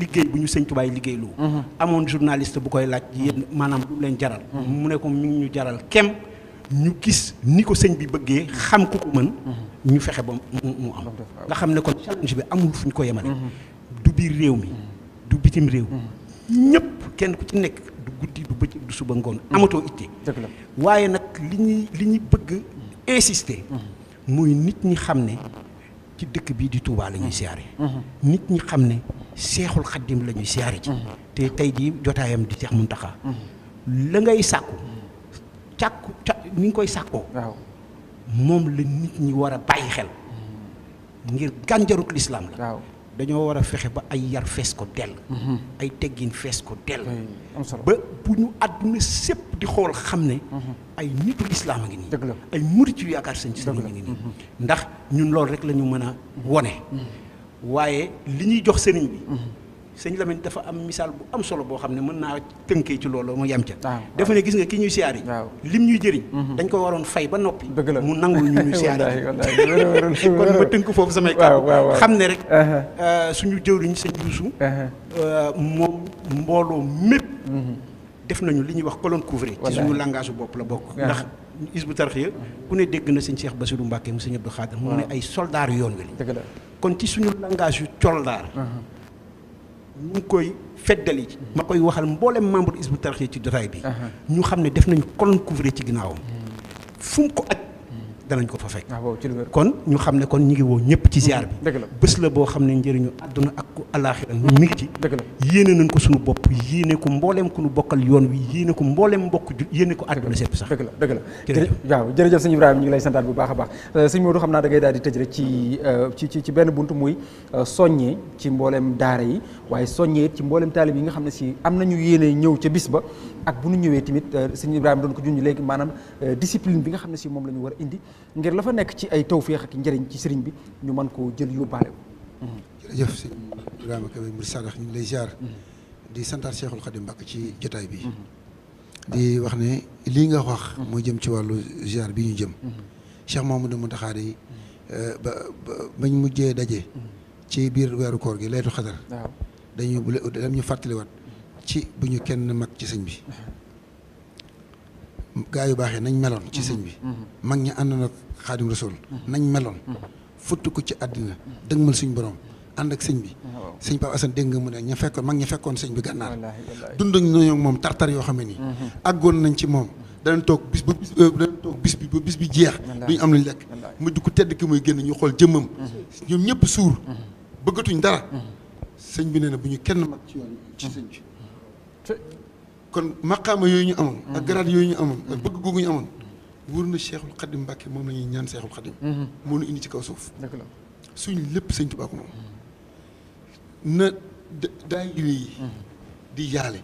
liggéey bu ñu sëñ tubaay liggéey lu amoon journaliste bu koy laaj yéen maanaam lu leen jaral mu ne ko mi ngi ñu jaral kem ñu gis ni ko sëñ bi bëggee xam ku ko mën ñu fexe ba mu am nga xam ne kon challenge bi amul fu ñu ko yemale du biir réew mi du bitim réew ñëpp kenn ku ci nekk du guddi du bëcc du suba ngoon amatoo itte waaye nag li ñuy li ñu bëgg insister muy nit ñi xam ne ci dëkk bii di Touba la ñuy siyaare nit ñi xam ne seexul xaddim la ñuy siyaare ji te tey jii jotaayam di Seex Muntaxa la ngay sàkku càkku ca ni nga koy sàkkoo moom la nit ñi war a bàyyi xel ngir gànjaruk lislaam la dañoo war a fexe ba ay yar fees ko dell. Mhm. ay teggin fees ko dell. ba bu ñu àdduna sépp di xool xam ne. Mhm. ay nitu lislaam a ngi nii. ay murit yu yaakaar sëñ si ngi nii. Mhm. ndax ñun loolu rek la ñu mën a wone. waaye li ñuy jox sëriñ bi. sëñ Lamine dafa am misaal bu am solo boo xam ne mën naa tënkee ci loolu mu yem ca dafa ne gis nga ki ñuy siyaar yi lim ñuy jëriñ mhm. dañ ko waroon fay ba noppi mu nangul ñu ñuy siyaar yi [laughs] kon ma tënk foofu samay kàddu xam ne rek uh-huh. euh, suñu jëwriñ sëñ Youssou uh-huh. euh, moom mbooloo mépp mhm. def nañu li ñuy wax koloon couvrée ci suñu langage bu bopp la bokk ndax Hizbut Tarqiyyah ku ne dégg na sëñ Cheikh Bassirou Mbacké mu sëñ Abdou Khadre mu ne ay soldaar yoon wi lañ kon ci suñu langage yu soldaar uh-huh. ñu ngi koy feddali ma koy waxal mboolem membre Hizbut Tarqiyyah ci jotaay bi ñu xam ne def nañ kon couvrir ci ginnaawam hmm. fu mu ko aj danañ ko fa fekk ah, kon ñu xam ne kon ñu ngi woo ñëpp ci ziar bi bés la boo xam ne njëriñu àdduna ak ku alaaxira mi ngi ci yéene nañ ko suñu bopp yéene ko mbooleem ku nu bokkal yoon wi yéene ko mbooleem mbokk ju yéene ko àdduna sépp lay santaat a baax euh, sëñ Modou xam naa da ngay daal di tëj rek ci euh, ci ci benn buntu muy euh, soññee ci mbooleem daara yi waaye soññee ci mbooleem taalib yi nga xam ne si am na nañu yéene ñëw ca bis ba ak bu ñu ñëwee tamit sëñ Ibrahima doon ko junj léegi maanaam discipline bi nga xam ne si moom la ñu war a indi ngir la fa nekk ci ay tawféex ak njariñ ci sëriñ bi ñu man koo jël yóbbaale ko. jërëjëf sëñ Ibrahima Kébé Mouride Sadax ñu ngi lay ziar. Mm-hmm. di santaat Cheikhul Khadim Mbàkke ci jotaay bi. Mm-hmm. di wax ne lii nga wax. mooy jëm ci wàllu ziar bi ñu jëm. Mm-hmm. Cheikh Mamadou Mountakha yi euh, ba bañ mujjee daje. ci biir weeru koor gi laytu xadar. dañu bu ñu fàttaliwaat ci bu ñu kenn mag ci sëñ bi. gaa yu baax yi nañ meloon ci sëñ bi mhm. Mhm. mag ñi ànd na xaadim rasul mhm. nañ meloon futt ko ci àddina dëgmal suñ borom ànd ak sëñ bi sëñ Pape Assane dégg nga mu ne ña fekkoon mag ña fekkoon sëñ bi gànnaar dund nañu moom tartar yoo xam ne nii àggoon nañ ci moom danañ toog bis ba bis euh, danañ toog bis bi ba jeex duñu am luñ lekk mujj ku tedd ki muy génn ñu xool jëmmam ñoom ñëpp suur bëggatuñ dara sëñ bi nee na bu ñu kenn mag ci yoon ci sëñ bi kon maqaama yooyu ñu amoon. ak mm-hmm. garaat yooyu ñu amoon ak mm-hmm. bëgg googu ñu amoon. wóor na Cheikhul Khadim Mbacke moom la ñuy ñaan Cheikhul Khadim. Mm-hmm. moo ñu indi ci kaw suuf. dëgg la suñ lépp sëñ Tuubaa ko moom. na daayira yi di yaale.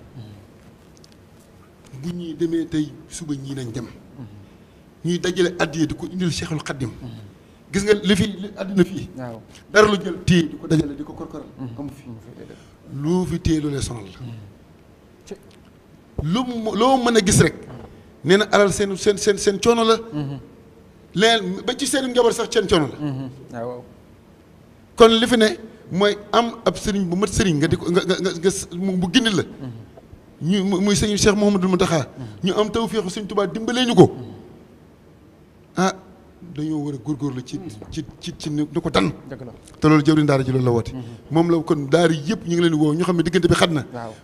bu ñuy demee tey suba ñii nañ dem. ñuy dajale yi di ko indil Cheikhul Khadim. gis nga li fi li àddina fii. waaw dara lu jël téye di ko dajale di ko korkoral. amu fi loo fi sonal la. lu mu loo mën a gis rek nee na alal seen seen seen seen coono la. leen ba ci seen njaboot sax seen coono la. kon li fi ne mooy am ab sëriñ bu mat sëriñ nga di ko nga nga nga bu gindi la. ñu muy sëñ Cheikh Mouhamadul Mountakha. ñu am tawféexu Sëriñ Tuubaa dimbalee ñu ko ah dañoo war a góorgóorlu ci mm. ci ci ci ni ko tànn te loolu jëwriñ daara ji loolu la woote mm-hmm. moom la kon daara yëpp ñu ngi leen woow ñu xam ne diggante bi xat na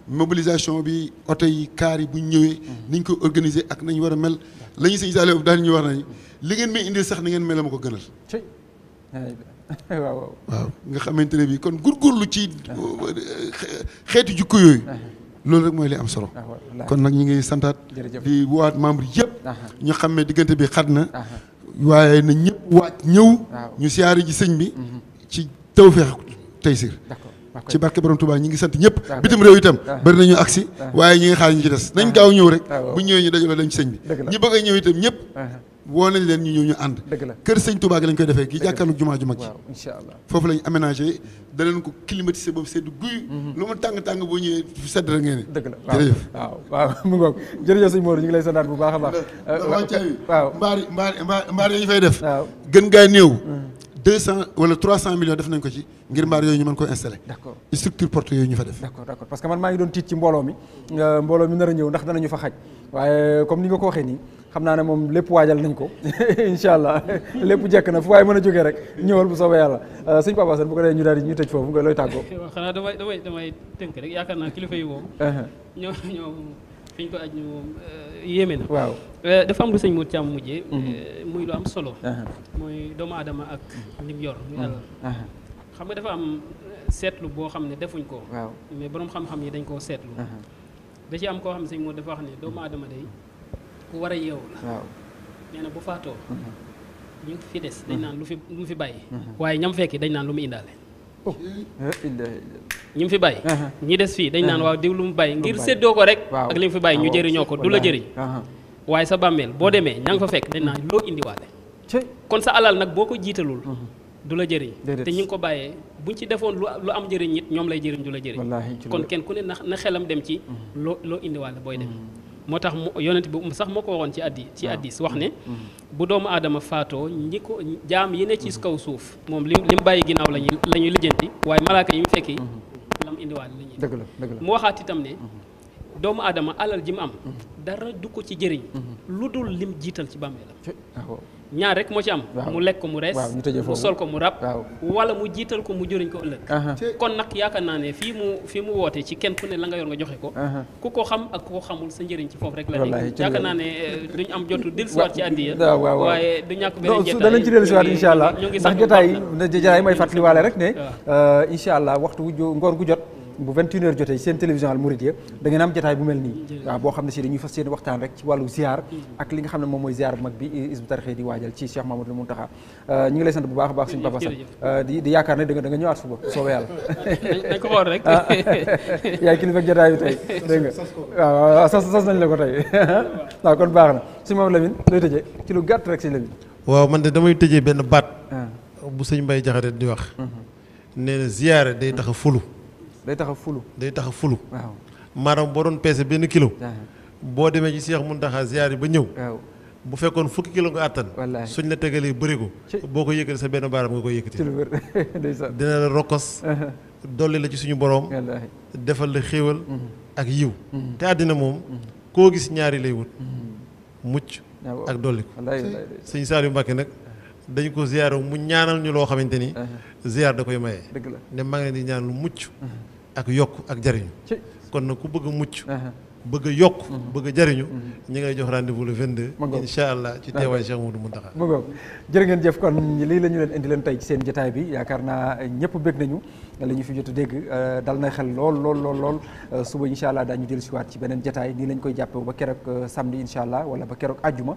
mobilisation bi oto kaar yi bu ñu ñëwee mm-hmm. niñ ko organiser ak nañ war a mel la ñu sëñ Saliou daal ñu wax nañ mm-hmm. li ngeen may indil sax ni ngeen mel la ma [laughs] waaw nga xamante ne bi kon góorgóorlu ci ah. xeetu jikko yooyu ah. loolu rek mooy li am solo ah, kon nag ñu ngi santaat di waat membre yëpp ñu xam ne diggante bi xat na waaye na ñëpp waaj ñëw. ñu siyaare ji sëñ bi. Mhm. ci tew tawféex taysir ci barke borom Touba ñi ngi sant ñëpp bitim réew itam ah. bari nañu agsi ah. waaye ñi ngi xaar ñu ci des nañ ah. gaaw ñëw rek bu ñëwee ñu dajaloo dem ci sëñ bi ñi bëgg a ñëw itam ñëpp woo nañ leen ñu ñëw ñu ànd kër sëñ Touba gi lañ koy defee kii jàkkaarlu jumaa ju mag ji incha allah foofu lañ aménagé danañ ko climatiser ba mu sedd guy mhm. lu mu tàng-tàng boo ñëwee sedd rek ngeen dëgg la jërëjëf waaw waaw [laughs] mu ngoog jërëjëf sëñ Modou ñu lay santaat bu baax a baax [laughs] waaw caabi waaw mbaar mbaar ñu fay def gën gaa néew mhm. deux cent wala trois cent millions def nañ ko ci ngir mbaar yooyu ñu mën ko installé d'accord structure porte yooyu ñu fa def d'accord d'accord parce que man maa ngi doon tiit ci mbooloo mi euh, mbooloo mi nar a ñëw ndax danañu fa xaj waaye comme ni nga ko waxee nii xam naa ne moom lépp waajal nañ ko [laughs] incha allah lépp jekk na fu waaye mën a jógee rek ñëwal bu soobee yàlla euh, suñ Papa Sane bu ko defee ñu daal di ñu tëj foofu nga looy tàggoo. waaw xanaa damay damay tënk rek yaakaar naa kilifa yi moom. Uh-huh. ñoom ko aj euh, waaw euh, dafa am lu sëñ Mour Thiam mujjee. Uh-huh. muy lu solo. Uh-huh. mooy doomu ak lim xam nga dafa am seetlu boo xam ne defuñ ko. waaw mais borom xam-xam yi dañ koo seetlu. da ci am koo xam ne sëñ Mour dafa wax ne doomu aadama day. ku war a yeewu la nee na bu faatoo mhm. ñu fi des dañ mhm. naan lu fi lu mu fi bàyyi mhm. waaye ñam fekki dañ naan lu mu indaale oh. ñi mu fi bàyyi ñi des fii dañ naan waaw diw lu mu bàyyi ngir seddoo ko rek ak li mu fi bàyyi ñu jëriñoo ko du la jëriñ waaye sa bàmmeel boo demee ña nga fa fekk dañ naan loo indiwaale kon sa alal nag boo ko jiitalul du la jëriñ te ñu ngi ko bàyyee buñ ci defoon lu am jëriñ it ñoom lay jëriñ du la jëriñ kon kenn ku ne na xelam dem ci loo loo dem moo tax mu yonent bi sax moo ko waxoon ci addi ci addis ah. wax ne mm-hmm. Mm-hmm. bu doomu aadama faatoo njikko ko jaam yi ne ci mm-hmm. kaw suuf moom li li mu bàyyi ginnaaw lañu la ñuy lijjanti waaye malaaka yi mu fekki lam indiwaat la ñuy dëgg la dëgg mu waxaat itam ne doomu aadama alal ji mu am dara du ko ci jëriñ lu dul lim jiital ci bàmmeelam ah, ñaar rek moo ci am. mu lekk ko mu rees. mu sol ko mu rab. wala mu jiital ko mu jëriñ ko ëllëg. kon nag yaakaar naa ne fii mu fii mu wootee ci kenn ku ne la nga yor nga joxe ko. ku ko xam ak ku ko xamul sa njëriñ ci foofu rek la nekk. yaakaar naa ne eh, duñ am jotu dellusiwaat ci àddiya. waaw waaye du ñàkk beneen jotaay danañ ci dellusiwaat incha allah. ñu ngi sax jotaay may fàttaliwaale rek ne. Euh, incha allah waxtu wu ngoor gu jot. bu 21 jotee seen télévision Al Mouridiyyah da ngeen am jotaay bu mel nii waaw boo xam ne si dañuy fas yéene waxtaan rek ci wàllu ziar ak li nga xam ne moom mooy ziar bu mag bi Hizbut Tarqiyyah di waajal ci Cheikh Mamadou Mountakha euh, ñu ngi lay sant bu baax a baax suñu papa euh, da nga da nga ñëwaat suba soobee yàlla [laughs] ko xool rek ah, [laughs] yaay kilifa jotaay bi tey dégg nga waaw sas sas nañ la ko tey [laughs] waaw kon baax na suñu Mamadou Lamine lay tëjee ci lu gàtt rek si Lamine waaw man de damay tëjee benn baat ah. bu sëñ mbay Jaxate di wax mhm. nee na ziyaare day tax a fulu day tax fulu. day tax fulu. waaw maanaam boo doon peese benn kilo. boo demee ci Cheikh Mountakha ziar yi ba ñëw. bu fekkoon fukki kilo nga àttan suñ la tegalee bëri ko boo ko yëkkati sa benn baaram nga koy yëkkati [laughs] dina la rokkos [laughs] dolli la ci suñu boroom defal la xéewal mhm. ak yiw mhm. te àddina moom mhm. koo gis ñaari lay wut mucc ah, ak dolli ko sëñ Saliou Mbacké nag dañ ko ziyaar mu ñaanal ñu loo xamante ni ziyaar da koy maye ne maa ngi di ñaan lu mucc ak yokk ak jariñu kon na ku bëgg mucc bëgg yokk mhm. bëgg a jariñu mhm. ñi ngay jox rendez-vous le 22 incha allah ci teewaay Cheikh Mouhamadou Mountakha mu ngoog jërë ngeen jëf kon lii la ñu leen indi leen tey ci seen jotaay bi yaakaar naa ñëpp bëgg nañu li ñu fi jot a dégg euh, dal na xel lool lool lool lool euh, suba incha allah daañu dellu siwaat ci beneen jataay nii lañ koy jàppe ba keroog euh, samedi incha allah wala ba keroog ajjuma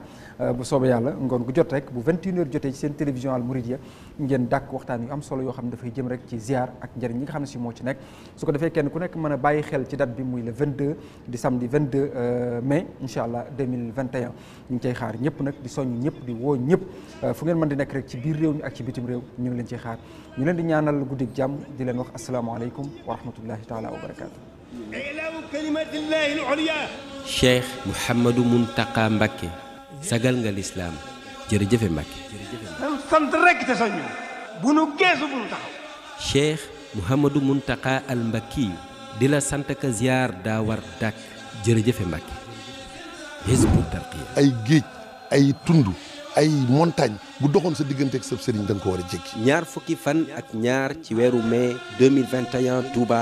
bu soobee yàlla ngoon gu jot rek bu 21h jotee ci seen télévision Al Mouridiyyah ngeen dàkk waxtaan yu am solo yoo xam ne dafay jëm rek ci ziar ak njëriñ ñi nga xam ne si moo ci nekk su ko defee kenn ku nekk mën a bàyyi xel ci date bi muy le 22 di samedi 22 mai incha allah 2021 ñu ngi cay xaar ñëpp nag di soññ ñëpp di woo ñëpp euh, fu ngeen mën di nekk rek ci biir réew mi ak ci bitim réew ñu ngi leen ciy xaar ñu leen di ñaanal guddik jàmm di leen wax asalaamaaleykum wa rahmatullahi taala wa barakaatu cheikh mouhamadou muntaqa mbakke sagal nga lislaam jërëjëfe mbakke nan sant rek te soññ bu nu geesu bu nu taxaw cheikh mouhamadou muntaqa al mbakki di la sant ka ziyaar daa war dàkk jërëjëfe Hizbut ay géej ay tund ay montagne bu doxoon sa diggante sa sëriñ da nga ko war a ñaar fukki fan ak ñaar ci weeru mai 2021 Touba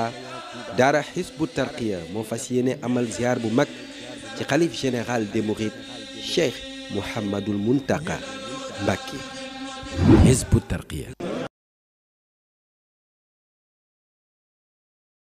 daara Hizbut Tarqiyyah moo fas yéene amal ziar bu mag ci xalif général des Mourides Cheikh Mouhamadul Mountakha Mbacké Hizbut Tarqiyyah